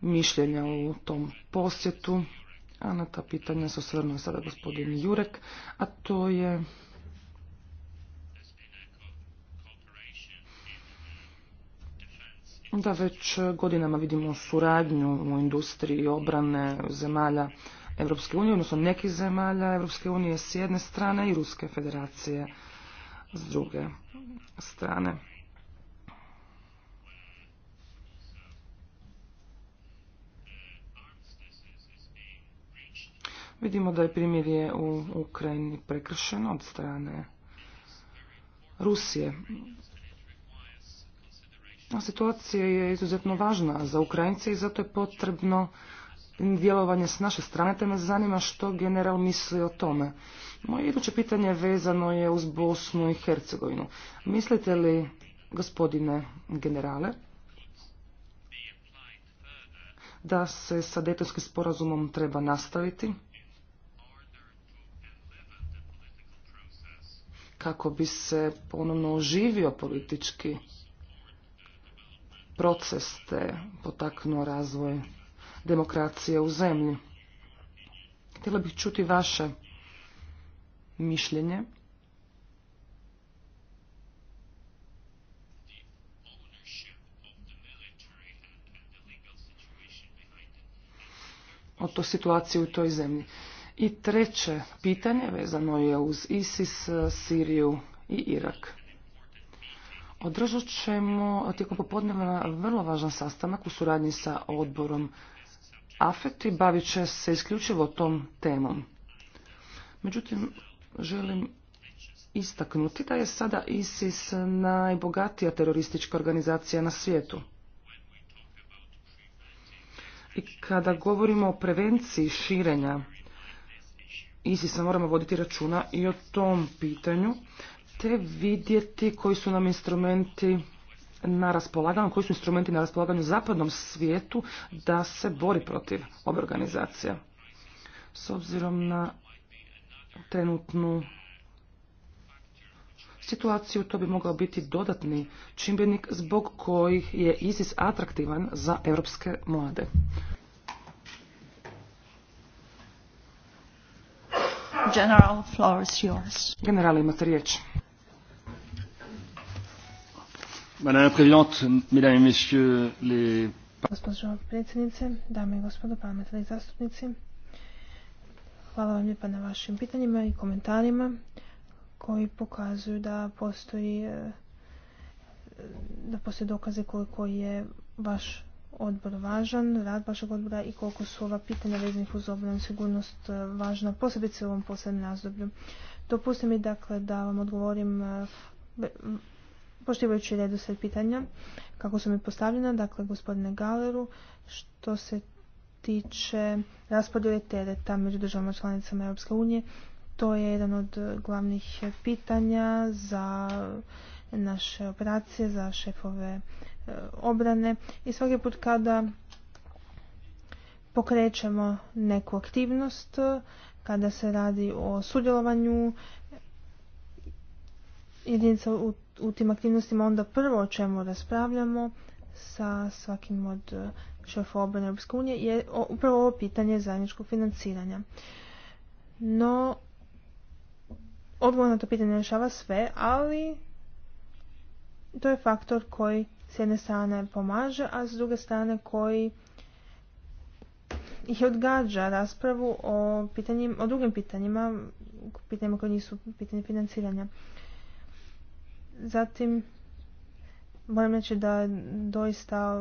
[SPEAKER 3] mišljenja u tom posjetu, a na ta pitanja se osvrnuo sada gospodin Jurek, a to je da već e, godinama vidimo suradnju u industriji i obrane zemalja Europske unije, odnosno nekih zemalja Europske unije s jedne strane i Ruske federacije s druge strane. Vidimo da je je u Ukrajini prekršeno od strane Rusije. Situacija je izuzetno važna za Ukrajince i zato je potrebno djelovanje s naše strane, te me zanima što general misli o tome. Moje iduće pitanje vezano je uz Bosnu i Hercegovinu. Mislite li, gospodine generale, da se sa detonskim sporazumom treba nastaviti kako bi se ponovno oživio politički proces te potaknuo razvoj demokracije u zemlji. Htjela bih čuti vaše mišljenje. o to situaciju u toj zemlji. I treće pitanje vezano je uz ISIS, Siriju i Irak. Održat ćemo tijekom popodneva vrlo važan sastanak u suradnji sa odborom AFET i bavit će se isključivo tom temom. Međutim, želim istaknuti da je sada ISIS najbogatija teroristička organizacija na svijetu. I kada govorimo o prevenciji širenja ISIS-a moramo voditi računa i o tom pitanju te vidjeti koji su nam instrumenti na raspolaganju, koji su instrumenti na raspolaganju zapadnom svijetu da se bori protiv ove organizacije. S obzirom na trenutnu situaciju, to bi mogao biti dodatni čimbenik zbog kojih je ISIS atraktivan za europske mlade. General, General, imate riječ.
[SPEAKER 2] Madame la Présidente, Mesdames Gospođo predsjednice, dame i gospodo parlamentarni zastupnici, hvala vam lijepa na vašim pitanjima i komentarima koji pokazuju da postoji e, da postoje dokaze koliko je vaš odbor važan, rad vašeg odbora i koliko su ova pitanja vezanih uz obranu sigurnost e, važna, posebice u ovom posljednjem razdoblju. Dopustite mi dakle da vam odgovorim e, Poštivajući redoslijed pitanja, kako su mi postavljena, dakle, gospodine Galeru, što se tiče raspodjele tereta među državama članicama Europske unije, to je jedan od glavnih pitanja za naše operacije, za šefove e, obrane i svaki put kada pokrećemo neku aktivnost, kada se radi o sudjelovanju jedinica u, tim aktivnostima onda prvo o čemu raspravljamo sa svakim od e, šefa obrane Europske unije je upravo ovo pitanje zajedničkog financiranja. No, odgovor na to pitanje rješava sve, ali to je faktor koji s jedne strane pomaže, a s druge strane koji ih odgađa raspravu o, pitanjima, o drugim pitanjima, pitanjima koji nisu pitanje financiranja. Zatim, moram reći da doista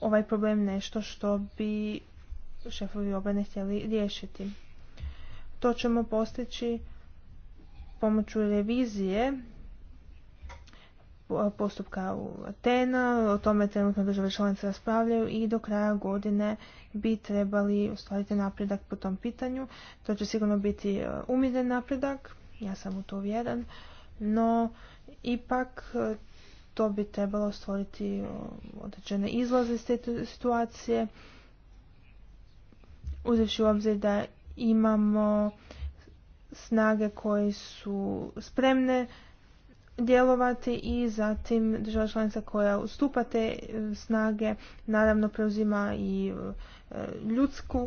[SPEAKER 2] ovaj problem nešto što bi šefovi obrane htjeli riješiti. To ćemo postići pomoću revizije postupka u Atena, o tome trenutno države članice raspravljaju i do kraja godine bi trebali ostvariti napredak po tom pitanju. To će sigurno biti e, umjeren napredak, ja sam u to uvjeren, no ipak e, to bi trebalo stvoriti e, određene izlaze iz te situacije uzevši u obzir da imamo snage koje su spremne djelovati i zatim država članica koja ustupa te e, snage naravno preuzima i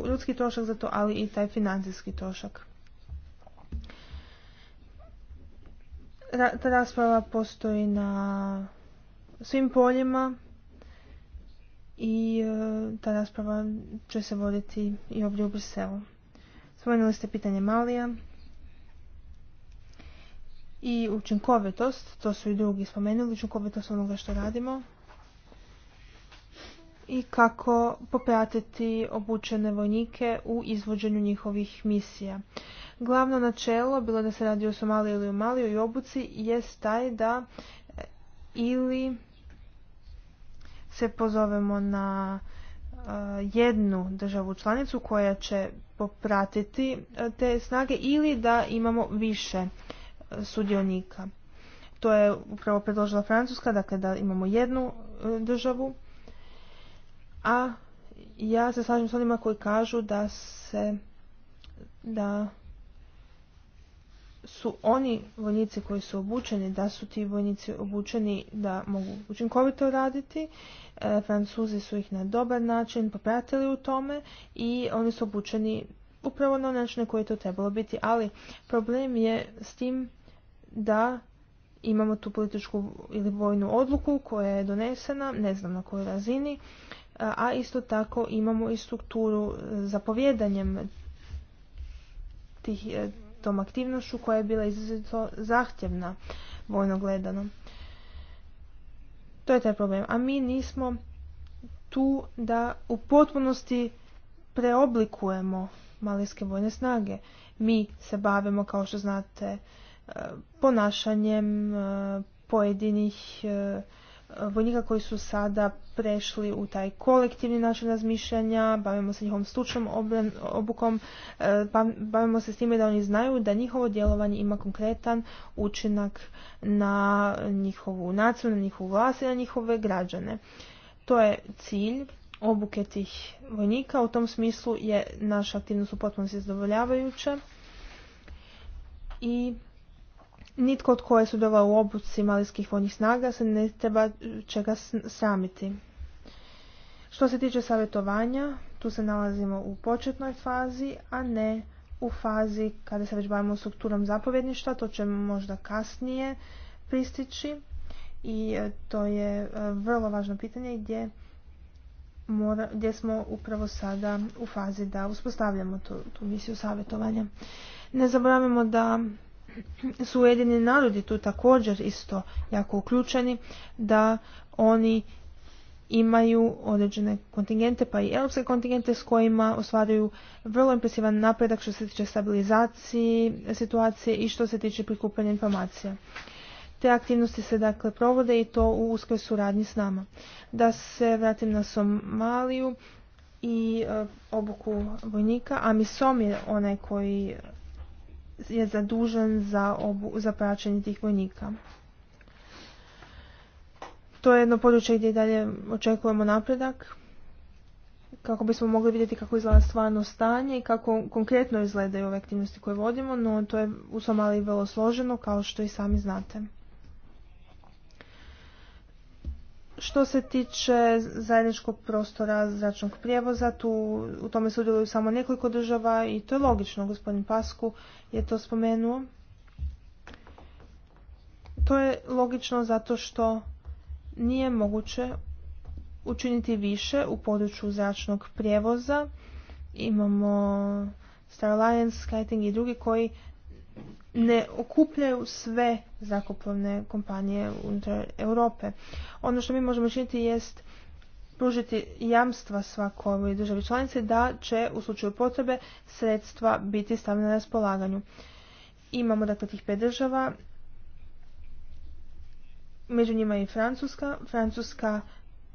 [SPEAKER 2] ljudski trošak za to, ali i taj financijski trošak. ta rasprava postoji na svim poljima i e, ta rasprava će se voditi i ovdje u Briselu. Spomenuli ste pitanje Malija i učinkovitost, to su i drugi spomenuli, učinkovitost onoga što radimo i kako popratiti obučene vojnike u izvođenju njihovih misija. Glavno načelo, bilo da se radi o Somaliji ili o Malijoj i obuci, jest taj da eh, ili se pozovemo na eh, jednu državu članicu koja će popratiti eh, te snage ili da imamo više sudionika. To je upravo predložila Francuska, dakle da imamo jednu državu a ja se slažem s onima koji kažu da se da su oni vojnici koji su obučeni, da su ti vojnici obučeni da mogu učinkovito raditi. E, Francuzi su ih na dobar način popratili u tome i oni su obučeni upravo na način na koji to trebalo biti. Ali problem je s tim da imamo tu političku ili vojnu odluku koja je donesena, ne znam na kojoj razini, a isto tako imamo i strukturu e, zapovjedanjem tih, e, tom aktivnošću koja je bila izuzetno zahtjevna vojno gledano. To je taj problem. A mi nismo tu da u potpunosti preoblikujemo malijske vojne snage. Mi se bavimo, kao što znate, e, ponašanjem pojedinih vojnika koji su sada prešli u taj kolektivni način razmišljanja, bavimo se njihovom stručnom obukom, e, bavimo se s time da oni znaju da njihovo djelovanje ima konkretan učinak na njihovu naciju, na njihovu vlast i na njihove građane. To je cilj obuke tih vojnika, u tom smislu je naša aktivnost u potpunosti zadovoljavajuća i Nitko tko su dovao u obuci malijskih vojnih snaga se ne treba čega sramiti. Što se tiče savjetovanja, tu se nalazimo u početnoj fazi, a ne u fazi kada se već bavimo strukturom zapovjedništva, to će možda kasnije pristići i e, to je e, vrlo važno pitanje gdje, gdje smo upravo sada u fazi da uspostavljamo tu, tu misiju savjetovanja. Ne zaboravimo da su ujedini narodi tu također isto jako uključeni da oni imaju određene kontingente pa i europske kontingente s kojima ostvaruju vrlo impresivan napredak što se tiče stabilizaciji situacije i što se tiče prikupljanja informacija. Te aktivnosti se dakle provode i to u uskoj suradnji s nama. Da se vratim na Somaliju i e, obuku vojnika, a MISOM je onaj koji je zadužen za, obu, za praćenje tih vojnika. To je jedno područje gdje dalje očekujemo napredak kako bismo mogli vidjeti kako izgleda stvarno stanje i kako konkretno izgledaju ove aktivnosti koje vodimo, no to je u Somaliji vrlo složeno kao što i sami znate. Što se tiče zajedničkog prostora zračnog prijevoza, tu u tome sudjeluju samo nekoliko država i to je logično, gospodin Pasku je to spomenuo. To je logično zato što nije moguće učiniti više u području zračnog prijevoza. Imamo Star Alliance, Skyting i drugi koji ne okupljaju sve zrakoplovne kompanije unutar Europe. Ono što mi možemo činiti jest pružiti jamstva svakoj državi članici da će u slučaju potrebe sredstva biti stavljena na raspolaganju. Imamo dakle tih pet država, među njima i Francuska. Francuska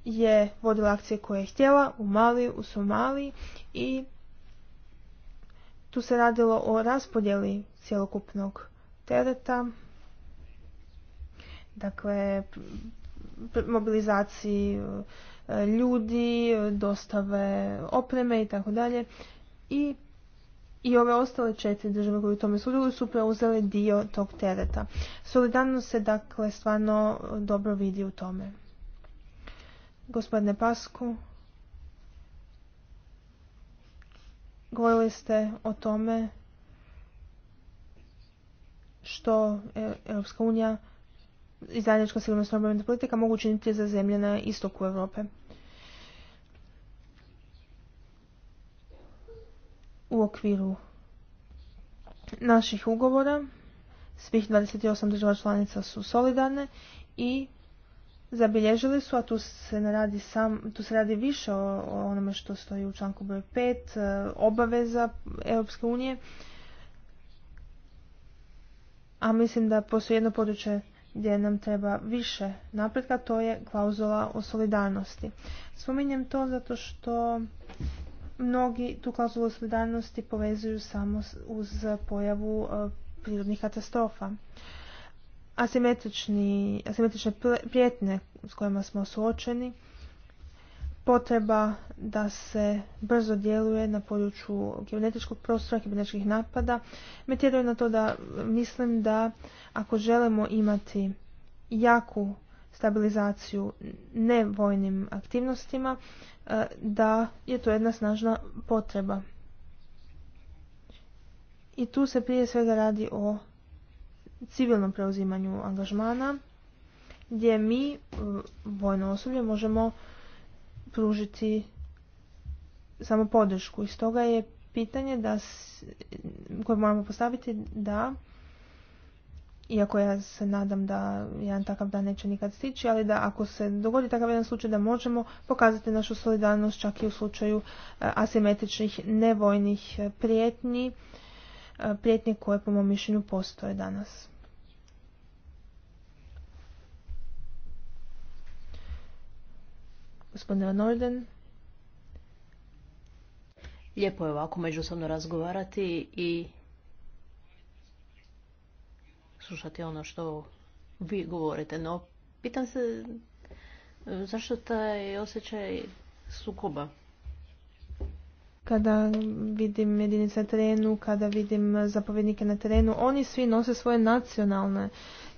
[SPEAKER 2] je vodila akcije koje je htjela u Mali, u Somaliji i se radilo o raspodjeli cjelokupnog tereta, dakle mobilizaciji e, ljudi, dostave opreme i tako dalje. I i ove ostale četiri države koje u tome sudjeluju su preuzele dio tog tereta. Solidarnost se dakle stvarno dobro vidi u tome. Gospodine Pasku, Govorili ste o tome što e, Europska unija i zajednička sigurnosna obrambena politika mogu učiniti za zemlje na istoku Europe. U okviru naših ugovora svih 28 država članica su solidarne i zabilježili su, a tu se, ne radi sam, tu se radi više o, onome što stoji u članku broj 5, e, obaveza Europske unije, a mislim da postoji jedno područje gdje nam treba više napretka, to je klauzula o solidarnosti. Spominjem to zato što mnogi tu klauzulu o solidarnosti povezuju samo uz pojavu e, prirodnih katastrofa asimetrične prijetnje s kojima smo suočeni, potreba da se brzo djeluje na području kibernetičkog prostora, kibernetičkih napada, me tjeruje na to da mislim da ako želimo imati jaku stabilizaciju nevojnim aktivnostima, e, da je to jedna snažna potreba. I tu se prije svega radi o civilnom preuzimanju angažmana gdje mi e, vojno osoblje možemo pružiti samo podršku. I stoga je pitanje da, koje moramo postaviti da iako ja se nadam da jedan takav dan neće nikad stići, ali da ako se dogodi takav jedan slučaj da možemo pokazati našu solidarnost čak i u slučaju e, asimetričnih nevojnih prijetnji prijetnje koje po mom mišljenju postoje danas. Gospodin Van Orden. Lijepo
[SPEAKER 1] je ovako međusobno razgovarati i slušati ono što vi govorite. No, pitam se zašto taj osjećaj sukoba
[SPEAKER 2] kada vidim jedinice na terenu, kada vidim zapovjednike na terenu, oni svi nose svoje nacionalne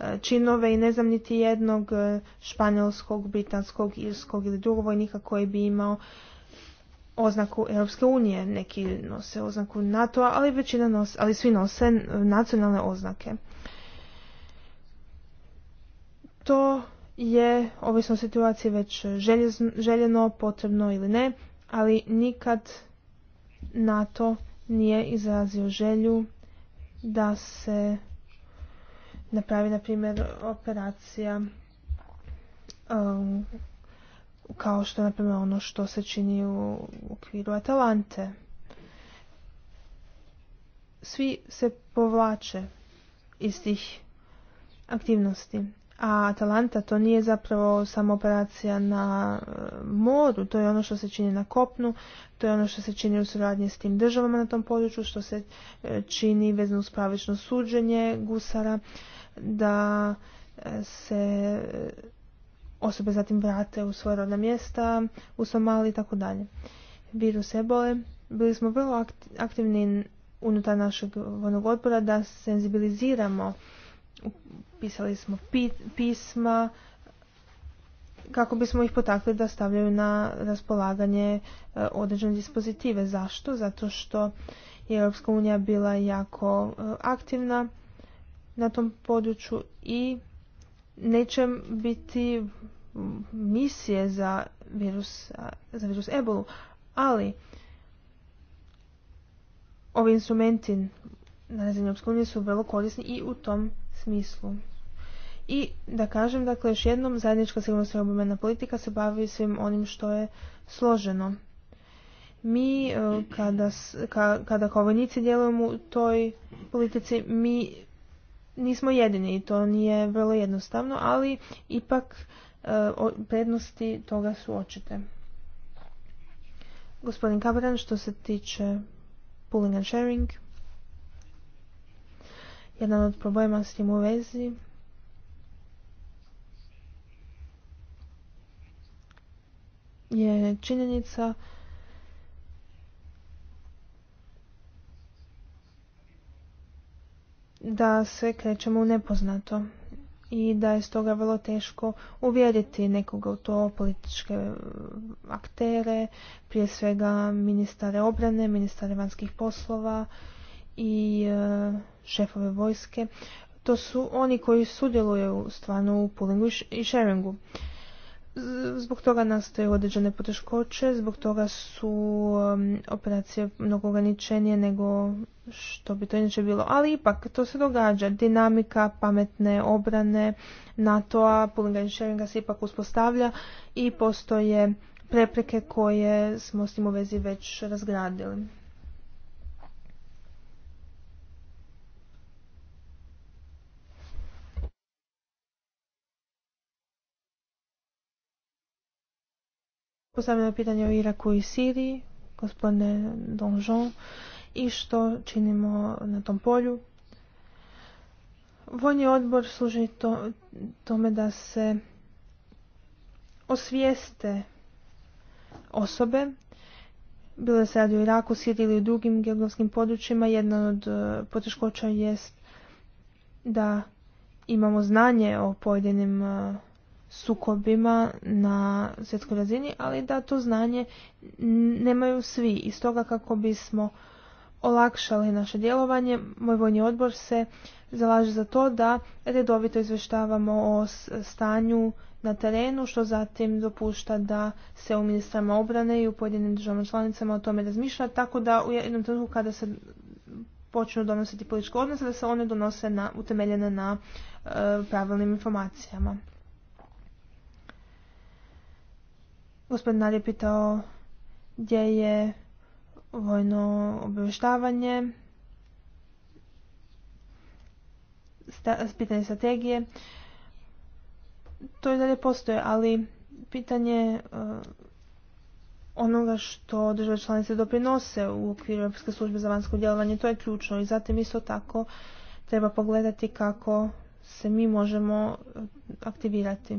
[SPEAKER 2] e, činove i ne znam niti jednog e, španjolskog, britanskog, irskog ili drugog vojnika koji bi imao oznaku Europske unije, neki nose oznaku NATO-a, ali većina ali svi nose nacionalne oznake. To je, ovisno o situaciji, već željeno, potrebno ili ne, ali nikad NATO nije izrazio želju da se napravi, na primjer, operacija um, kao što je, na primjer, ono što se čini u okviru Atalante. Svi se povlače iz tih aktivnosti. A Atalanta to nije zapravo samo operacija na e, moru, to je ono što se čini na kopnu, to je ono što se čini u suradnji s tim državama na tom području, što se e, čini vezano uz pravično suđenje gusara, da e, se osobe zatim vrate u svoje rodna mjesta, u Somali i tako dalje. Virus ebole. Bili smo vrlo aktivni unutar našeg vojnog odbora da senzibiliziramo pisali smo pisma kako bismo ih potakli da stavljaju na raspolaganje e, određene dispozitive. Zašto? Zato što je Europska unija bila jako e, aktivna na tom području i neće biti misije za virus, za virus ebolu, ali ovi instrumenti na razini Europske unije su vrlo korisni i u tom smislu. I da kažem, dakle, još jednom, zajednička sigurnost i obrambena politika se bavi svim onim što je složeno. Mi, e, kada, kada kao vojnici djelujemo u toj politici, mi nismo jedini i to nije vrlo jednostavno, ali ipak e, prednosti toga su očite. Gospodin Kabran, što se tiče pooling and sharing, jedan od problema s tim u vezi je činjenica da sve krećemo u nepoznato i da je stoga vrlo teško uvjeriti nekoga u to političke aktere, prije svega ministare obrane, ministare vanjskih poslova i e, šefove vojske, to su oni koji sudjeluju stvarno u pullingu i sharingu. Zbog toga nastaju određene poteškoće, zbog toga su um, operacije mnogo ograničenije nego što bi to inače bilo. Ali ipak, to se događa. Dinamika pametne obrane NATO-a, poolinga i sharinga se ipak uspostavlja i postoje prepreke koje smo s tim u vezi već razgradili. Postavljeno pitanje o Iraku i Siriji, gospodine Donjon, i što činimo na tom polju. Vojni odbor služi to, tome da se osvijeste osobe, bilo da se radi o Iraku, Siriji ili u drugim geografskim područjima. Jedna od e, poteškoća jest da imamo znanje o pojedinim e, sukobima na svjetskoj razini, ali da to znanje nemaju svi. I stoga kako bismo olakšali naše djelovanje, moj vojni odbor se zalaže za to da redovito izvještavamo o stanju na terenu, što zatim dopušta da se u ministrama obrane i u pojedinim državama članicama o tome razmišlja, tako da u jednom trenutku kada se počnu donositi političke odnose, da se one donose na, utemeljene na e, pravilnim informacijama. Gospodin Nar je pitao gdje je vojno obještavanje, pitanje strategije. To i dalje postoje, ali pitanje eh, onoga što države članice doprinose u okviru Europske službe za vanjsko djelovanje, to je ključno i zatim isto tako treba pogledati kako se mi možemo eh, aktivirati.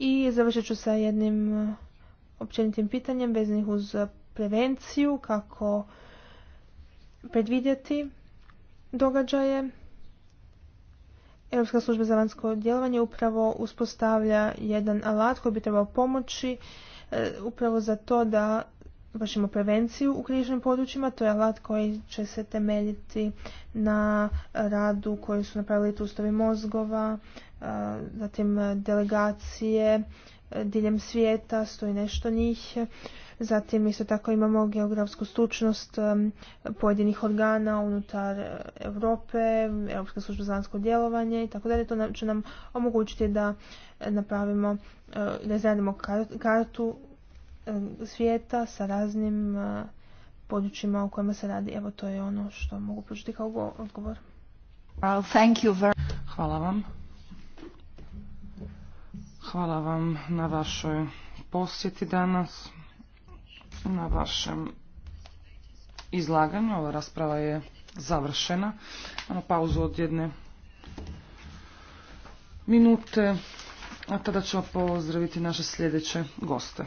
[SPEAKER 2] I završit ću sa jednim e, općenitim pitanjem vezanih uz prevenciju, kako predvidjeti događaje. Europska služba za vanjsko djelovanje upravo uspostavlja jedan alat koji bi trebao pomoći e, upravo za to da vršimo prevenciju u križnim područjima. To je alat koji će se temeljiti na radu koji su napravili tustovi mozgova, zatim delegacije e, diljem svijeta, stoji nešto njih. Zatim isto tako imamo geografsku stručnost e, pojedinih organa unutar Europe, Europska služba za vanjsko djelovanje i tako dalje. To će nam omogućiti da napravimo, e, da izradimo kartu svijeta sa raznim područjima u kojima se radi. Evo to je ono što mogu početi kao odgovor.
[SPEAKER 3] Hvala vam. Hvala vam na vašoj posjeti danas, na vašem izlaganju. Ova rasprava je završena. Imamo pauzu od jedne minute, a tada ćemo pozdraviti naše sljedeće goste.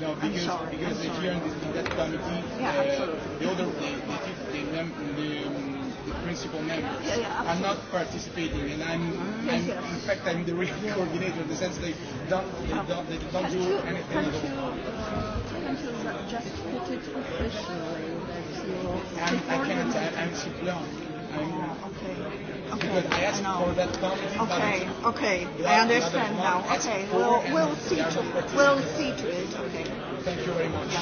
[SPEAKER 1] No, because, sorry, because if
[SPEAKER 2] you're in, this, in that committee, yeah, uh, the other the, the, the, mem the, um, the principal members yeah, yeah, are not participating, and I'm, -hmm. I'm yes. in fact I'm the real coordinator in the sense they don't they don't, they don't do you, anything at all. can't uh, you just put it officially that you're? I'm, I can't. I, I'm long. I'm, uh, okay. Okay, okay, okay. I understand now. Okay, we'll, we'll see to We'll see to it. Okay. Thank you very much.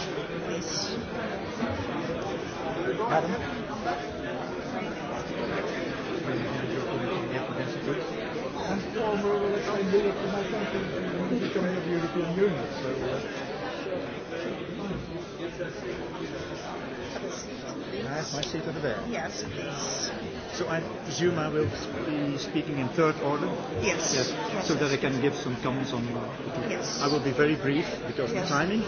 [SPEAKER 2] Yes, So I presume I will be speaking in third order? Yes. Yes. So that I can give some comments on the Yes. I will be very brief because yes. the timing.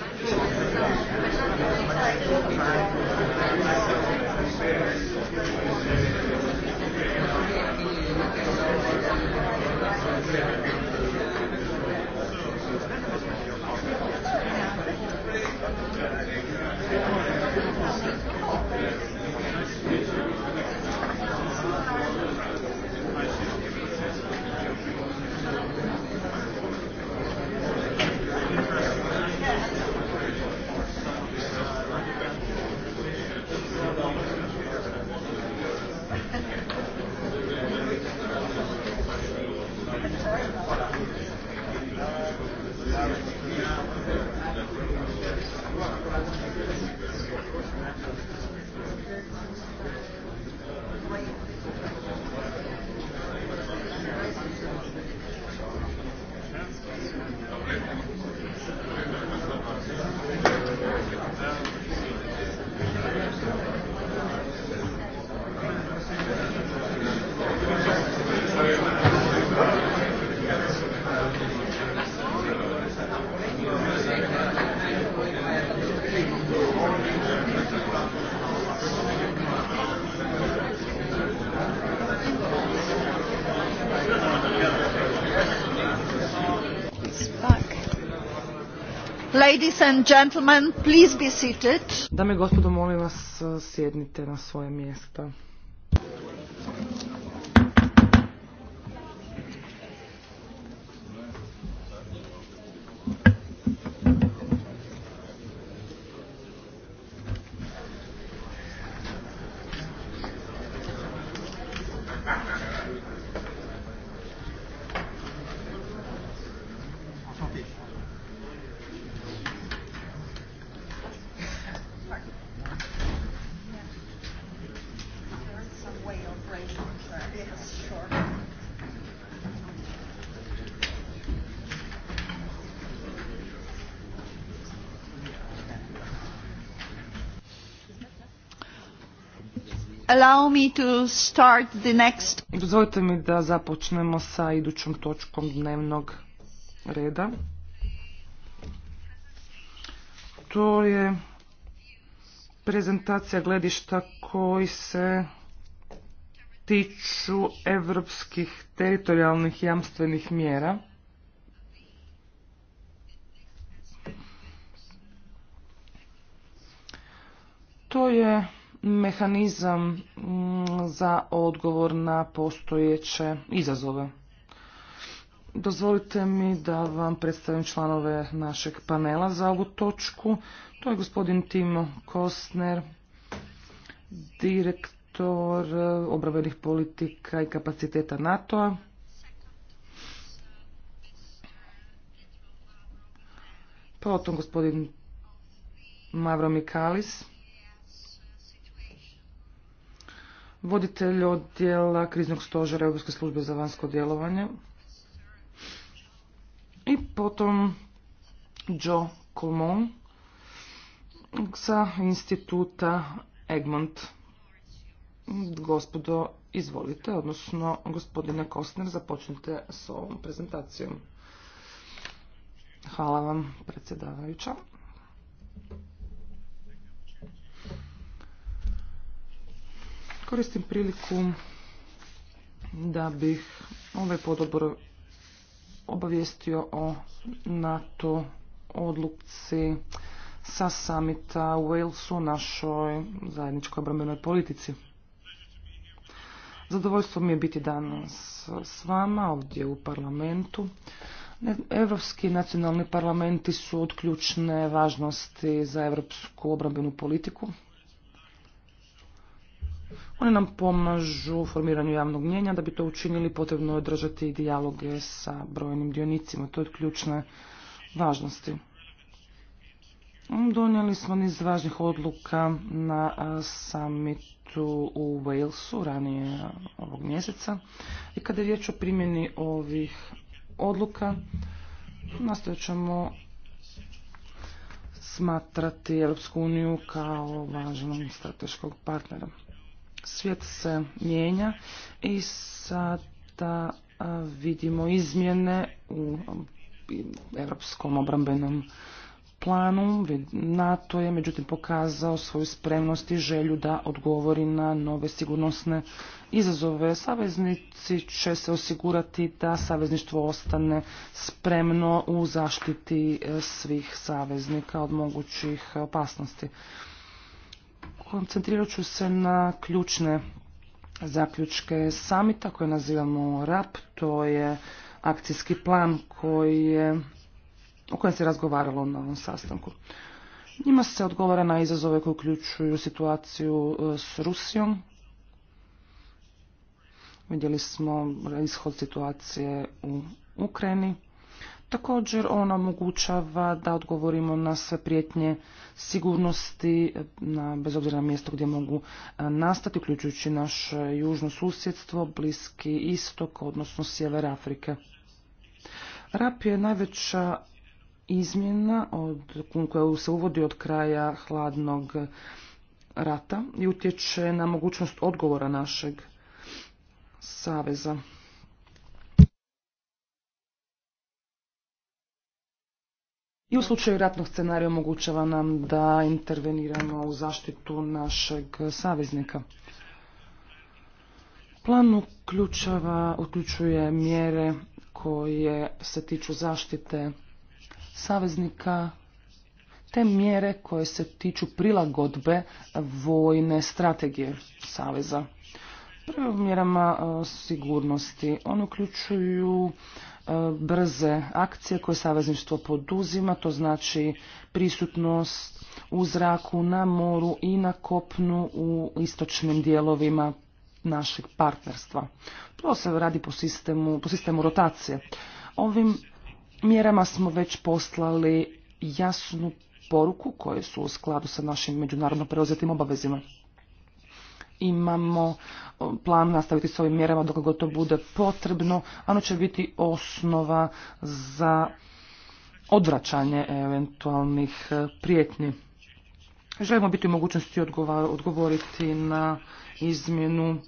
[SPEAKER 2] Yes.
[SPEAKER 1] Ladies and gentlemen, please be seated. Dame i gospodo, molim
[SPEAKER 3] vas sjednite na svoje mjesta.
[SPEAKER 1] allow Dozvolite
[SPEAKER 3] mi da započnemo sa idućom točkom dnevnog reda. To je prezentacija gledišta koji se tiču evropskih teritorijalnih jamstvenih mjera. To je mehanizam mm, za odgovor na postojeće izazove. Dozvolite mi da vam predstavim članove našeg panela za ovu točku. To je gospodin Timo Kostner, direktor e, obravenih politika i kapaciteta NATO-a. Potom gospodin Mavro Mikalis, voditelj odjela kriznog stožera Europske službe za vanjsko djelovanje. I potom Joe Colmon sa instituta Egmont. Gospodo, izvolite, odnosno gospodine Kostner, započnite s ovom prezentacijom. Hvala vam, predsjedavajuća. Koristim priliku da bih ovaj podobor obavijestio o NATO odluci sa samita u Walesu, našoj zajedničkoj obrambenoj politici. Zadovoljstvo mi je biti danas s vama ovdje u parlamentu. Europski nacionalni parlamenti su od ključne važnosti za europsku obrambenu politiku. One nam pomažu u formiranju javnog mnjenja. Da bi to učinili potrebno je održati dijaloge sa brojnim dionicima. To je od ključne važnosti. Donijeli smo niz važnih odluka na samitu u Walesu ranije ovog mjeseca. I kada je riječ o primjeni ovih odluka, nastojat ćemo smatrati Europsku uniju kao važnom strateškog partnera. Svijet se mijenja i sada vidimo izmjene u europskom obrambenom planu. NATO je međutim pokazao svoju spremnost i želju da odgovori na nove sigurnosne izazove. Saveznici će se osigurati da savezništvo ostane spremno u zaštiti e, svih saveznika od mogućih opasnosti. Koncentrirat ću se na ključne zaključke samita koje nazivamo RAP. To je akcijski plan koji je, o kojem se razgovaralo na ovom sastanku. Njima se odgovara na izazove koje uključuju situaciju e, s Rusijom. Vidjeli smo ishod situacije u Ukrajini. Također ona omogućava da odgovorimo na sve prijetnje sigurnosti, na, bez obzira na mjesto gdje mogu e, nastati, uključujući naše južno susjedstvo, bliski istok, odnosno sjever Afrike. RAP je najveća izmjena od, koja se uvodi od kraja hladnog rata i utječe na mogućnost odgovora našeg saveza. i u slučaju ratnog scenarija omogućava nam da interveniramo u zaštitu našeg saveznika. Plan uključava, uključuje mjere koje se tiču zaštite saveznika, te mjere koje se tiču prilagodbe vojne strategije saveza. Prvo mjerama e, sigurnosti. On uključuju E, brze akcije koje savezništvo poduzima, to znači prisutnost u zraku, na moru i na kopnu u istočnim dijelovima našeg partnerstva. To se radi po sistemu, po sistemu rotacije. Ovim mjerama smo već poslali jasnu poruku koje su u skladu sa našim međunarodno preuzetim obavezima imamo plan nastaviti s ovim mjerama dok god to bude potrebno. Ono će biti osnova za odvraćanje eventualnih e, prijetnji. Želimo biti u mogućnosti odgovoriti na izmjenu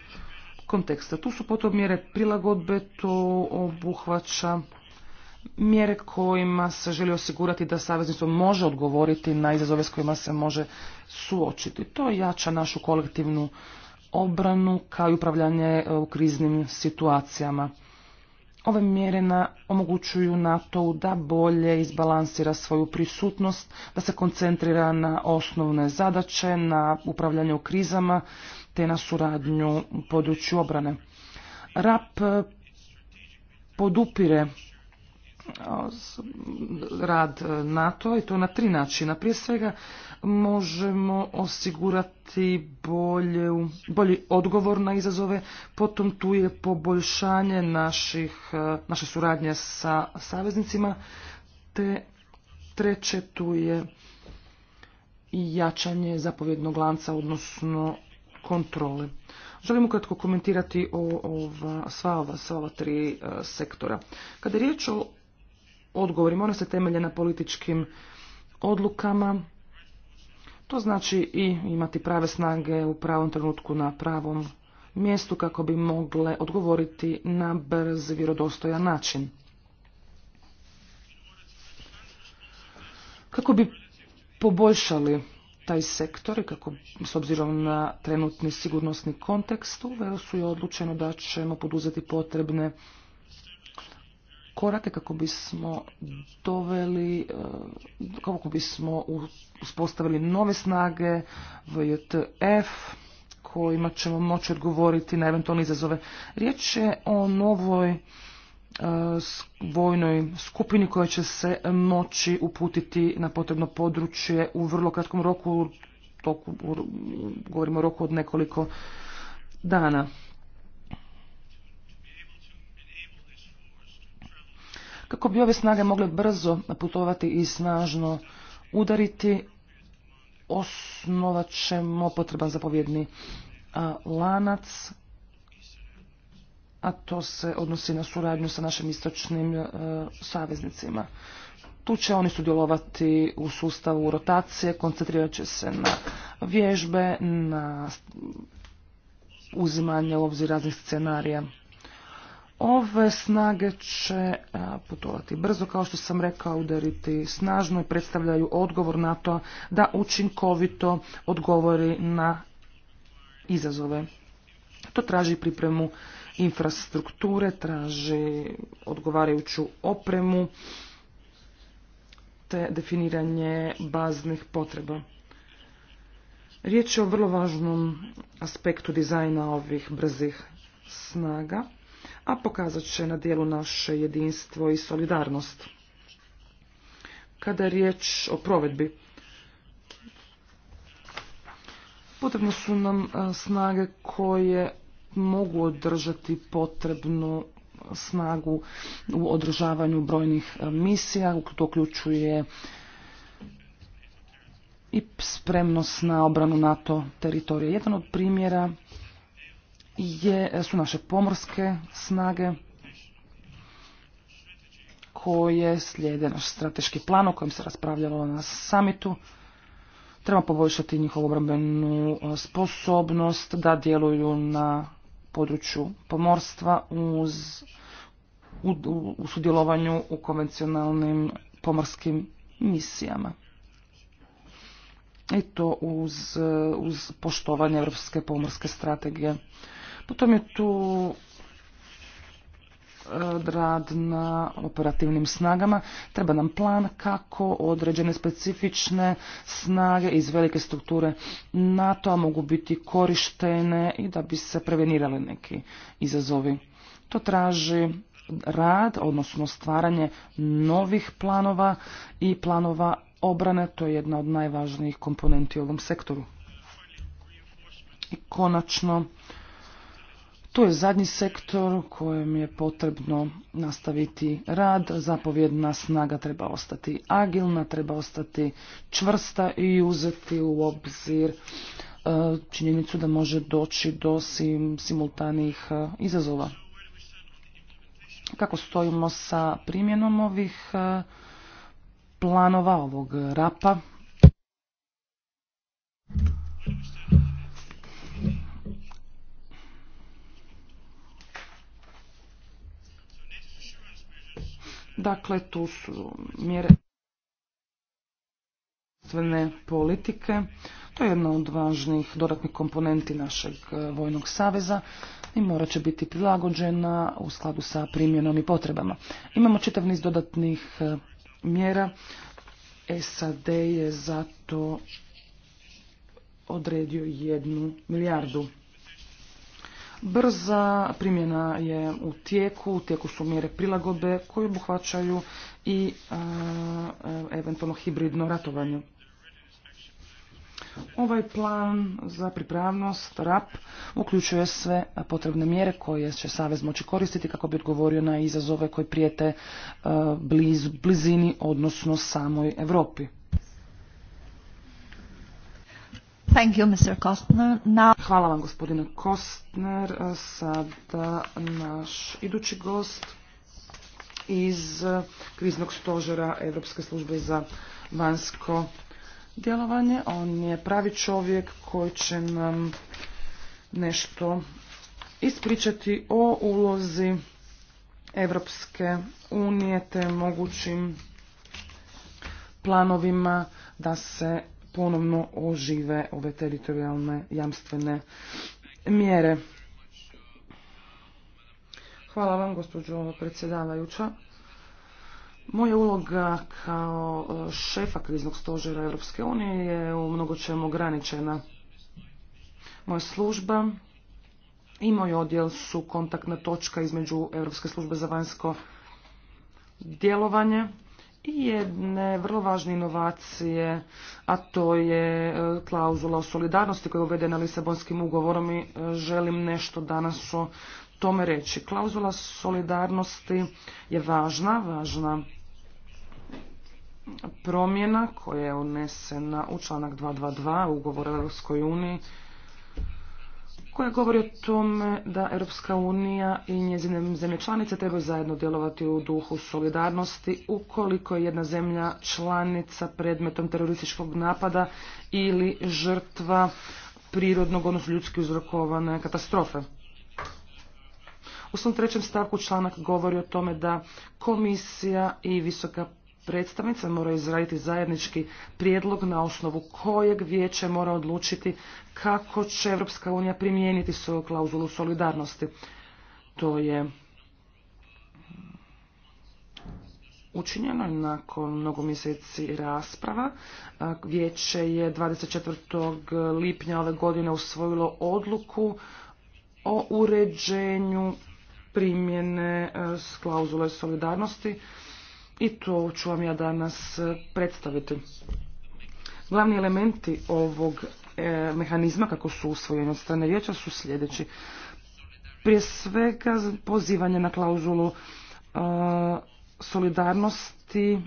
[SPEAKER 3] konteksta. Tu su potom mjere prilagodbe, to obuhvaća mjere kojima se želi osigurati da savezništvo može odgovoriti na izazove s kojima se može suočiti. To jača našu kolektivnu obranu kao i upravljanje e, u kriznim situacijama. Ove mjere omogućuju nato da bolje izbalansira svoju prisutnost, da se koncentrira na osnovne zadaće, na upravljanje u krizama te na suradnju u području obrane. RAP e, podupire rad NATO i to na tri načina. Prije svega možemo osigurati bolje, bolji odgovor na izazove, potom tu je poboljšanje naših, naše suradnje sa saveznicima, te treće tu je jačanje zapovjednog lanca, odnosno kontrole. Želim ukratko komentirati o ova, sva, ova, sva ova tri e, sektora. Kada je riječ o odgovorima. moraju se temelje na političkim odlukama. To znači i imati prave snage u pravom trenutku na pravom mjestu kako bi mogle odgovoriti na brz vjerodostojan način. Kako bi poboljšali taj sektor i kako s obzirom na trenutni sigurnosni kontekst u Verosu je odlučeno da ćemo poduzeti potrebne korake kako bismo doveli, eh, kako bismo uspostavili nove snage VJTF kojima ćemo moći odgovoriti na eventualne izazove. Riječ je o novoj eh, vojnoj skupini koja će se moći uputiti na potrebno područje u vrlo kratkom roku, toku, govorimo o roku od nekoliko dana. kako bi ove snage mogle brzo putovati i snažno udariti. Osnovat ćemo potreban zapovjedni lanac, a to se odnosi na suradnju sa našim istočnim e, saveznicima. Tu će oni sudjelovati u sustavu rotacije, koncentrirat će se na vježbe, na uzimanje u obzir raznih scenarija. Ove snage će e, putovati brzo, kao što sam rekao, udariti snažno i predstavljaju odgovor na to da učinkovito odgovori na izazove. To traži pripremu infrastrukture, traži odgovarajuću opremu te definiranje baznih potreba. Riječ je o vrlo važnom aspektu dizajna ovih brzih snaga a pokazat će na dijelu naše jedinstvo i solidarnost. Kada je riječ o provedbi, potrebne su nam e, snage koje mogu održati potrebnu snagu u održavanju brojnih e, misija, to uključuje i spremnost na obranu NATO teritorija. Jedan od primjera je, su naše pomorske snage koje slijede naš strateški plan o kojem se raspravljalo na samitu. Treba poboljšati njihovu obrambenu e, sposobnost da djeluju na području pomorstva uz, u, sudjelovanju u konvencionalnim pomorskim misijama. I to uz, e, uz poštovanje Europske pomorske strategije. Potom je tu e, rad na operativnim snagama. Treba nam plan kako određene specifične snage iz velike strukture NATO-a mogu biti korištene i da bi se prevenirali neki izazovi. To traži rad, odnosno stvaranje novih planova i planova obrane. To je jedna od najvažnijih komponenti u ovom sektoru. I konačno, tu je zadnji sektor kojem je potrebno nastaviti rad, zapovjedna snaga treba ostati agilna, treba ostati čvrsta i uzeti u obzir e, činjenicu da može doći do sim, simultanih e, izazova. Kako stojimo sa primjenom ovih e, planova, ovog rapa? Dakle, tu su mjere politike. To je jedna od važnih dodatnih komponenti našeg e, vojnog saveza i morat će biti prilagođena u skladu sa primjenom i potrebama. Imamo čitav niz dodatnih e, mjera. SAD je zato odredio jednu milijardu brza, primjena je u tijeku, u tijeku su mjere prilagodbe koje obuhvaćaju i e, eventualno hibridno ratovanje. Ovaj plan za pripravnost RAP uključuje sve potrebne mjere koje će Savez moći koristiti kako bi odgovorio na izazove koje prijete e, blizini, odnosno samoj Europi.
[SPEAKER 1] Thank you, Kostner.
[SPEAKER 3] Hvala vam gospodine Kostner. Sada naš idući gost iz kriznog stožera Europske službe za vanjsko djelovanje. On je pravi čovjek koji će nam nešto ispričati o ulozi europske unije te mogućim planovima da se ponovno ožive ove teritorijalne jamstvene mjere. Hvala vam, gospođo predsjedavajuća. Moja uloga kao e, šefa kriznog stožera Europske unije je u mnogo čemu ograničena. Moja služba i moj odjel su kontaktna točka između Europske službe za vanjsko djelovanje jedne vrlo važne inovacije, a to je e, klauzula o solidarnosti koja je uvedena Lisabonskim ugovorom i e, želim nešto danas o tome reći. Klauzula solidarnosti je važna, važna promjena koja je unesena u članak 222 ugovora Europskoj uniji koja govori o tome da Europska unija i njezine zemlje članice trebaju zajedno djelovati u duhu solidarnosti ukoliko je jedna zemlja članica predmetom terorističkog napada ili žrtva prirodnog, odnosno ljudski uzrokovane katastrofe. U svom trećem stavku članak govori o tome da komisija i visoka predstavnica mora izraditi zajednički prijedlog na osnovu kojeg vijeće mora odlučiti kako će Europska unija primijeniti svoju klauzulu solidarnosti. To je učinjeno nakon mnogo mjeseci rasprava. Vijeće je 24. lipnja ove godine usvojilo odluku o uređenju primjene e, klauzule solidarnosti i to ću vam ja danas e, predstaviti. Glavni elementi ovog e, mehanizma kako su usvojeni od strane vijeća su sljedeći. Prije svega pozivanje na klauzulu e, solidarnosti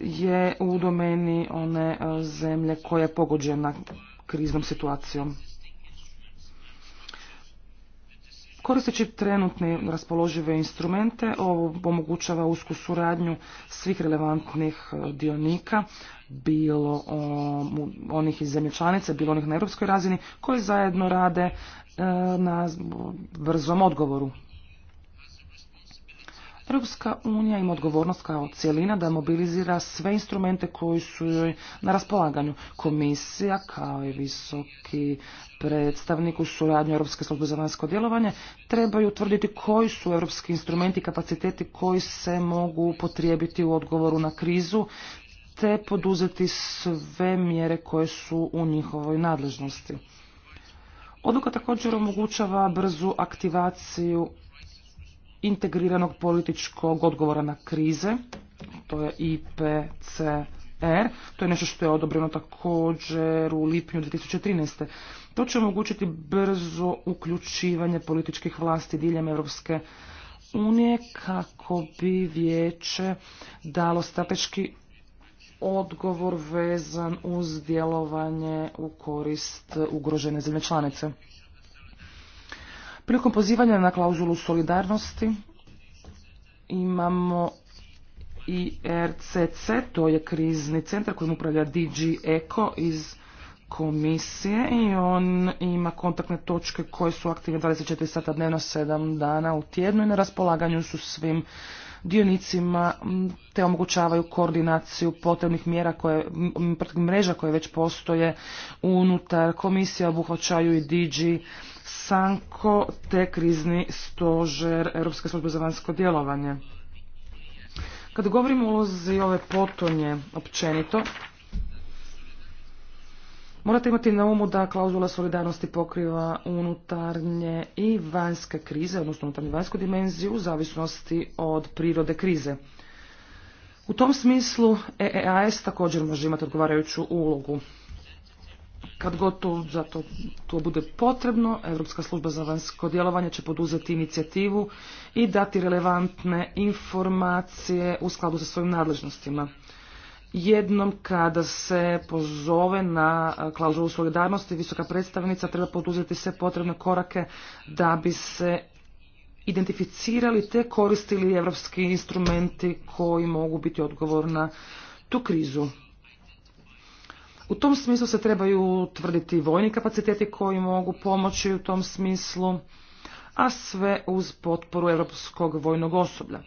[SPEAKER 3] je u domeni one zemlje koja je pogođena kriznom situacijom. Koristeći trenutne raspoložive instrumente, ovo omogućava usku suradnju svih relevantnih e, dionika, bilo onih iz zemlje članice, bilo onih na europskoj razini, koji zajedno rade e, na brzom odgovoru. Europska unija ima odgovornost kao cijelina da mobilizira sve instrumente koji su joj na raspolaganju. Komisija kao i visoki predstavnik u suradnju Europske službe za vanjsko djelovanje trebaju utvrditi koji su europski instrumenti i kapaciteti koji se mogu upotrijebiti u odgovoru na krizu te poduzeti sve mjere koje su u njihovoj nadležnosti. Odluka također omogućava brzu aktivaciju integriranog političkog odgovora na krize, to je IPCR, to je nešto što je odobreno također u lipnju 2013. To će omogućiti brzo uključivanje političkih vlasti diljem Europske unije kako bi vijeće dalo strateški odgovor vezan uz djelovanje u korist ugrožene zemlje članice. Prilikom pozivanja na klauzulu solidarnosti imamo i RCC, to je krizni centar kojim upravlja DG Eco iz komisije i on ima kontaktne točke koje su aktivne 24 sata dnevno, 7 dana u tjednu i na raspolaganju su svim dionicima te omogućavaju koordinaciju potrebnih mjera koje, mreža koje već postoje unutar komisije, obuhvaćaju i DG Sanko te krizni stožer Europske službe za vanjsko djelovanje. Kad govorimo o ulozi ove potonje općenito, morate imati na umu da klauzula solidarnosti pokriva unutarnje i vanjske krize, odnosno unutarnju vanjsku dimenziju, u zavisnosti od prirode krize. U tom smislu EEAS također može imati odgovarajuću ulogu kad god to, zato, to bude potrebno, Europska služba za vanjsko djelovanje će poduzeti inicijativu i dati relevantne informacije u skladu sa svojim nadležnostima. Jednom kada se pozove na klauzulu solidarnosti, visoka predstavnica treba poduzeti sve potrebne korake da bi se identificirali te koristili evropski instrumenti koji mogu biti odgovor na tu krizu. U tom smislu se trebaju utvrditi vojni kapaciteti koji mogu pomoći u tom smislu, a sve uz potporu europskog vojnog osoblja.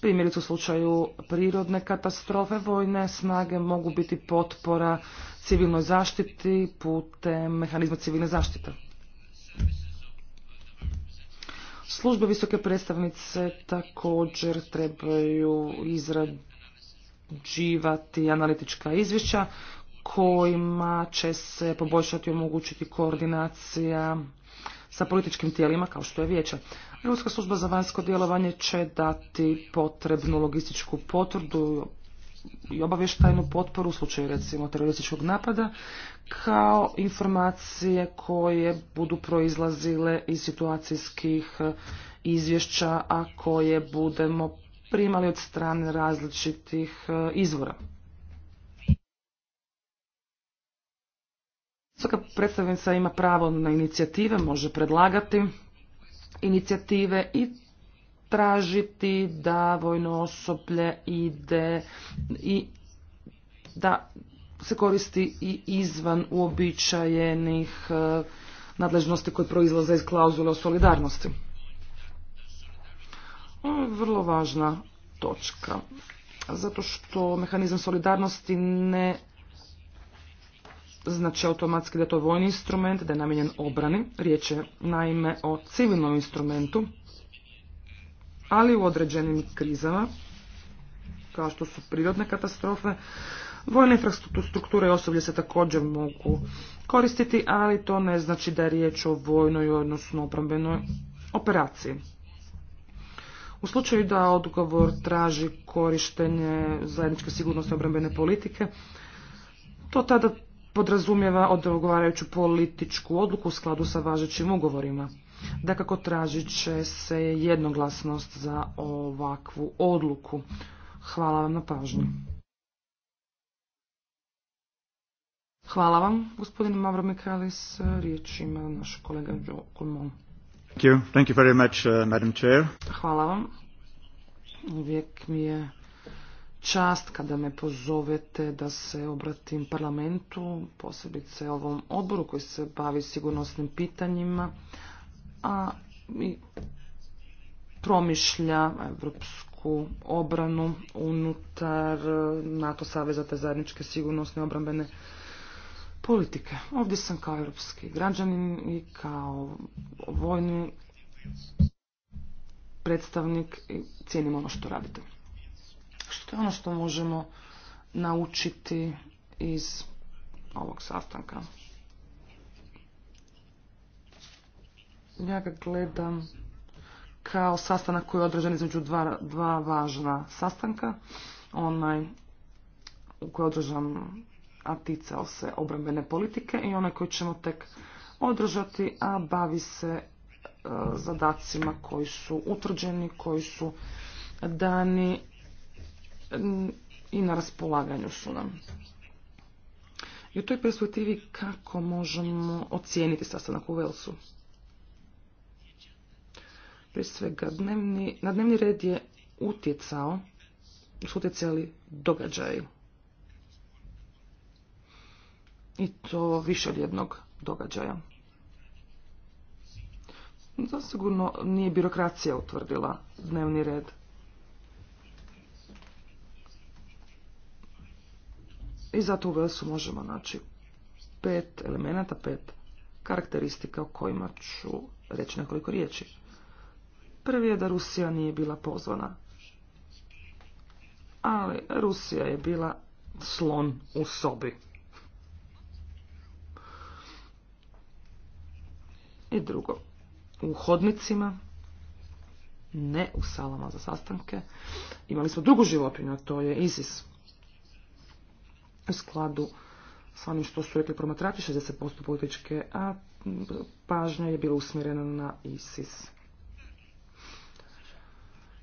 [SPEAKER 3] Primjerice u slučaju prirodne katastrofe vojne snage mogu biti potpora civilnoj zaštiti putem mehanizma civilne zaštite. Službe visoke predstavnice također trebaju izraditi izrađivati analitička izvješća kojima će se poboljšati i omogućiti koordinacija sa političkim tijelima kao što je vijeće. Europska služba za vanjsko djelovanje će dati potrebnu logističku potvrdu i obavještajnu potporu u slučaju recimo terorističkog napada kao informacije koje budu proizlazile iz situacijskih izvješća, a koje budemo primali od strane različitih e, izvora. Svaka predstavnica ima pravo na inicijative, može predlagati inicijative i tražiti da vojno osoblje ide i da se koristi i izvan uobičajenih e, nadležnosti koje proizlaze iz klauzule o solidarnosti. Ovo je vrlo važna točka, zato što mehanizam solidarnosti ne znači automatski da je to vojni instrument, da je namijenjen obrani. Riječ je naime o civilnom instrumentu, ali u određenim krizama, kao što su prirodne katastrofe, vojne infrastrukture i osoblje se također mogu koristiti, ali to ne znači da je riječ o vojnoj, odnosno obrambenoj operaciji. U slučaju da odgovor traži korištenje zajedničke sigurnosti obrambene politike, to tada podrazumijeva odgovarajuću političku odluku u skladu sa važećim ugovorima. Dakako tražit će se jednoglasnost za ovakvu odluku. Hvala vam na pažnju. Hvala vam, gospodine Mavro Mikalis. Riječ ima naš kolega Joe
[SPEAKER 2] Uh,
[SPEAKER 3] Hvala vam. Uvijek mi je čast kada me pozovete da se obratim parlamentu, posebice ovom odboru koji se bavi sigurnosnim pitanjima, a mi promišlja evropsku obranu unutar NATO saveza te zajedničke sigurnosne obrambene politike. Ovdje sam kao europski građanin i kao vojni predstavnik i cijenim ono što radite. Što je ono što možemo naučiti iz ovog sastanka? Ja ga gledam kao sastanak koji je održan između dva, važna sastanka. Onaj u je održam a ticao se obrambene politike i onaj koji ćemo tek održati, a bavi se e, zadacima koji su utvrđeni, koji su dani mm, i na raspolaganju su nam. I u toj perspektivi kako možemo ocijeniti sastanak u Velsu? Prije svega, na dnevni red je utjecao, su utjecali događaju i to više od jednog događaja. Zasigurno nije birokracija utvrdila dnevni red. I zato u Velsu možemo naći pet elemenata, pet karakteristika o kojima ću reći nekoliko riječi. Prvi je da Rusija nije bila pozvana. Ali Rusija je bila slon u sobi. I drugo, u hodnicima, ne u salama za sastanke, imali smo drugu životinju, a to je ISIS. U skladu s onim što su rekli promatrači, 60% političke, a pažnja je bila usmjerena na ISIS.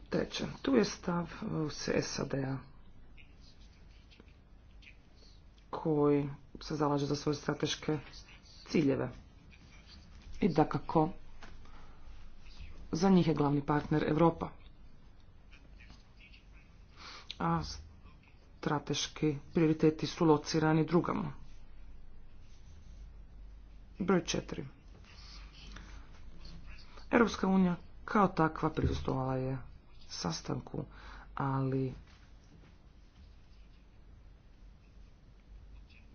[SPEAKER 3] Treće, tu je stav SAD-a koji se zalaže za svoje strateške ciljeve i da kako za njih je glavni partner Europa. A strateški prioriteti su locirani drugama. Broj četiri. Europska unija kao takva pristupovala je sastanku, ali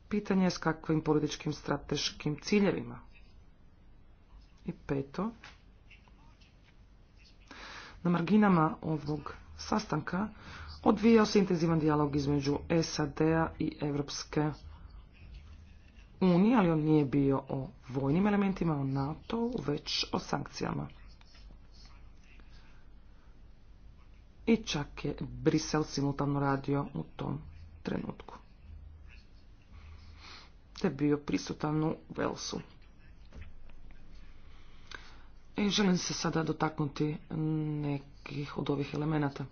[SPEAKER 3] pitanje je s kakvim političkim strateškim ciljevima i peto, na marginama ovog sastanka odvijao se intenzivan dijalog između SAD-a i Europske unije, ali on nije bio o vojnim elementima, o NATO, već o sankcijama. I čak je Brisel simultano radio u tom trenutku. Te bio prisutan u Velsu. I želim se sada dotaknuti nekih od ovih elemenata.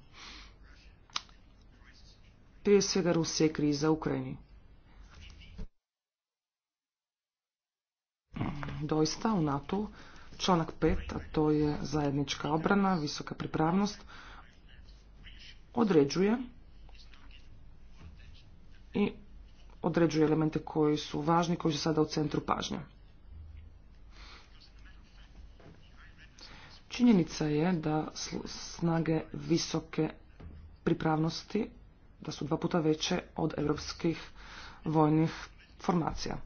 [SPEAKER 3] Prije svega Rusija i kriza u Ukrajini. Doista u NATO članak 5, a to je zajednička obrana, visoka pripravnost, određuje i određuje elemente koji su važni, koji su sada u centru pažnja. Činjenica je da snage visoke pripravnosti, da su dva puta veće od europskih vojnih formacija.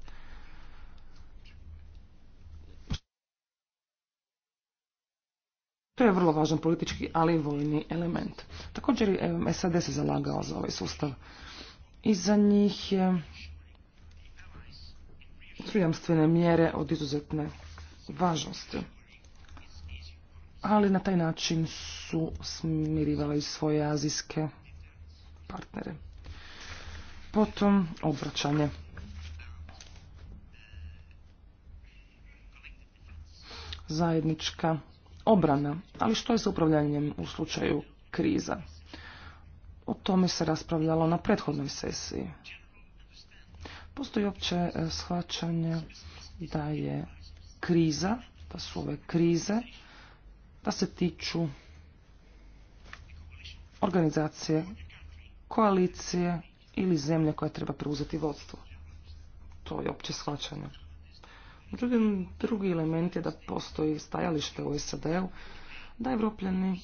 [SPEAKER 3] To je vrlo važan politički, ali i vojni element. Također SAD se zalagao za ovaj sustav. I za njih je su mjere od izuzetne važnosti ali na taj način su smirivali svoje azijske partnere. Potom obraćanje. Zajednička obrana, ali što je sa upravljanjem u slučaju kriza? O tome se raspravljalo na prethodnoj sesiji. Postoji opće eh, shvaćanje da je kriza, da su ove krize da pa se tiču organizacije, koalicije ili zemlje koja treba preuzeti vodstvo. To je opće shvaćanje. drugi element je da postoji stajalište u SAD-u da evropljani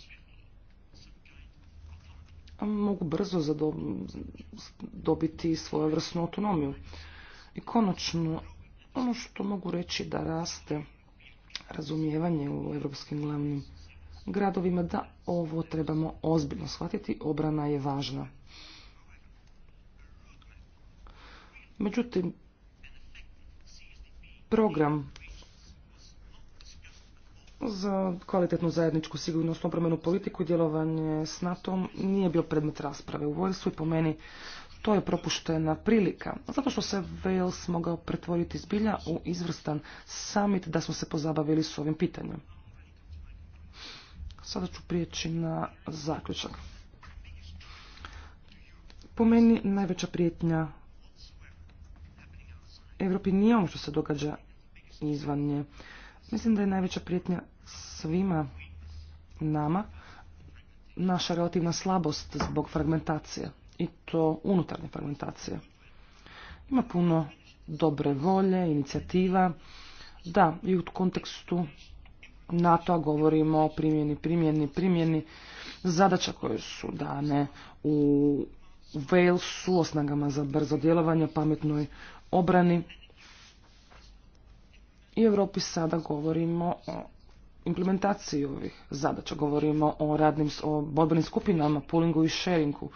[SPEAKER 3] mogu brzo dobiti svoju vrstnu autonomiju. I konačno, ono što mogu reći da raste razumijevanje u europskim glavnim gradovima da ovo trebamo ozbiljno shvatiti, obrana je važna. Međutim, program za kvalitetnu zajedničku sigurnosnu obrambenu politiku i djelovanje s NATO-om nije bio predmet rasprave u vojstvu i po meni to je propuštena prilika, zato što se Wales mogao pretvoriti zbilja u izvrstan summit da smo se pozabavili s ovim pitanjem. Sada ću prijeći na zaključak. Po meni najveća prijetnja Europi nije ono što se događa izvan nje. Mislim da je najveća prijetnja svima nama naša relativna slabost zbog fragmentacije i to unutarnje fragmentacije. Ima puno dobre volje, inicijativa. Da, i u kontekstu NATO-a govorimo o primjeni, primjeni, primjeni zadaća koje su dane u Walesu, o za brzo djelovanje, pametnoj obrani. I u Europi sada govorimo o implementaciji ovih zadaća. Govorimo o radnim, o borbenim skupinama, poolingu i sharingu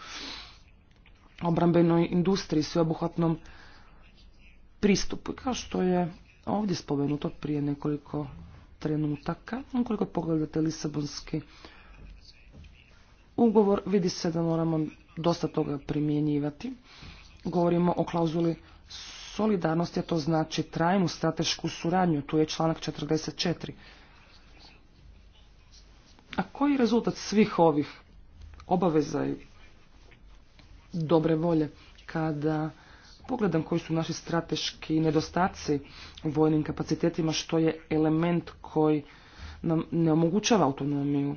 [SPEAKER 3] obrambenoj industriji sveobuhvatnom pristupu. Kao što je ovdje spomenuto prije nekoliko trenutaka, ukoliko pogledate Lisabonski ugovor, vidi se da moramo dosta toga primjenjivati. Govorimo o klauzuli solidarnosti, a to znači trajnu stratešku suradnju. Tu je članak 44. A koji je rezultat svih ovih obaveza i dobre volje kada pogledam koji su naši strateški nedostaci u vojnim kapacitetima, što je element koji nam ne omogućava autonomiju.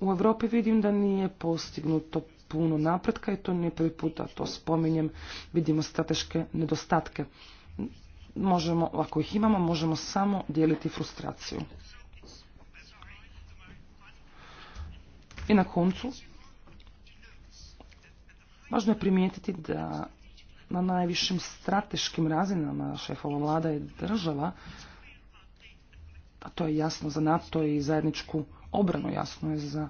[SPEAKER 3] U Europi vidim da nije postignuto puno napretka i to nije prvi puta, to spominjem, vidimo strateške nedostatke. Možemo, ako ih imamo, možemo samo dijeliti frustraciju. I na koncu, Važno je primijetiti da na najvišim strateškim razinama šefova vlada i država, a to je jasno za NATO i zajedničku obranu, jasno je za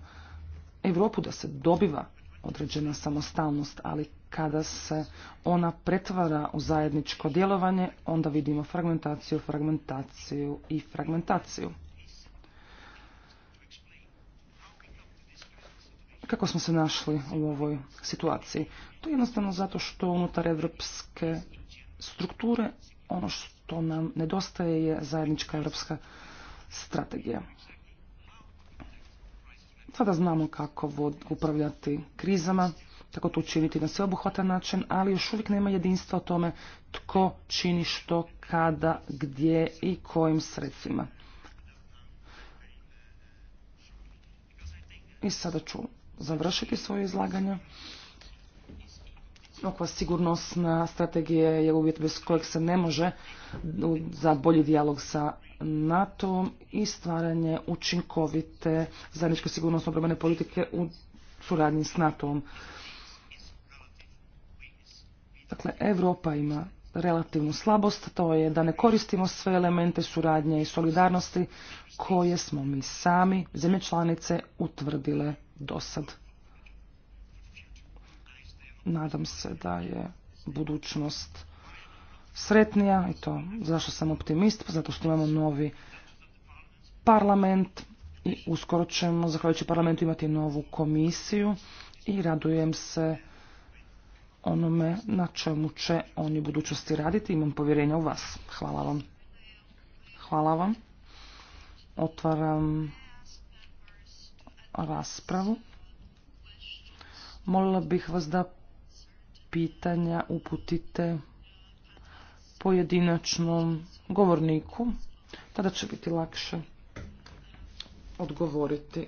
[SPEAKER 3] Europu da se dobiva određena samostalnost, ali kada se ona pretvara u zajedničko djelovanje, onda vidimo fragmentaciju, fragmentaciju i fragmentaciju. kako smo se našli u ovoj situaciji. To je jednostavno zato što unutar evropske strukture ono što nam nedostaje je zajednička evropska strategija. Sada znamo kako upravljati krizama, kako to učiniti na sveobuhvatan način, ali još uvijek nema jedinstva o tome tko čini što, kada, gdje i kojim sredstvima. I sada ću završiti svoje izlaganje. Ova sigurnosna strategija je uvjet bez kojeg se ne može za bolji dijalog sa nato i stvaranje učinkovite zajedničke sigurnosno obrambene politike u suradnji s NATO-om. Dakle, Evropa ima relativnu slabost, to je da ne koristimo sve elemente suradnje i solidarnosti koje smo mi sami, zemlje članice, utvrdile dosad. Nadam se da je budućnost sretnija i to zašto sam optimist, zato što imamo novi parlament i uskoro ćemo, zahvaljujući parlamentu, imati novu komisiju i radujem se onome na čemu će oni u budućnosti raditi. Imam povjerenja u vas. Hvala vam. Hvala vam. Otvaram raspravu. Molila bih vas da pitanja uputite pojedinačnom govorniku. Tada će biti lakše odgovoriti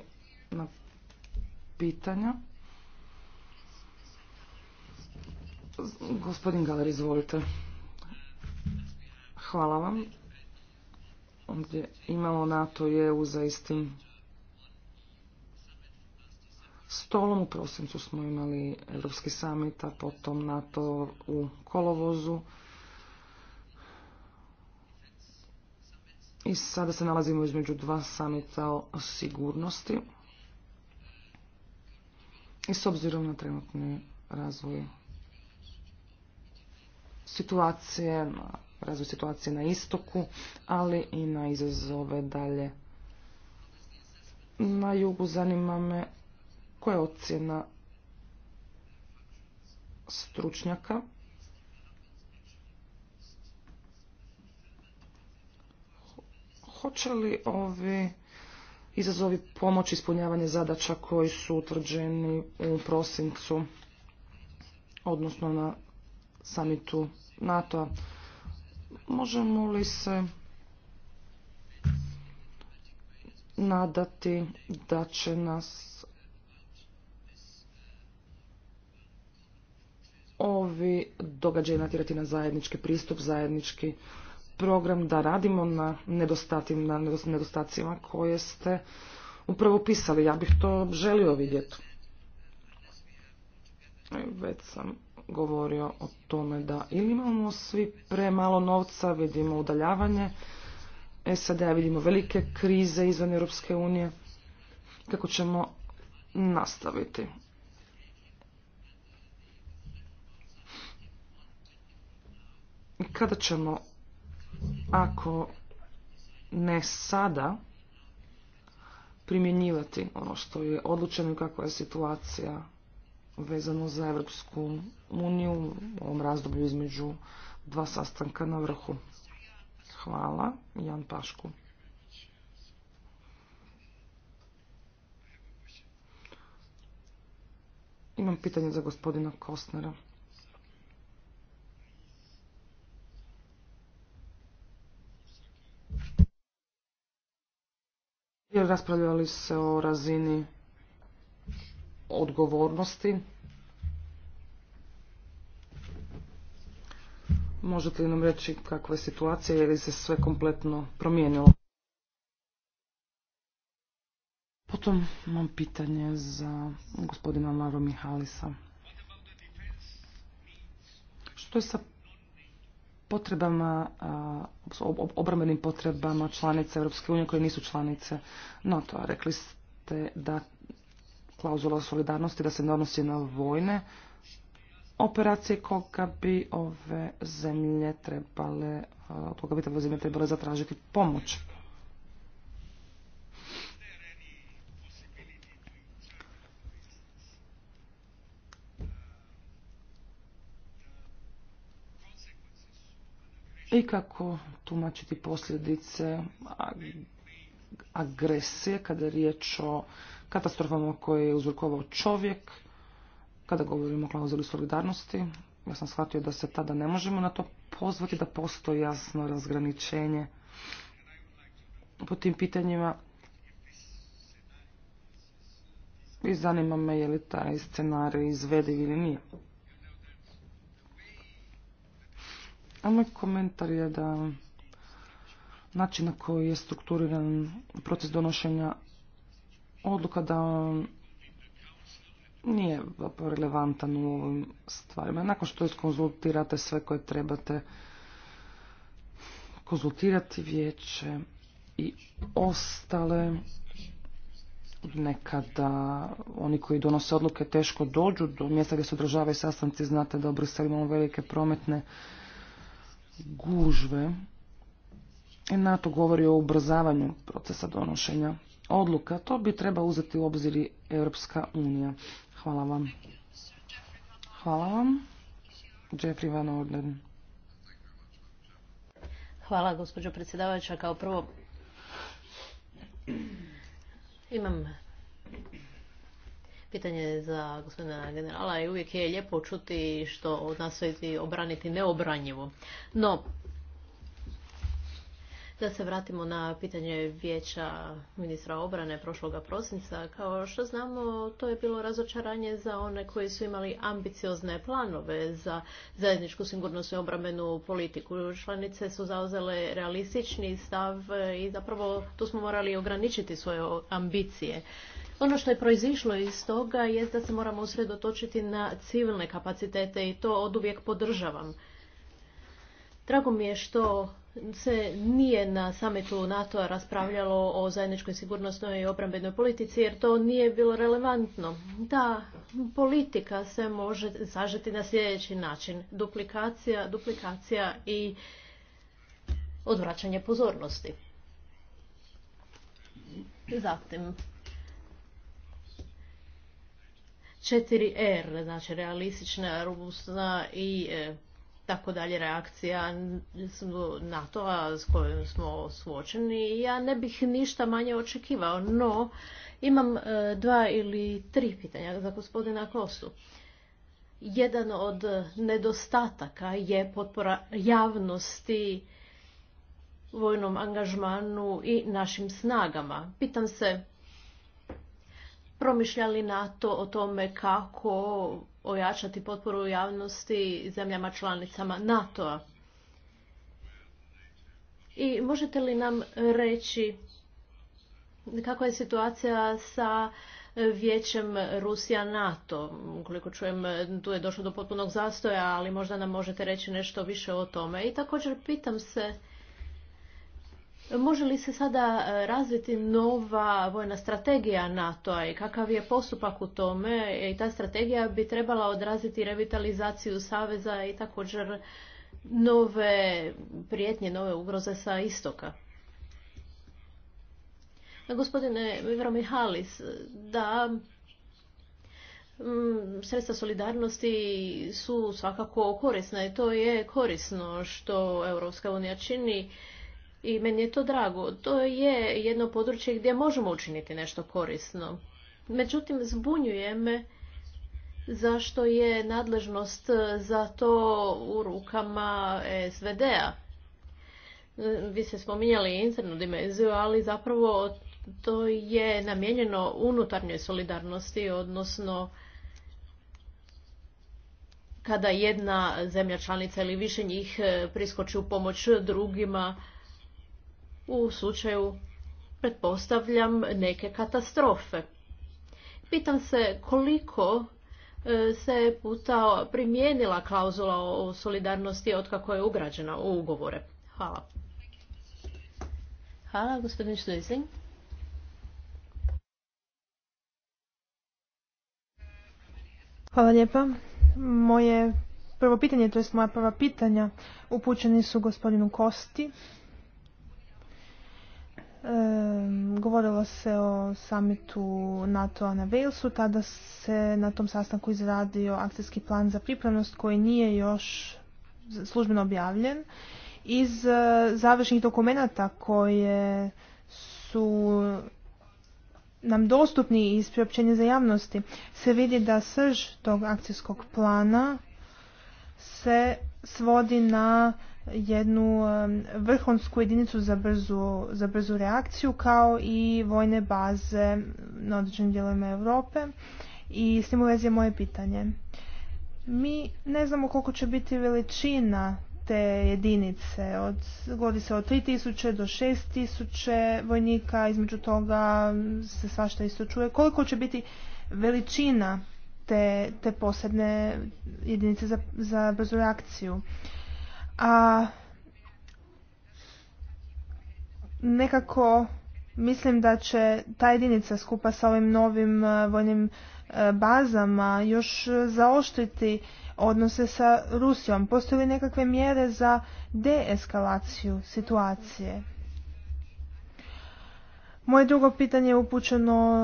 [SPEAKER 3] na pitanja. Gospodin Galer, izvolite. Hvala vam. Ovdje imamo NATO je EU zaistim stolom. U prosincu smo imali Europski summit, a potom NATO u kolovozu. I sada se nalazimo između dva samita o sigurnosti. I s obzirom na trenutni razvoj situacije, razvoj situacije na istoku, ali i na izazove dalje na jugu zanima me koja je ocjena stručnjaka. Hoće li ovi izazovi pomoći ispunjavanje zadaća koji su utvrđeni u prosincu, odnosno na samitu NATO-a? Možemo li se nadati da će nas ovi događaj natjerati na zajednički pristup, zajednički program, da radimo na nedostacima, koje ste upravo pisali. Ja bih to želio vidjeti. Već sam govorio o tome da ili imamo svi premalo novca, vidimo udaljavanje sad vidimo velike krize izvan Europske unije. Kako ćemo nastaviti? kada ćemo, ako ne sada, primjenjivati ono što je odlučeno i kakva je situacija vezano za Evropsku uniju u ovom razdoblju između dva sastanka na vrhu. Hvala, Jan Pašku. Imam pitanje za gospodina Kostnera. Jer raspravljali se o razini odgovornosti. Možete li nam reći kakva je situacija ili se sve kompletno promijenilo? Potom imam pitanje za gospodina Maro Mihalisa. Što je sa potrebama, obrambenim potrebama članice Europske unije koje nisu članice NATO. -a. Rekli ste da klauzula solidarnosti da se ne odnosi na vojne operacije koga bi ove zemlje trebale, koga bi ove zemlje trebale zatražiti pomoć. i kako tumačiti posljedice agresije kada je riječ o katastrofama koje je uzrokovao čovjek, kada govorimo o klauzuli solidarnosti. Ja sam shvatio da se tada ne možemo na to pozvati, da postoji jasno razgraničenje po tim pitanjima. I zanima me je li taj scenarij izvediv ili nije. A moj komentar je da način na koji je strukturiran proces donošenja odluka da nije relevantan u ovim stvarima. Nakon što skonzultirate sve koje trebate konzultirati vijeće i ostale nekada oni koji donose odluke teško dođu do mjesta gdje se održavaju sastanci znate da u imamo velike prometne gužve i NATO govori o ubrzavanju procesa donošenja odluka. To bi treba uzeti u obzir i Europska unija. Hvala vam. Hvala vam. Jeffrey Van Orden.
[SPEAKER 1] Hvala, gospođo predsjedavajuća. Kao prvo imam Pitanje za gospodina generala i uvijek je lijepo čuti što od nas svi obraniti neobranjivo. No, da se vratimo na pitanje vijeća ministra obrane prošloga prosinca. Kao što znamo, to je bilo razočaranje za one koji su imali ambiciozne planove za zajedničku sigurnosnu i obrambenu politiku. Članice su zauzele realistični stav i zapravo tu smo morali ograničiti svoje ambicije. Ono što je proizišlo iz toga je da se moramo usredotočiti na civilne kapacitete i to oduvijek podržavam. Drago mi je što se nije na samitu NATO-a raspravljalo o zajedničkoj sigurnosnoj i obrambenoj politici jer to nije bilo relevantno. Da, politika se može sažeti na sljedeći način. Duplikacija, duplikacija i odvraćanje pozornosti. Zatim, Četiri r znači realistična, robustna i e, tako dalje reakcija NATO-a s kojom smo suočeni. Ja ne bih ništa manje očekivao, no imam e, dva ili tri pitanja za gospodina Kostu. Jedan od nedostataka je potpora javnosti vojnom angažmanu i našim snagama. Pitam se promišljali NATO o tome kako ojačati potporu javnosti zemljama članicama NATO-a. I možete li nam reći kakva je situacija sa vijećem Rusija-NATO? Koliko čujem, tu je došlo do potpunog zastoja, ali možda nam možete reći nešto više o tome. I također pitam se Može li se sada e, razviti nova vojna strategija NATO-a i kakav je postupak u tome? I ta strategija bi trebala odraziti revitalizaciju Saveza i također nove prijetnje, nove ugroze sa istoka. E, gospodine Vivra Mihalis, da, mm, sredstva solidarnosti su svakako korisne. i to je korisno što Europska unija čini i meni je to drago. To je jedno područje gdje možemo učiniti nešto korisno. Međutim, zbunjuje me zašto je nadležnost za to u rukama SVD-a. Vi ste spominjali internu dimenziju, ali zapravo to je namijenjeno unutarnjoj solidarnosti, odnosno kada jedna zemlja članica ili više njih priskoči u pomoć drugima u slučaju, pretpostavljam, neke katastrofe. Pitam se koliko e, se puta primijenila klauzula o solidarnosti otkako je ugrađena u ugovore. Hvala. Hvala, gospodin
[SPEAKER 2] Hvala lijepa. Moje prvo pitanje, to moja prva pitanja, upućeni su gospodinu Kosti govorilo se o samitu NATO-a na Walesu, tada se na tom sastanku izradio akcijski plan za pripravnost koji nije još službeno objavljen. Iz e, završnih dokumenata koje su nam dostupni iz priopćenja za javnosti se vidi da srž tog akcijskog plana se svodi na jednu vrhonsku jedinicu za brzu, za brzu reakciju kao i vojne baze na određenim dijelovima Europe i s tim u je moje pitanje. Mi ne znamo koliko će biti veličina te jedinice. Od, godi se od 3000 do 6000 vojnika, između toga se svašta isto čuje. Koliko će biti veličina te, te posebne jedinice za, za brzu reakciju? a nekako mislim da će ta jedinica skupa sa ovim novim e, vojnim e, bazama još zaoštiti odnose sa Rusijom. Postoje li nekakve mjere za deeskalaciju situacije? Moje drugo pitanje je upućeno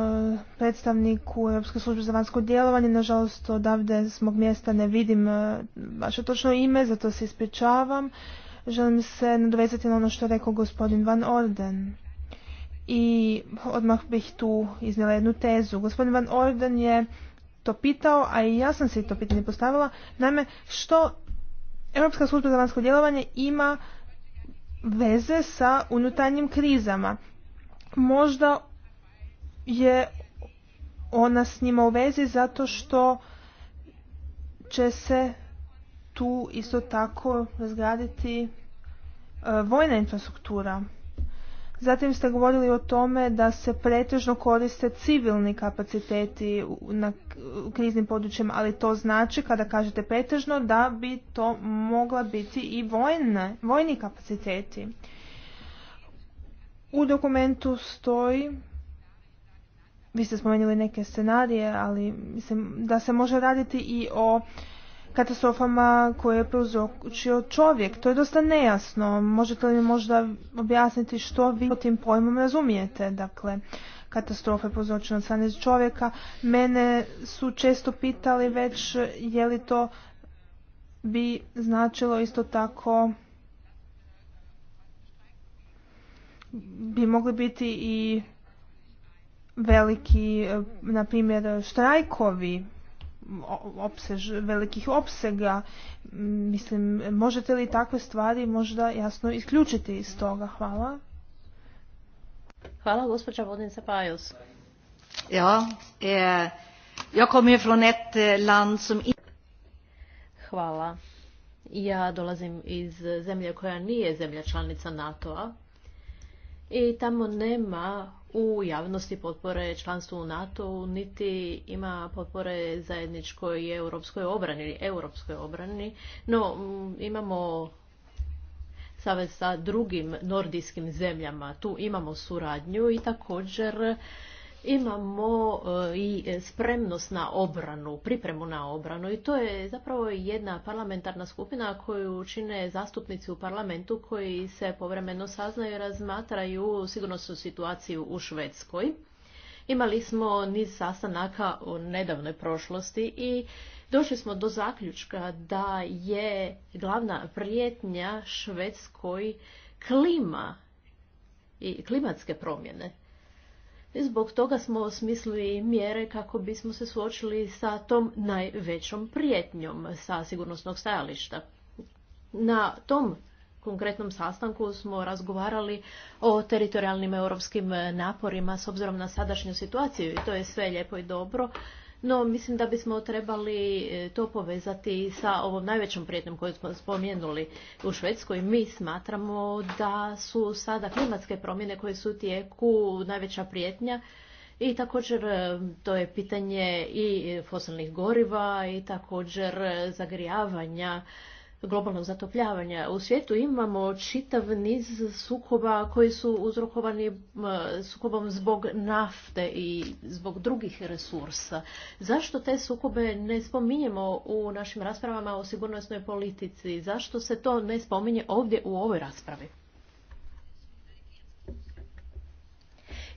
[SPEAKER 2] predstavniku Europske službe za vanjsko djelovanje. Nažalost, odavde s mog mjesta ne vidim e, vaše točno ime, zato se ispričavam. Želim se nadovezati na ono što je rekao gospodin Van Orden. I odmah bih tu iznijela jednu tezu. Gospodin Van Orden je to pitao, a i ja sam se to pitanje postavila. Naime, što Europska služba za vanjsko djelovanje ima veze sa unutarnjim krizama možda je ona s njima u vezi zato što će se tu isto tako razgraditi e, vojna infrastruktura. Zatim ste govorili o tome da se pretežno koriste civilni kapaciteti na kriznim područjima, ali to znači kada kažete pretežno da bi to mogla biti i vojni kapaciteti. U dokumentu stoji, vi ste spomenuli neke scenarije, ali mislim da se može raditi i o katastrofama koje je prouzročio čovjek. To je dosta nejasno. Možete li mi možda objasniti što vi o tim pojmom razumijete? Dakle, katastrofe prouzročene od strane čovjeka. Mene su često pitali već je li to bi značilo isto tako bi mogli biti i veliki, e, na primjer, štrajkovi opsež, velikih opsega. Mislim, možete li takve stvari možda jasno isključiti iz toga? Hvala.
[SPEAKER 1] Hvala, gospođa Vodnica Pajos. Ja, eh, ja kom från e, land som... Hvala. Ja dolazim iz zemlje koja nije zemlja članica NATO-a, i tamo nema u javnosti potpore članstvu u NATO niti ima potpore zajedničkoj europskoj obrani ili europskoj obrani, no mm, imamo savez sa drugim nordijskim zemljama. Tu imamo suradnju i također imamo e, i spremnost na obranu, pripremu na obranu i to je zapravo jedna parlamentarna skupina koju čine zastupnici u parlamentu koji se povremeno saznaju i razmatraju sigurnosnu situaciju u Švedskoj. Imali smo niz sastanaka u nedavnoj prošlosti i došli smo do zaključka da je glavna prijetnja Švedskoj klima i klimatske promjene. Zbog toga smo osmislili mjere kako bismo se suočili sa tom najvećom prijetnjom sa sigurnosnog stajališta. Na tom konkretnom sastanku smo razgovarali o teritorijalnim europskim naporima s obzirom na sadašnju situaciju i to je sve lijepo i dobro, no, mislim da bismo trebali e, to povezati sa ovom najvećom prijetnjom koju smo spomenuli u Švedskoj. Mi smatramo da su sada klimatske promjene koje su u tijeku najveća prijetnja i također e, to je pitanje i fosilnih goriva i također zagrijavanja globalnog zatopljavanja. U svijetu imamo čitav niz sukoba koji su uzrokovani sukobom zbog nafte i zbog drugih resursa. Zašto te sukobe ne spominjemo u našim raspravama o sigurnosnoj politici? Zašto se to ne spominje ovdje u ovoj raspravi?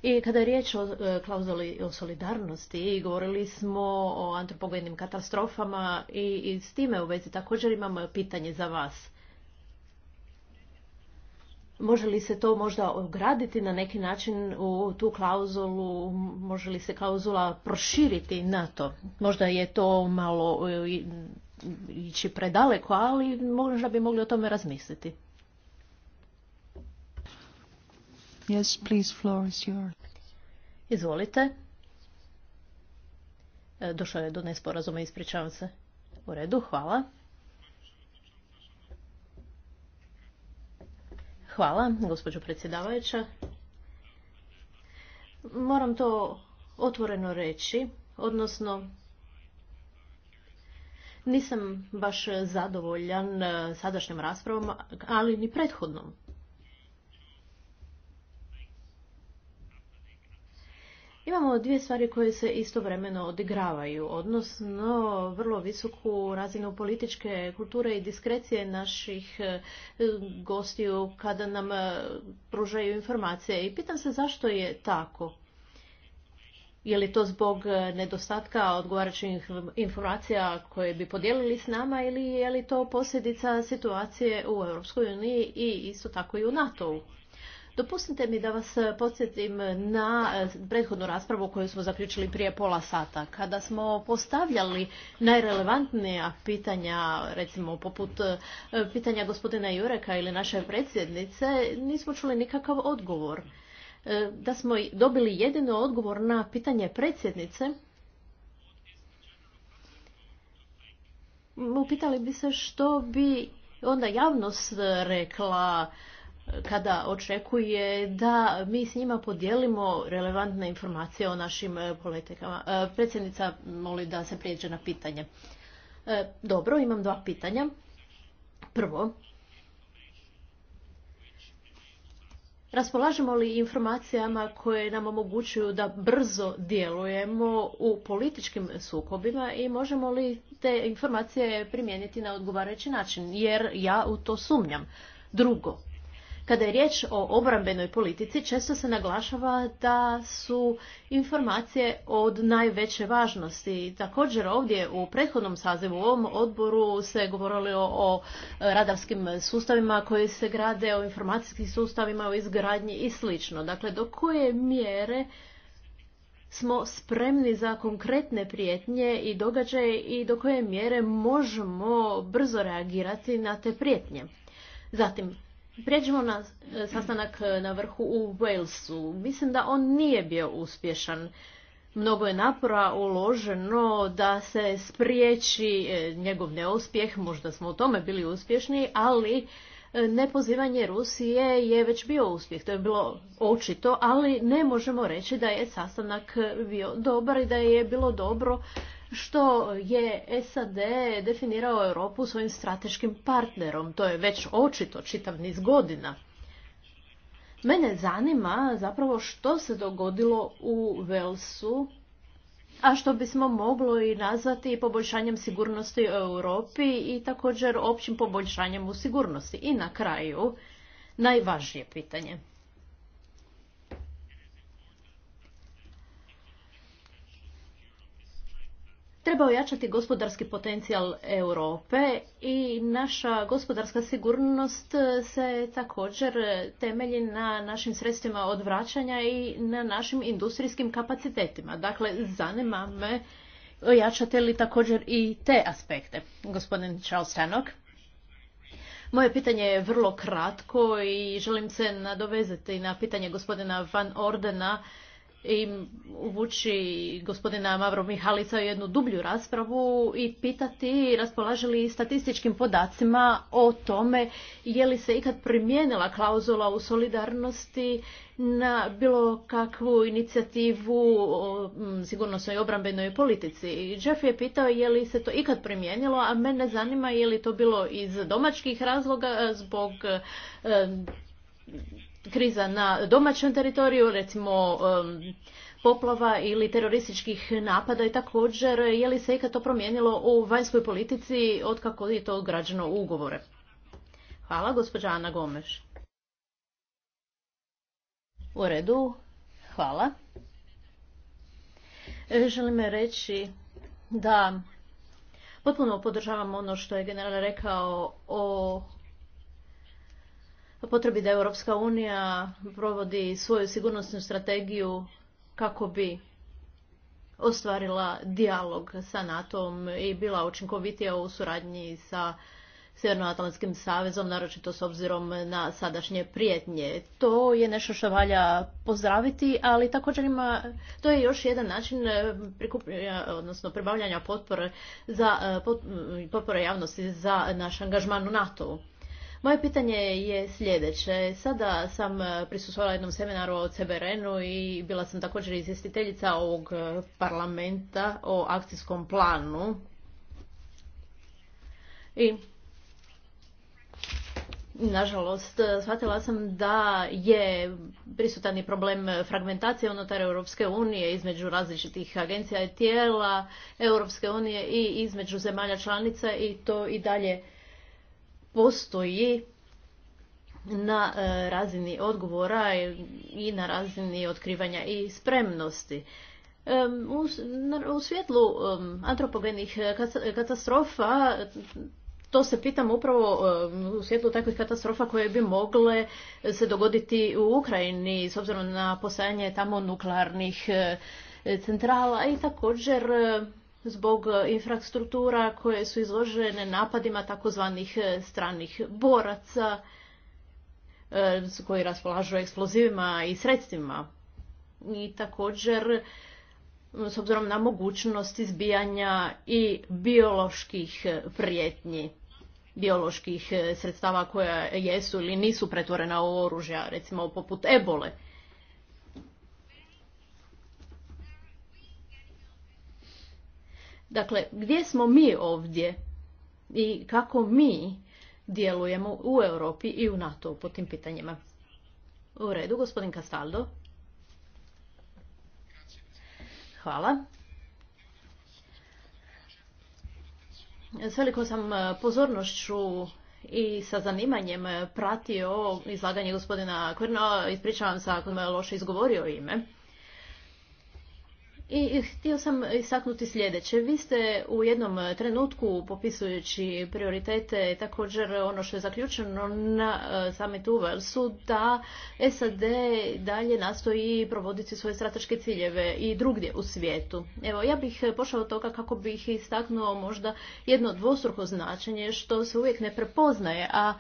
[SPEAKER 1] I kada je riječ o e, klauzuli o solidarnosti, govorili smo o antropogenim katastrofama i, s time u vezi također imamo pitanje za vas. Može li se to možda ograditi na neki način u tu klauzulu, može li se klauzula proširiti na to? Možda je to malo e, ići predaleko, ali možda bi mogli o tome razmisliti. Yes, please, floor is yours. Izvolite. E, Došao je do nesporazuma, ispričavam se. U redu, hvala. Hvala, gospođo predsjedavajuća. Moram to otvoreno reći, odnosno nisam baš zadovoljan e, sadašnjom raspravom, ali ni prethodnom. Imamo dvije stvari koje se istovremeno odigravaju, odnosno vrlo visoku razinu političke kulture i diskrecije naših e, gostiju kada nam e, pružaju informacije. I pitam se zašto je tako. Je li to zbog e, nedostatka odgovarajućih informacija koje bi podijelili s nama ili je li to posljedica situacije u EU i isto tako i u NATO-u? Dopustite mi da vas eh, podsjetim na eh, prethodnu raspravu koju smo zaključili prije pola sata. Kada smo postavljali najrelevantnija pitanja, recimo poput eh, pitanja gospodina Jureka ili naše predsjednice, nismo čuli nikakav odgovor. Da smo dobili jedino odgovor na pitanje predsjednice, upitali bi se što bi onda javnost rekla kada očekuje da mi s njima podijelimo relevantne informacije o našim e, politikama. E, predsjednica moli da se prijeđe na pitanje. E, dobro, imam dva pitanja. Prvo, Raspolažemo li informacijama koje nam omogućuju da brzo djelujemo u političkim sukobima i možemo li te informacije primijeniti na odgovarajući način? Jer ja u to sumnjam. Drugo, kada je riječ o obrambenoj politici, često se naglašava da su informacije od najveće važnosti. Također ovdje u prethodnom sazivu u ovom odboru se govorilo o radarskim sustavima koji se grade, o informacijskim sustavima, o izgradnji i sl. Dakle, do koje mjere smo spremni za konkretne prijetnje i događaje i do koje mjere možemo brzo reagirati na te prijetnje. Zatim, Pređemo na e, sastanak e, na vrhu u Walesu. Mislim da on nije bio uspješan. Mnogo je napora uloženo da se spriječi e, njegov neuspjeh, možda smo u tome bili uspješni, ali nepozivanje Rusije je već bio uspjeh, to je bilo očito, ali ne možemo reći da je sastanak bio dobar i da je bilo dobro što je SAD definirao Europu svojim strateškim partnerom. To je već očito čitav niz godina. Mene zanima zapravo što se dogodilo u Velsu, a što bismo moglo i nazvati poboljšanjem sigurnosti u Europi i također općim poboljšanjem u sigurnosti. I na kraju, najvažnije pitanje. Treba ojačati gospodarski potencijal Europe i naša gospodarska sigurnost se također temelji na našim sredstvima odvraćanja i na našim industrijskim kapacitetima. Dakle, zanima me ojačate li također i te aspekte, gospodin Charles Moje pitanje je vrlo kratko i želim se nadovezati na pitanje gospodina Van Ordena i uvući gospodina Mavro Mihalica u jednu dublju raspravu i pitati raspolaže li statističkim podacima o tome je li se ikad primijenila klauzula u solidarnosti na bilo kakvu inicijativu o sigurnosnoj i obrambenoj politici. Jeff je pitao je li se to ikad primijenilo, a mene zanima je li to bilo iz domaćih razloga zbog e, kriza na domaćem teritoriju, recimo poplava ili terorističkih napada i također je li se ikad to promijenilo u vanjskoj politici otkako je to građeno u ugovore? Hvala, gospođa Ana U redu, hvala. E, želim reći da potpuno podržavam ono što je general rekao o potrebi da Europska unija provodi svoju sigurnosnu strategiju kako bi ostvarila dijalog sa NATO-om i bila učinkovitija u suradnji sa Sjevernoatlantskim savezom, naročito s obzirom na sadašnje prijetnje. To je nešto što valja pozdraviti, ali također ima, to je još jedan način eh, prikupljanja, odnosno pribavljanja potpore za, eh, potpore javnosti za naš angažman u NATO-u. Moje pitanje je sljedeće. Sada sam e, prisustvala jednom seminaru o CBRN-u i bila sam također izvjestiteljica ovog e, parlamenta o akcijskom planu. I Nažalost, e, shvatila sam da je prisutan i problem fragmentacije unutar Europske unije između različitih agencija i tijela Europske unije i između zemalja članica i to i dalje postoji na e, razini odgovora i na razini otkrivanja i spremnosti. U svjetlu antropogenih e, katastrofa to se pitam upravo u svjetlu takvih katastrofa koje bi mogle se dogoditi u Ukrajini s obzirom na posajanje tamo nuklearnih e, centrala i također zbog e, infrastruktura koje su izložene napadima takozvanih e, stranih boraca e, koji raspolažu eksplozivima i sredstvima. I također, s obzirom na mogućnost izbijanja i bioloških prijetnji, bioloških sredstava koja jesu ili nisu pretvorena u oružja, recimo poput ebole. Dakle, gdje smo mi ovdje i kako mi djelujemo u Europi i u NATO po tim pitanjima? U redu, gospodin Castaldo. Hvala. S veliko sam e, pozornošću i sa zanimanjem pratio izlaganje gospodina Krno. Ispričavam se ako me loše izgovorio ime. I htio sam istaknuti sljedeće. Vi ste u jednom trenutku, popisujući prioritete, također ono što je zaključeno na e, samitu u Velsu, da SAD dalje nastoji provoditi svoje strateške ciljeve i drugdje u svijetu. Evo, ja bih pošao od toga kako bih istaknuo možda jedno dvostruko značenje što se uvijek ne prepoznaje, a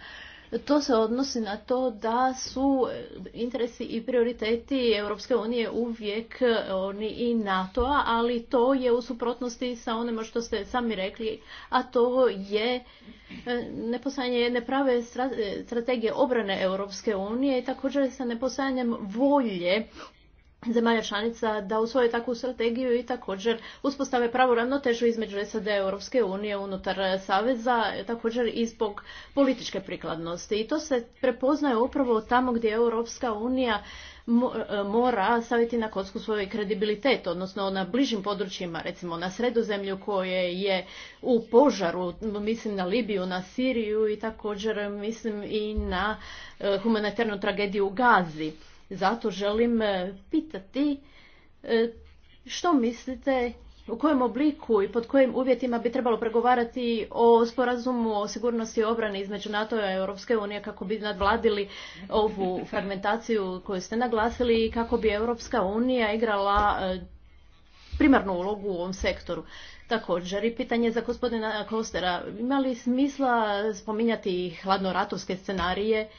[SPEAKER 1] to se odnosi na to da su interesi i prioriteti Europske unije uvijek e, oni i NATO-a, ali to je u suprotnosti sa onima što ste sami rekli, a to je e, nepostajanje prave e, strategije obrane Europske unije i također sa nepostajanjem volje zemalja članica da usvoje takvu strategiju i također uspostave pravu ravnotežu između SAD i Europske unije unutar Saveza, također i zbog političke prikladnosti. I to se prepoznaje upravo tamo gdje Europska unija e, mora staviti na kocku svoj kredibilitet, odnosno na bližim područjima, recimo na sredozemlju koje je u požaru, mislim na Libiju, na Siriju i također mislim i na e, humanitarnu tragediju u Gazi. Zato želim e, pitati e, što mislite u kojem obliku i pod kojim uvjetima bi trebalo pregovarati o sporazumu o sigurnosti i obrani između NATO i Europske unije kako bi nadvladili ovu fragmentaciju koju ste naglasili i kako bi Europska unija igrala e, primarnu ulogu u ovom sektoru. Također i pitanje za gospodina Kostera, ima li smisla spominjati hladnoratovske scenarije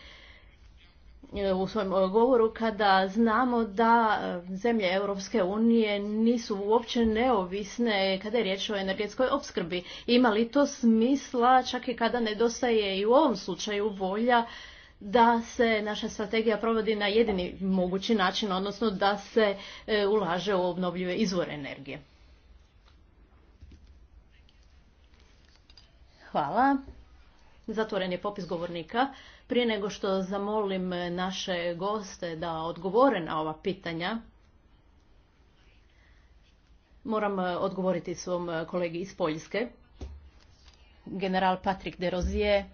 [SPEAKER 1] E, u svojem e, govoru kada znamo da e, zemlje Europske unije nisu uopće neovisne kada je riječ o energetskoj opskrbi. Ima li to smisla čak i kada nedostaje i u ovom slučaju volja da se naša strategija provodi na jedini mogući način, odnosno da se ulaže u obnovljive izvore energije. Hvala. Zatvoren je popis govornika. Prije nego što zamolim naše goste da odgovore na ova pitanja, moram eh, odgovoriti svom eh, kolegi iz Poljske, general Patrik de Rozier,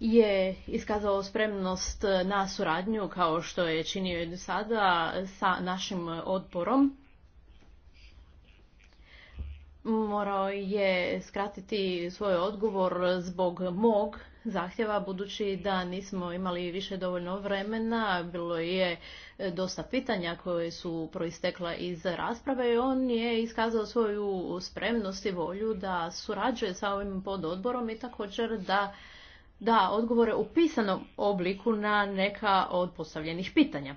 [SPEAKER 1] je iskazao spremnost eh, na suradnju kao što je činio i do sada sa našim odborom morao je skratiti svoj odgovor zbog mog zahtjeva, budući da nismo imali više dovoljno vremena, bilo je e, dosta pitanja koje su proistekla iz rasprave i on je iskazao svoju spremnost i volju da surađuje sa ovim pododborom i također da da odgovore u pisanom obliku na neka od postavljenih pitanja.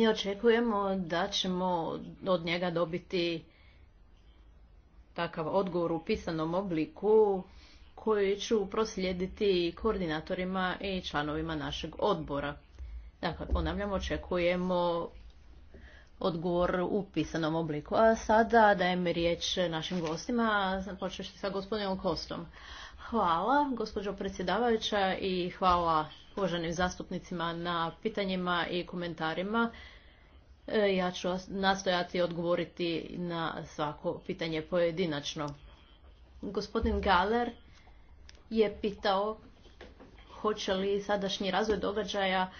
[SPEAKER 1] Mi očekujemo da ćemo od njega dobiti takav odgovor u pisanom obliku koji ću proslijediti koordinatorima i članovima našeg odbora. Dakle, ponavljam, očekujemo odgovor u pisanom obliku. A sada dajem riječ našim gostima, počneš sa gospodinom Kostom. Hvala, gospođo predsjedavajuća, i hvala uvaženim zastupnicima na pitanjima i komentarima. E, ja ću nastojati odgovoriti na svako pitanje pojedinačno. Gospodin Galer je pitao hoće li sadašnji razvoj događaja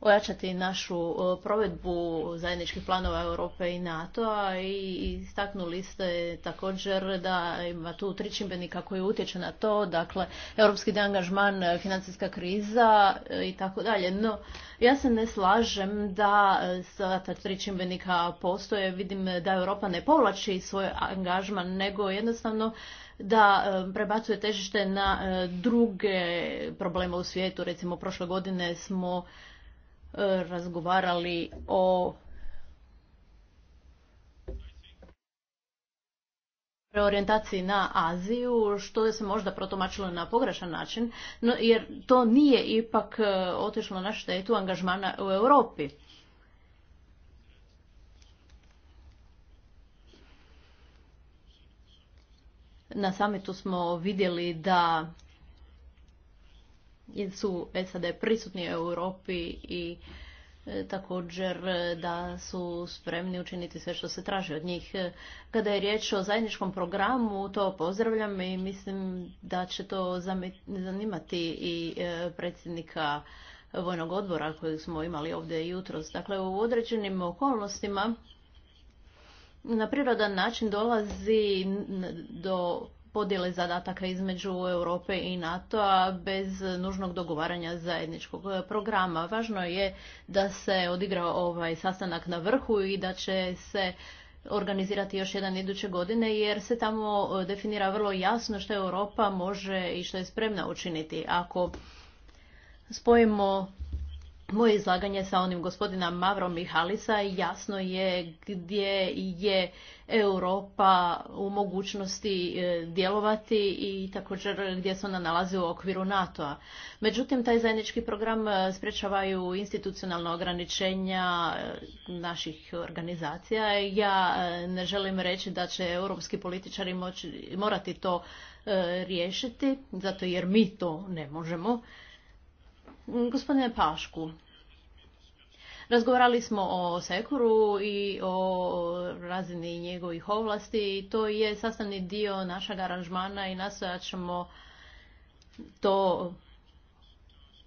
[SPEAKER 1] ojačati našu e, provedbu zajedničkih planova Europe i NATO-a i istaknuli ste također da ima tu tri čimbenika koji utječe na to, dakle europski deangažman, financijska kriza e, i tako dalje. No, ja se ne slažem da e, sa ta tri čimbenika postoje. Vidim da Europa ne povlači svoj angažman, nego jednostavno da prebacuje težište na druge probleme u svijetu. Recimo, prošle godine smo razgovarali o preorijentaciji na Aziju, što se možda protomačilo na pogrešan način, no, jer to nije ipak e, otišlo na štetu angažmana u Europi. Na samitu smo vidjeli da su SAD prisutni u Europi i e, također e, da su spremni učiniti sve što se traži od njih. E, kada je riječ o zajedničkom programu, to pozdravljam i mislim da će to zanimati i predsjednika vojnog odbora koji smo imali ovdje jutros. Dakle, u određenim okolnostima na prirodan način dolazi do podjele zadataka između Europe i NATO-a bez nužnog dogovaranja zajedničkog programa. Važno je da se odigra ovaj sastanak na vrhu i da će se organizirati još jedan iduće godine jer se tamo definira vrlo jasno što Europa može i što je spremna učiniti. Ako spojimo moje izlaganje sa onim gospodina Mavro Mihalisa jasno je gdje je Europa u mogućnosti e, djelovati i također gdje se ona nalazi u okviru NATO-a. Međutim, taj zajednički program e, sprečavaju institucionalna ograničenja e, naših organizacija. Ja ne želim reći da će europski političari moći, morati to riješiti, zato jer mi to ne možemo. Gospodine Pašku, razgovarali smo o Sekuru i o razini njegovih ovlasti i to je sastavni dio našeg aranžmana i nastojat ćemo to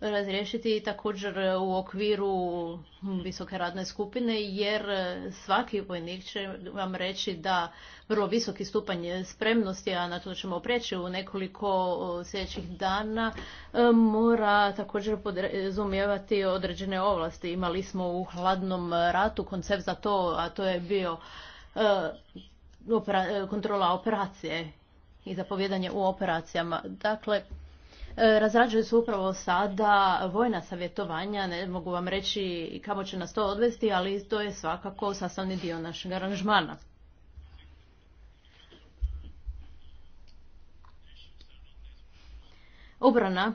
[SPEAKER 1] razriješiti također u okviru visoke radne skupine jer svaki vojnik će vam reći da vrlo visoki stupanj spremnosti, a na to ćemo preći u nekoliko sljedećih dana, e, mora također podrazumijevati određene ovlasti. Imali smo u hladnom ratu koncept za to, a to je bio e, kontrola operacije i zapovjedanje u operacijama. Dakle, E, razrađuju se upravo sada vojna savjetovanja, ne mogu vam reći kamo će nas to odvesti, ali to je svakako sastavni dio našeg aranžmana. Obrana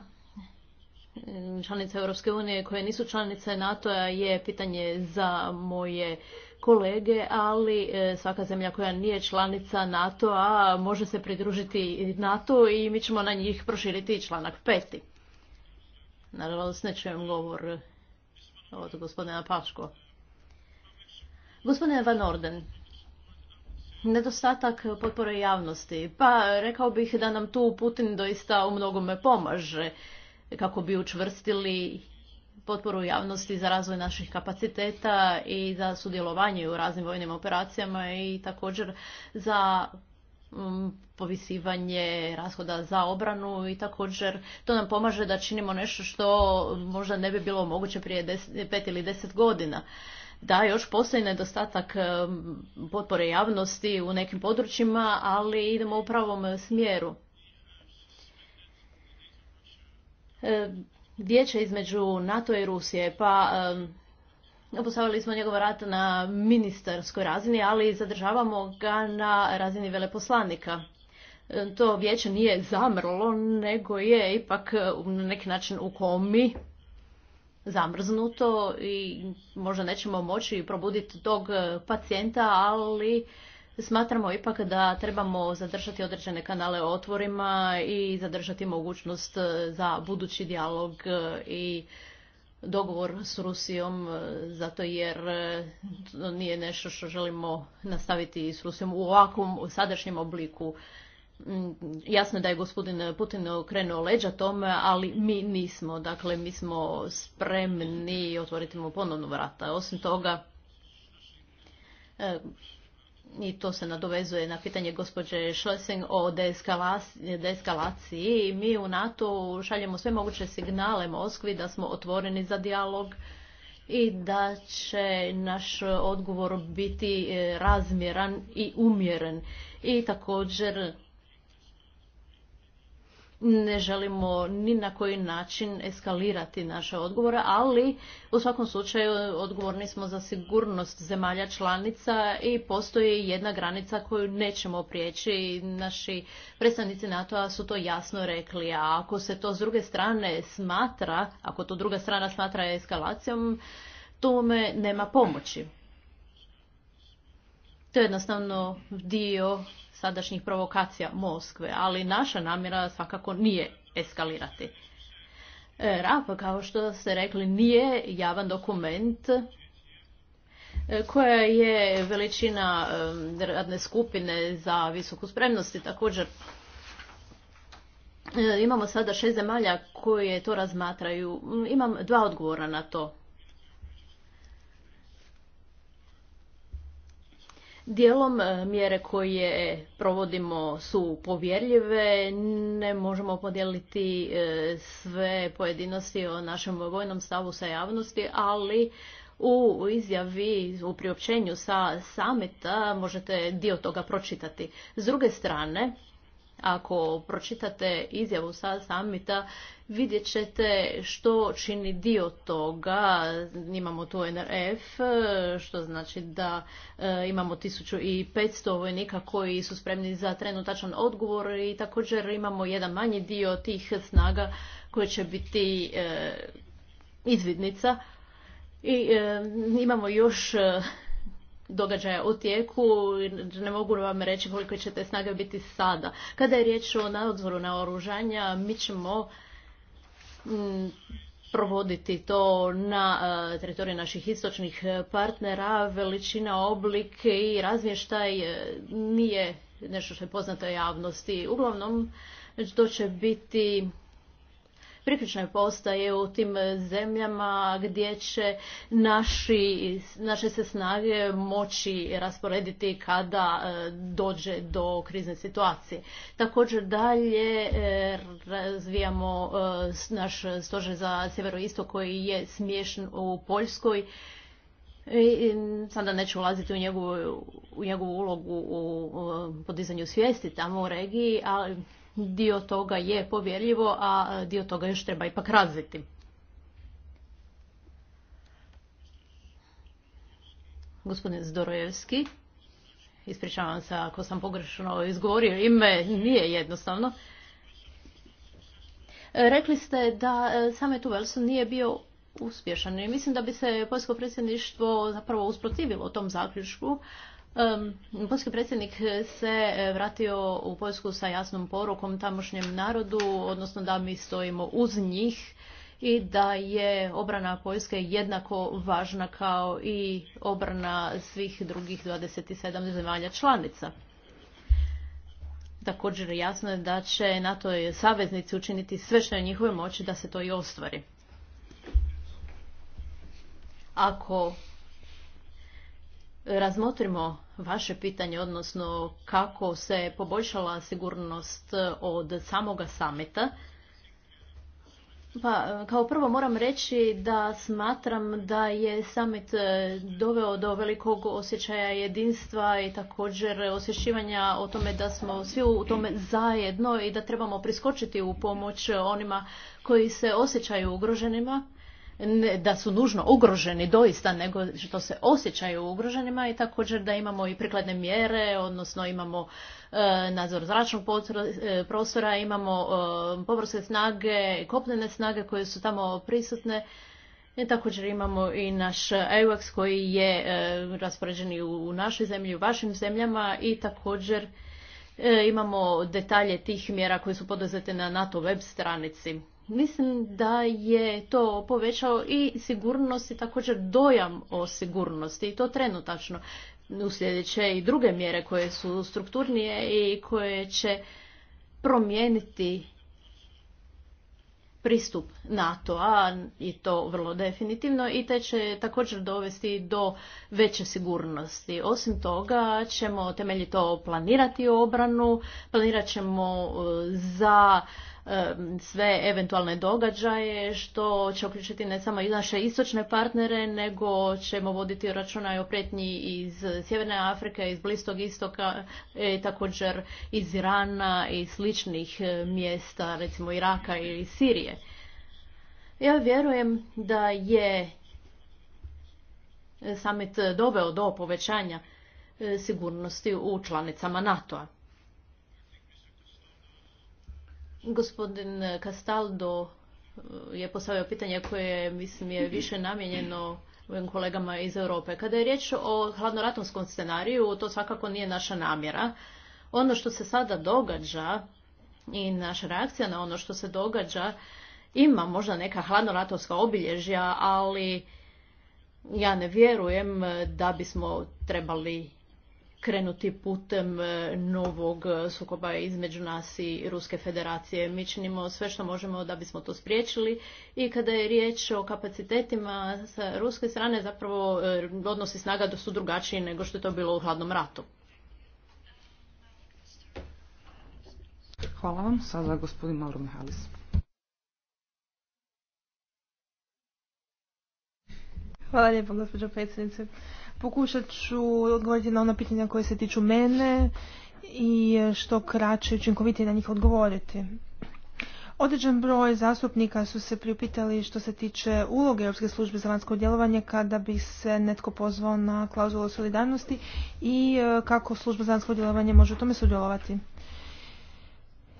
[SPEAKER 1] e, članice Europske unije koje nisu članice NATO-a je pitanje za moje kolege, ali e, svaka zemlja koja nije članica NATO-a može se pridružiti NATO i mi ćemo na njih proširiti članak peti. Nažalost, ne čujem govor od gospodina Paško. Gospodine Van Orden, nedostatak potpore javnosti. Pa rekao bih da nam tu Putin doista u mnogome pomaže kako bi učvrstili potporu javnosti za razvoj naših kapaciteta i za sudjelovanje u raznim vojnim operacijama i također za mm, povisivanje rashoda za obranu i također to nam pomaže da činimo nešto što možda ne bi bilo moguće prije pet ili deset godina. Da, još postoji nedostatak mm, potpore javnosti u nekim područjima, ali idemo u pravom smjeru. E, vijeće između NATO i Rusije, pa zapostavili smo njegov rat na ministarskoj razini, ali zadržavamo ga na razini veleposlanika. E, to vijeće nije zamrlo, nego je ipak e, na neki način u komi zamrznuto i možda nećemo moći probuditi tog e, pacijenta, ali Smatramo ipak da trebamo zadržati određene kanale otvorima i zadržati mogućnost e, za budući dijalog e, i dogovor s Rusijom, e, zato jer to nije nešto što želimo nastaviti s Rusijom u ovakvom sadašnjem obliku. Mm, jasno da je gospodin Putin okrenuo leđa tome, ali mi nismo. Dakle, mi smo spremni otvoriti mu ponovno vrata. Osim toga, i to se nadovezuje na pitanje gospođe Schlesing o deeskalaciji. Mi u NATO šaljemo sve moguće signale Moskvi da smo otvoreni za dijalog i da će naš odgovor biti e, razmjeran i umjeren. I također ne želimo ni na koji način eskalirati naše odgovore, ali u svakom slučaju odgovorni smo za sigurnost zemalja članica i postoji jedna granica koju nećemo prijeći. Naši predstavnici NATO-a su to jasno rekli, a ako se to s druge strane smatra, ako to druga strana smatra eskalacijom, tome nema pomoći. To je jednostavno dio sadašnjih provokacija Moskve, ali naša namjera svakako nije eskalirati. E, RAP, kao što ste rekli, nije javan dokument e, koja je veličina e, radne skupine za visoku spremnost i također imamo sada šest zemalja koje to razmatraju. Imam dva odgovora na to. Dijelom e, mjere koje provodimo su povjerljive, ne možemo podijeliti e, sve pojedinosti o našem vojnom stavu sa javnosti, ali u izjavi, u priopćenju sa samita možete dio toga pročitati. S druge strane, ako pročitate izjavu sa samita, vidjet ćete što čini dio toga. Imamo tu NRF, što znači da e, imamo 1500 vojnika koji su spremni za trenutačan odgovor i također imamo jedan manji dio tih snaga koje će biti e, izvidnica. I e, imamo još događaja u tijeku, ne mogu vam reći koliko će te snage biti sada. Kada je riječ o nadzoru na oružanja, mi ćemo mm, provoditi to na e, teritoriju naših istočnih partnera. Veličina, oblik i razmještaj e, nije nešto što je poznato javnosti. Uglavnom, to će biti priključne postaje u tim zemljama gdje će naši, naše se snage moći rasporediti kada e, dođe do krizne situacije. Također dalje e, razvijamo e, naš stožer za sjeveroistok koji je smiješan u Poljskoj i sada neću ulaziti u njegovu, u njegovu ulogu u podizanju svijesti tamo u regiji, ali dio toga je povjerljivo, a e, dio toga još treba ipak razviti. Gospodin Zdorojevski, ispričavam se ako sam pogrešno izgovorio ime, nije jednostavno. E, rekli ste da e, samet u Velsu nije bio uspješan i mislim da bi se poljsko predsjedništvo zapravo usprotivilo tom zaključku, Polski predsjednik se e, vratio u Poljsku sa jasnom porukom tamošnjem narodu, odnosno da mi stojimo uz njih i da je obrana Poljske jednako važna kao i obrana svih drugih 27 zemalja članica. Također jasno je da će NATO i saveznici učiniti sve što je njihove moći da se to i ostvari. Ako razmotrimo vaše pitanje, odnosno kako se poboljšala sigurnost od samoga sameta. Pa, kao prvo moram reći da smatram da je summit e, doveo do velikog osjećaja jedinstva i također osjećivanja o tome da smo svi u tome zajedno i da trebamo priskočiti u pomoć onima koji se osjećaju ugroženima da su nužno ugroženi doista, nego što se osjećaju ugroženima i također da imamo i prikladne mjere, odnosno imamo e, nadzor zračnog e, prostora, imamo e, snage, kopnene snage koje su tamo prisutne. I e, također imamo i naš EUX koji je raspoređeni i u našoj zemlji, u vašim zemljama i također imamo detalje tih mjera koje su poduzete na NATO web stranici. Mislim da je to povećao i sigurnost i također dojam o sigurnosti i to trenutačno. sljedeće i druge mjere koje su strukturnije i koje će promijeniti pristup NATO-a i to vrlo definitivno i te će također dovesti do veće sigurnosti. Osim toga ćemo temeljito planirati obranu, planirat ćemo e, za sve eventualne događaje, što će uključiti ne samo i naše istočne partnere, nego ćemo voditi računa i o iz Sjeverne Afrike, iz Blistog istoka, e, također iz Irana i sličnih e, mjesta, recimo Iraka ili Sirije. Ja vjerujem da je summit doveo do povećanja e, sigurnosti u članicama NATO-a. Gospodin Castaldo eh, je postavio pitanje koje mislim je više namijenjeno ovim kolegama iz Europe. Kada je riječ o hladnoratonskom scenariju, to svakako nije naša namjera. Ono što se sada događa i naša reakcija na ono što se događa ima možda neka hladnoratovska obilježja, ali ja ne vjerujem da bismo trebali krenuti putem e, novog sukoba između nas i Ruske federacije. Mi činimo sve što možemo da bismo to spriječili i kada je riječ o kapacitetima sa ruske strane zapravo e, odnosi snaga da su drugačiji nego što je to bilo u hladnom ratu.
[SPEAKER 3] Hvala vam. Sada gospodin Mauro Mihalis.
[SPEAKER 2] Hvala lijepo, gospođo predsjednice. Pokušat ću odgovoriti na ona pitanja koje se tiču mene i što kraće i učinkovitije na njih odgovoriti. Određen broj zastupnika su se priupitali što se tiče uloge Europske službe za vanjsko djelovanje kada bi se netko pozvao na klauzulu solidarnosti i e, kako služba za vanjsko djelovanje može u tome sudjelovati.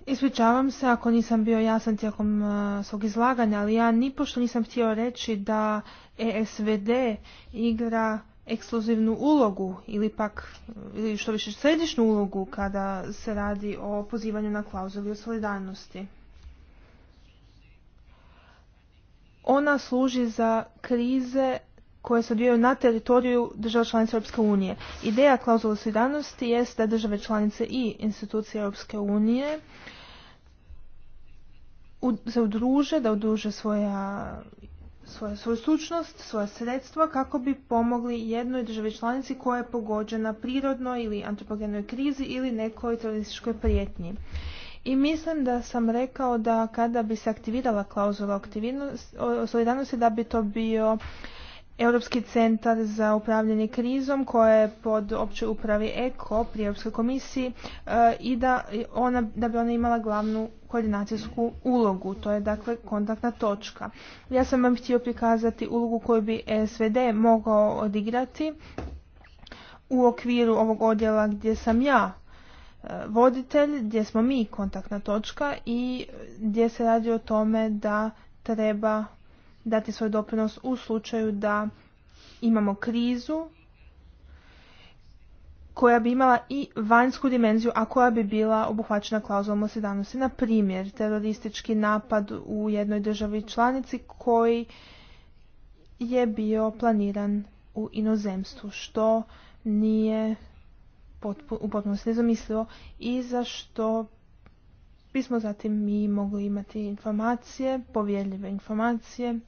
[SPEAKER 2] Ispričavam se ako nisam bio jasan tijekom e, svog izlaganja, ali ja nipošto nisam htio reći da ESVD igra ekskluzivnu ulogu ili pak ili što više središnju ulogu kada se radi o pozivanju na klauzulu solidarnosti. Ona služi za krize koje se odvijaju na teritoriju država članica Europske unije. Ideja klauzule solidarnosti jest da države članice i institucije Europske unije se udruže, da udruže svoja svoju, svoju stručnost, svoje sredstva kako bi pomogli jednoj državi članici koja je pogođena prirodnoj ili antropogenoj krizi ili nekoj terorističkoj prijetnji. I mislim da sam rekao da kada bi se aktivirala klauzula solidarnosti da bi to bio Europski centar za upravljanje krizom koja je pod općoj upravi ECO pri Europskoj komisiji e, i da, ona, da bi ona imala glavnu koordinacijsku ulogu, to je dakle kontaktna točka. Ja sam vam htio prikazati ulogu koju bi SVD mogao odigrati u okviru ovog odjela gdje sam ja e, voditelj, gdje smo mi kontaktna točka i gdje se radi o tome da treba dati svoj doprinos u slučaju da imamo krizu koja bi imala i vanjsku dimenziju, a koja bi bila obuhvaćena klauzulom o sedanosti. Na primjer, teroristički napad u jednoj državi članici koji je bio planiran u inozemstvu, što nije u potpunosti nezamislivo i za što bismo zatim mi mogli imati informacije, povjerljive informacije,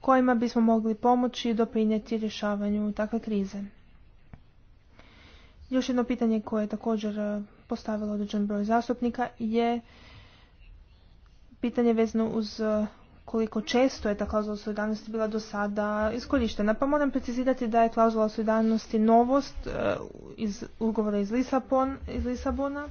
[SPEAKER 2] kojima bismo mogli pomoći i doprinijeti rješavanju takve krize. Još jedno pitanje koje je također e, postavilo određen broj zastupnika je pitanje vezno uz e, koliko često je ta klauzula solidarnosti bila do sada iskorištena. Pa moram precizirati da je klauzula solidarnosti novost e, iz ugovora iz, iz Lisabona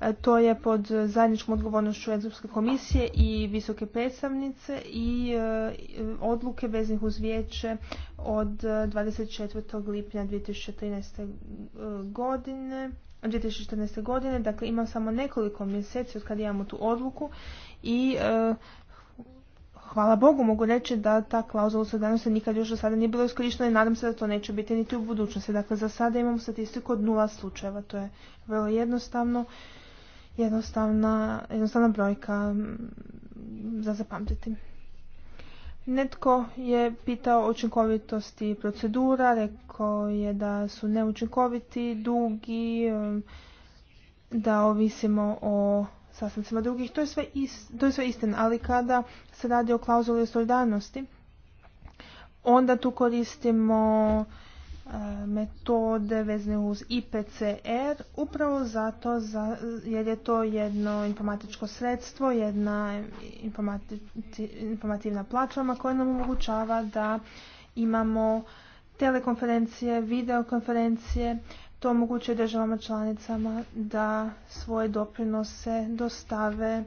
[SPEAKER 2] E, to je pod zajedničkom odgovornošću Europske komisije i visoke predstavnice i e, odluke veznih uz vijeće od 24. E, lipnja 2013. godine. 2014. godine, dakle imam samo nekoliko mjeseci od kada imamo tu odluku i hvala Bogu mogu reći da ta klauzula danas nikad još do sada nije bila iskorištena i nadam se da to neće biti niti u budućnosti. Dakle, za sada imamo statistiku od nula slučajeva, to je vrlo jednostavno jednostavna, jednostavna brojka za zapamtiti. Netko je pitao o učinkovitosti procedura, rekao je da su neučinkoviti, dugi, da ovisimo o sastancima drugih. To je sve, to je sve istina, ali kada se radi o klauzuli solidarnosti, onda tu koristimo metode vezne uz IPCR upravo zato jer je to jedno informatičko sredstvo, jedna informativna platforma koja nam omogućava da imamo telekonferencije, videokonferencije, to omogućuje državama članicama da svoje doprinose dostave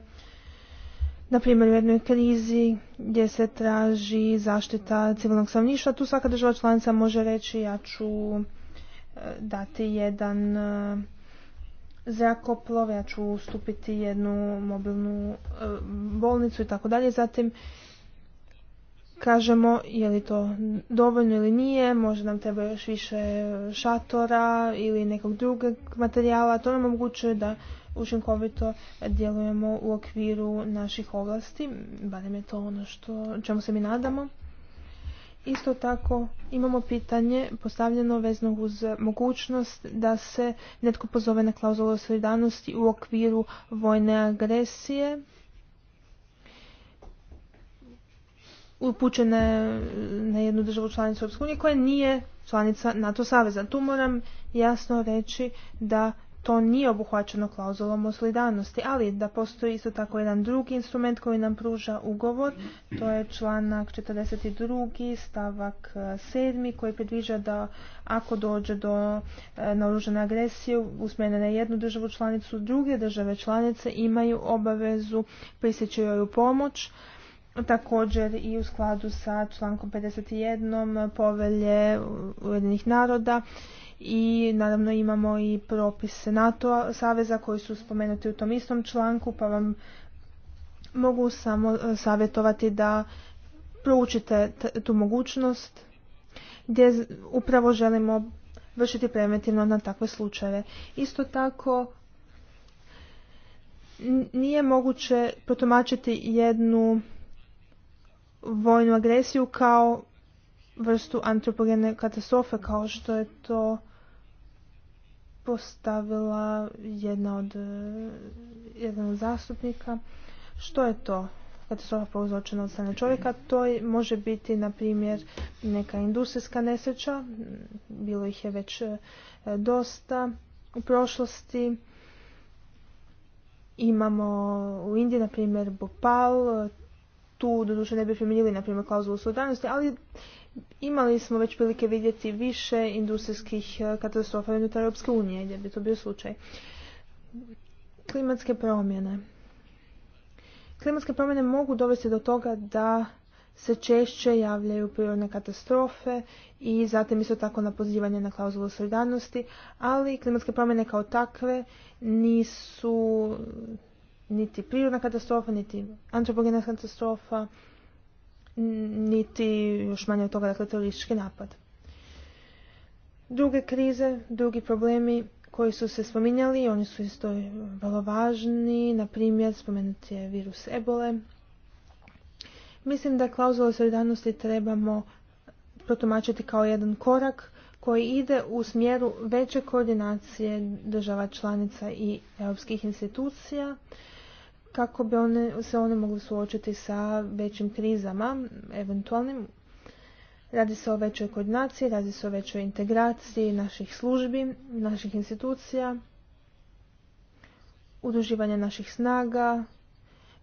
[SPEAKER 2] na primjer u jednoj krizi gdje se traži zaštita civilnog stanovništva, tu svaka država članica može reći ja ću e, dati jedan e, zrakoplov, ja ću ustupiti jednu mobilnu e, bolnicu i tako dalje. Zatim kažemo je li to dovoljno ili nije, možda nam treba još više šatora ili nekog drugog materijala. To nam omogućuje da učinkovito djelujemo u okviru naših ovlasti, barem je to ono što, čemu se mi nadamo. Isto tako imamo pitanje postavljeno vezno uz mogućnost da se netko pozove na klauzulu solidarnosti u okviru vojne agresije. upućene na jednu državu članicu Europske unije koja nije članica NATO saveza. Tu moram jasno reći da to nije obuhvaćeno klauzulom o solidarnosti, ali da postoji isto tako jedan drugi instrument koji nam pruža ugovor, to je članak 42. stavak 7. E, koji predviđa da ako dođe do e, naoružane agresije usmjene na jednu državu članicu, druge države članice imaju obavezu prisjeći joj pomoć, također i u skladu sa člankom 51. povelje Ujedinih naroda i naravno imamo i propise NATO saveza koji su spomenuti u tom istom članku pa vam mogu samo e, savjetovati da proučite tu mogućnost gdje upravo želimo vršiti preventivno na takve slučajeve. Isto tako nije moguće protumačiti jednu vojnu agresiju kao vrstu antropogene katastrofe kao što je to postavila jedna od, e, jedan od zastupnika. Što je to katastrofa prouzročena od strane čovjeka? To može biti, na primjer, neka industrijska nesreća. Bilo ih je već e, dosta u prošlosti. Imamo u Indiji, na primjer, Bhopal. Tu, doduše, ne bi primijenili, na primjer, klauzulu solidarnosti, ali Imali smo već prilike vidjeti više industrijskih e, katastrofa unutar Europske unije, gdje bi to bio slučaj. Klimatske promjene. Klimatske promjene mogu dovesti do toga da se češće javljaju prirodne katastrofe i zatim isto tako na pozivanje na klauzulu solidarnosti, ali klimatske promjene kao takve nisu niti prirodna katastrofa, niti antropogena katastrofa, niti još manje od toga dakle, teroristički napad. Druge krize, drugi problemi koji su se spominjali, oni su isto vrlo važni, na primjer spomenuti je virus ebole. Mislim da klauzule solidarnosti trebamo protumačiti kao jedan korak koji ide u smjeru veće koordinacije država članica i europskih institucija kako bi one, se one mogli suočiti sa većim krizama, eventualnim. Radi se o većoj koordinaciji, radi se o većoj integraciji naših službi, naših institucija, udruživanja naših snaga,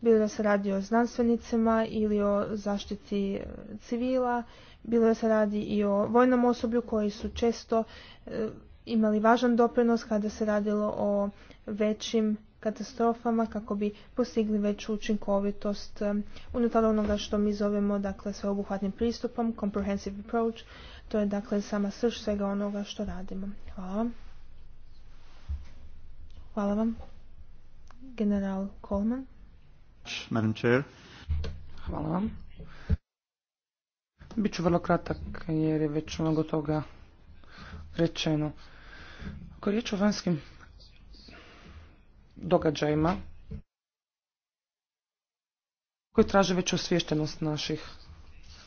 [SPEAKER 2] bilo da se radi o znanstvenicima ili o zaštiti e, civila, bilo da se radi i o vojnom osoblju koji su često e, imali važan doprinos kada se radilo o većim katastrofama kako bi postigli veću učinkovitost um, unutar onoga što mi zovemo dakle sveobuhvatnim pristupom, comprehensive approach, to je dakle sama srž svega onoga što radimo. Hvala vam. Hvala vam. General Coleman. Madam Chair. Hvala vam.
[SPEAKER 3] Biću vrlo kratak jer je već mnogo toga rečeno. Ako riječ o vanjskim događajima koji traže već osviještenost naših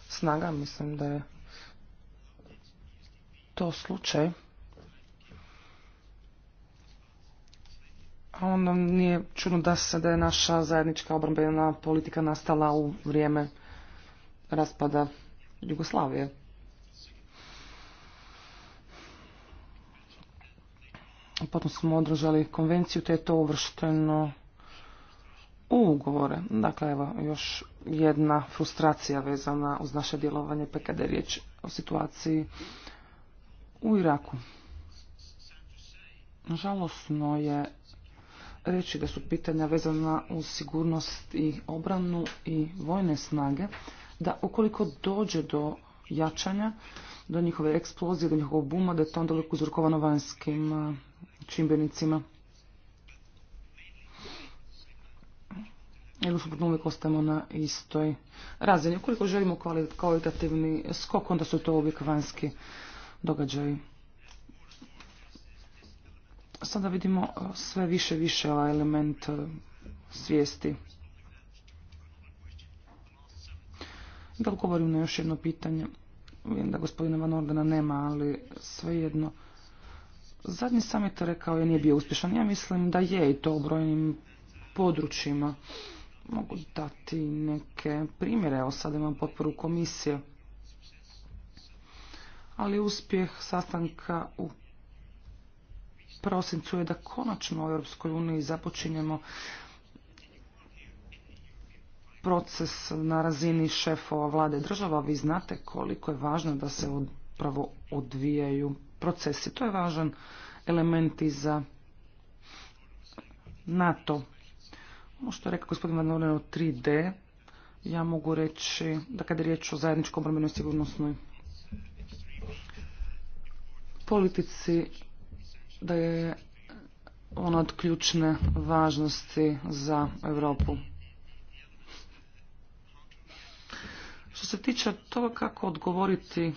[SPEAKER 3] snaga. Mislim da je to slučaj. A onda nije čudno da se da je naša zajednička obrambena politika nastala u vrijeme raspada Jugoslavije. Potom smo održali konvenciju, te je to uvršteno u ugovore. Dakle, evo, još jedna frustracija vezana uz naše djelovanje, pa kada je riječ o situaciji u Iraku. Žalosno je reći da su pitanja vezana uz sigurnost i obranu i vojne snage, da ukoliko dođe do jačanja, do njihove eksplozije, do njihovog buma, da je to onda uvijek uzrokovano vanjskim e, čimbenicima. Jer suprotno uvijek ostajemo na istoj razini. Ukoliko želimo kvalitativni skok, onda su to uvijek vanjski događaji. Sada vidimo e, sve više više ovaj element e, svijesti. Da odgovorim na još jedno pitanje. Vidim da gospodina Van Ordena nema, ali svejedno. Zadnji samit rekao je nije bio uspješan. Ja mislim da je i to u brojnim područjima. Mogu dati neke primjere, evo sad imam potporu komisije. Ali uspjeh sastanka u prosincu je da konačno u Europskoj uniji započinjemo proces na razini šefova vlade država. Vi znate koliko je važno da se upravo odvijaju procesi. To je važan element i za NATO. Ono što je rekao gospodin Van Oren o 3D, ja mogu reći da kada je riječ o zajedničkom obrambenoj sigurnosnoj politici, da je ona od ključne važnosti za Europu. Što se tiče toga kako odgovoriti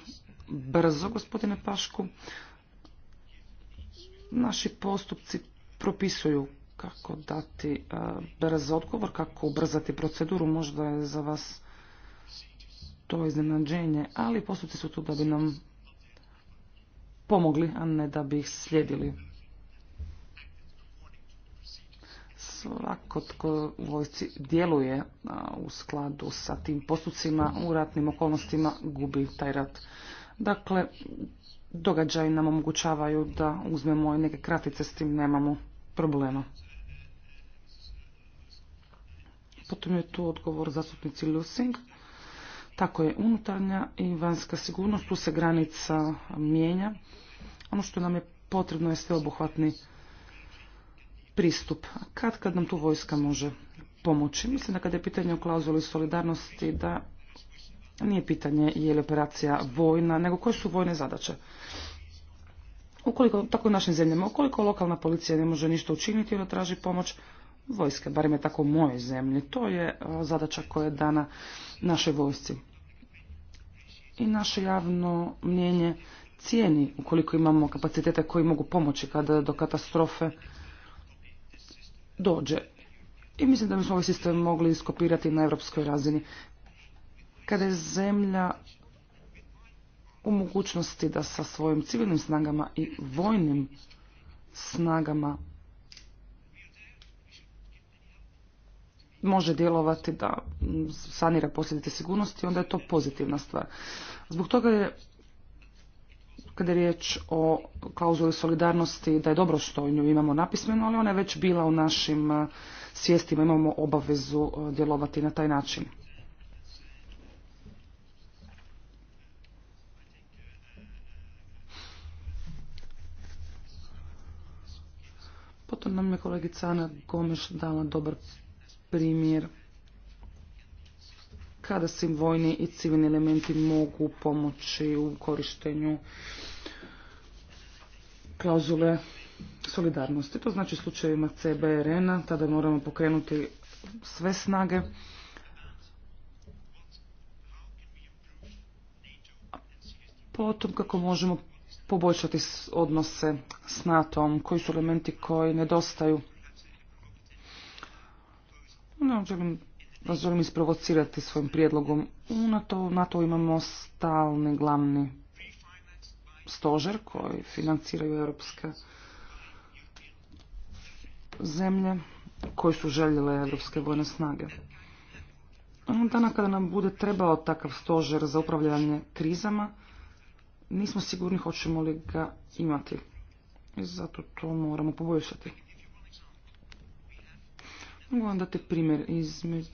[SPEAKER 3] brzo, gospodine Pašku, naši postupci propisuju kako dati e, brz odgovor, kako ubrzati proceduru. Možda je za vas to iznenađenje, ali postupci su tu da bi nam pomogli, a ne da bi ih slijedili. svako tko u vojci djeluje u skladu sa tim postupcima u ratnim okolnostima gubi taj rat. Dakle, događaj nam omogućavaju da uzmemo neke kratice, s tim nemamo problema. Potom je tu odgovor zastupnici Lusing. Tako je unutarnja i vanjska sigurnost, tu se granica mijenja. Ono što nam je potrebno je sveobuhvatni pristup. Kad kad nam tu vojska može pomoći? Mislim da kada je pitanje o klauzuli solidarnosti da nije pitanje je li operacija vojna, nego koje su vojne zadaće. Ukoliko, tako u našim zemljama, ukoliko lokalna policija ne može ništa učiniti ili traži pomoć vojske, barem je tako u mojoj zemlji, to je e, zadaća koja je dana našoj vojsci. I naše javno mnjenje cijeni ukoliko imamo kapacitete koji mogu pomoći kada do katastrofe dođe. I mislim da bismo ovaj sistem mogli iskopirati na europskoj razini. Kada je zemlja u mogućnosti da sa svojim civilnim snagama i vojnim snagama može djelovati da sanira posljedice sigurnosti, onda je to pozitivna stvar. Zbog toga je kada je riječ o klauzuli solidarnosti, da je dobro što nju imamo napismeno, ali ona je već bila u našim eh, svijestima, imamo obavezu eh, djelovati na taj način. Potom nam je kolegica Ana Gomeš dala dobar primjer kada se vojni i civilni elementi mogu pomoći u korištenju klauzule solidarnosti. To znači u slučajevima CBRN-a, tada moramo pokrenuti sve snage. Potom kako možemo poboljšati odnose s NATO-om, koji su elementi koji nedostaju. Ne želim vas želim isprovocirati svojim prijedlogom. Na to, na to imamo stalni glavni stožer koji financiraju europske zemlje koji su željele europske vojne snage. Dana kada nam bude trebao takav stožer za upravljanje krizama, nismo sigurni hoćemo li ga imati. I zato to moramo poboljšati. Mogu vam dati primjer između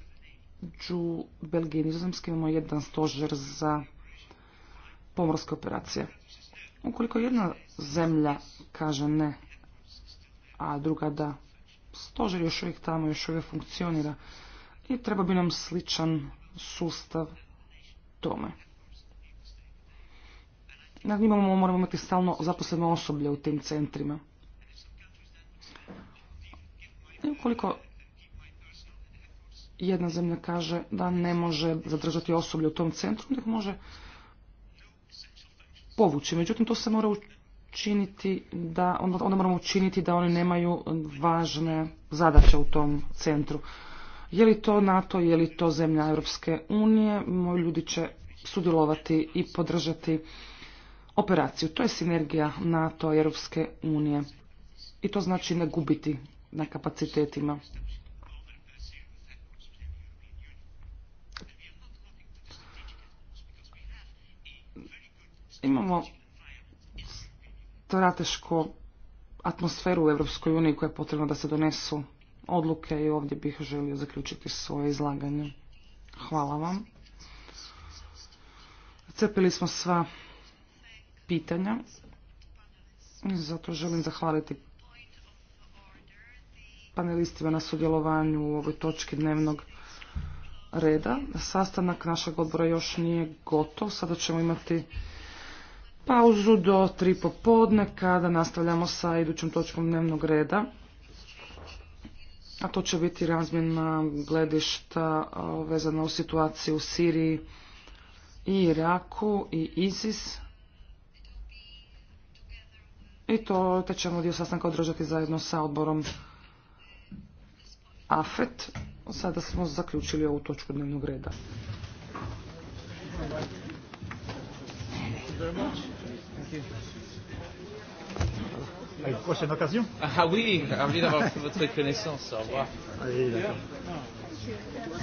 [SPEAKER 3] među Belgije i imamo jedan stožer za pomorske operacije. Ukoliko jedna zemlja kaže ne, a druga da, stožer još uvijek tamo, još uvijek funkcionira i treba bi nam sličan sustav tome. Na njima moramo imati stalno zaposlene osoblje u tim centrima. I ukoliko jedna zemlja kaže da ne može zadržati osoblje u tom centru, ih može povući. Međutim, to se mora učiniti da, onda moramo učiniti da oni nemaju važne zadaće u tom centru. Je li to NATO, je li to zemlja Europske unije, moji ljudi će sudjelovati i podržati operaciju. To je sinergija NATO i Europske unije. I to znači ne gubiti na kapacitetima. imamo stratešku atmosferu u EU koja je potrebna da se donesu odluke i ovdje bih želio zaključiti svoje izlaganje. Hvala vam. Cepili smo sva pitanja. i Zato želim zahvaliti panelistima na sudjelovanju u ovoj točki dnevnog reda. Sastanak našeg odbora još nije gotov. Sada ćemo imati pauzu do tri popodne kada nastavljamo sa idućom točkom dnevnog reda. A to će biti razmjena gledišta vezana u situaciju u Siriji i Iraku i ISIS. I to te ćemo dio sastanka održati zajedno sa odborom AFET. Sada smo zaključili ovu točku dnevnog reda.
[SPEAKER 1] À une
[SPEAKER 2] prochaine occasion. Ah oui, ravi d'avoir fait votre connaissance. Au revoir. Allez, d'accord.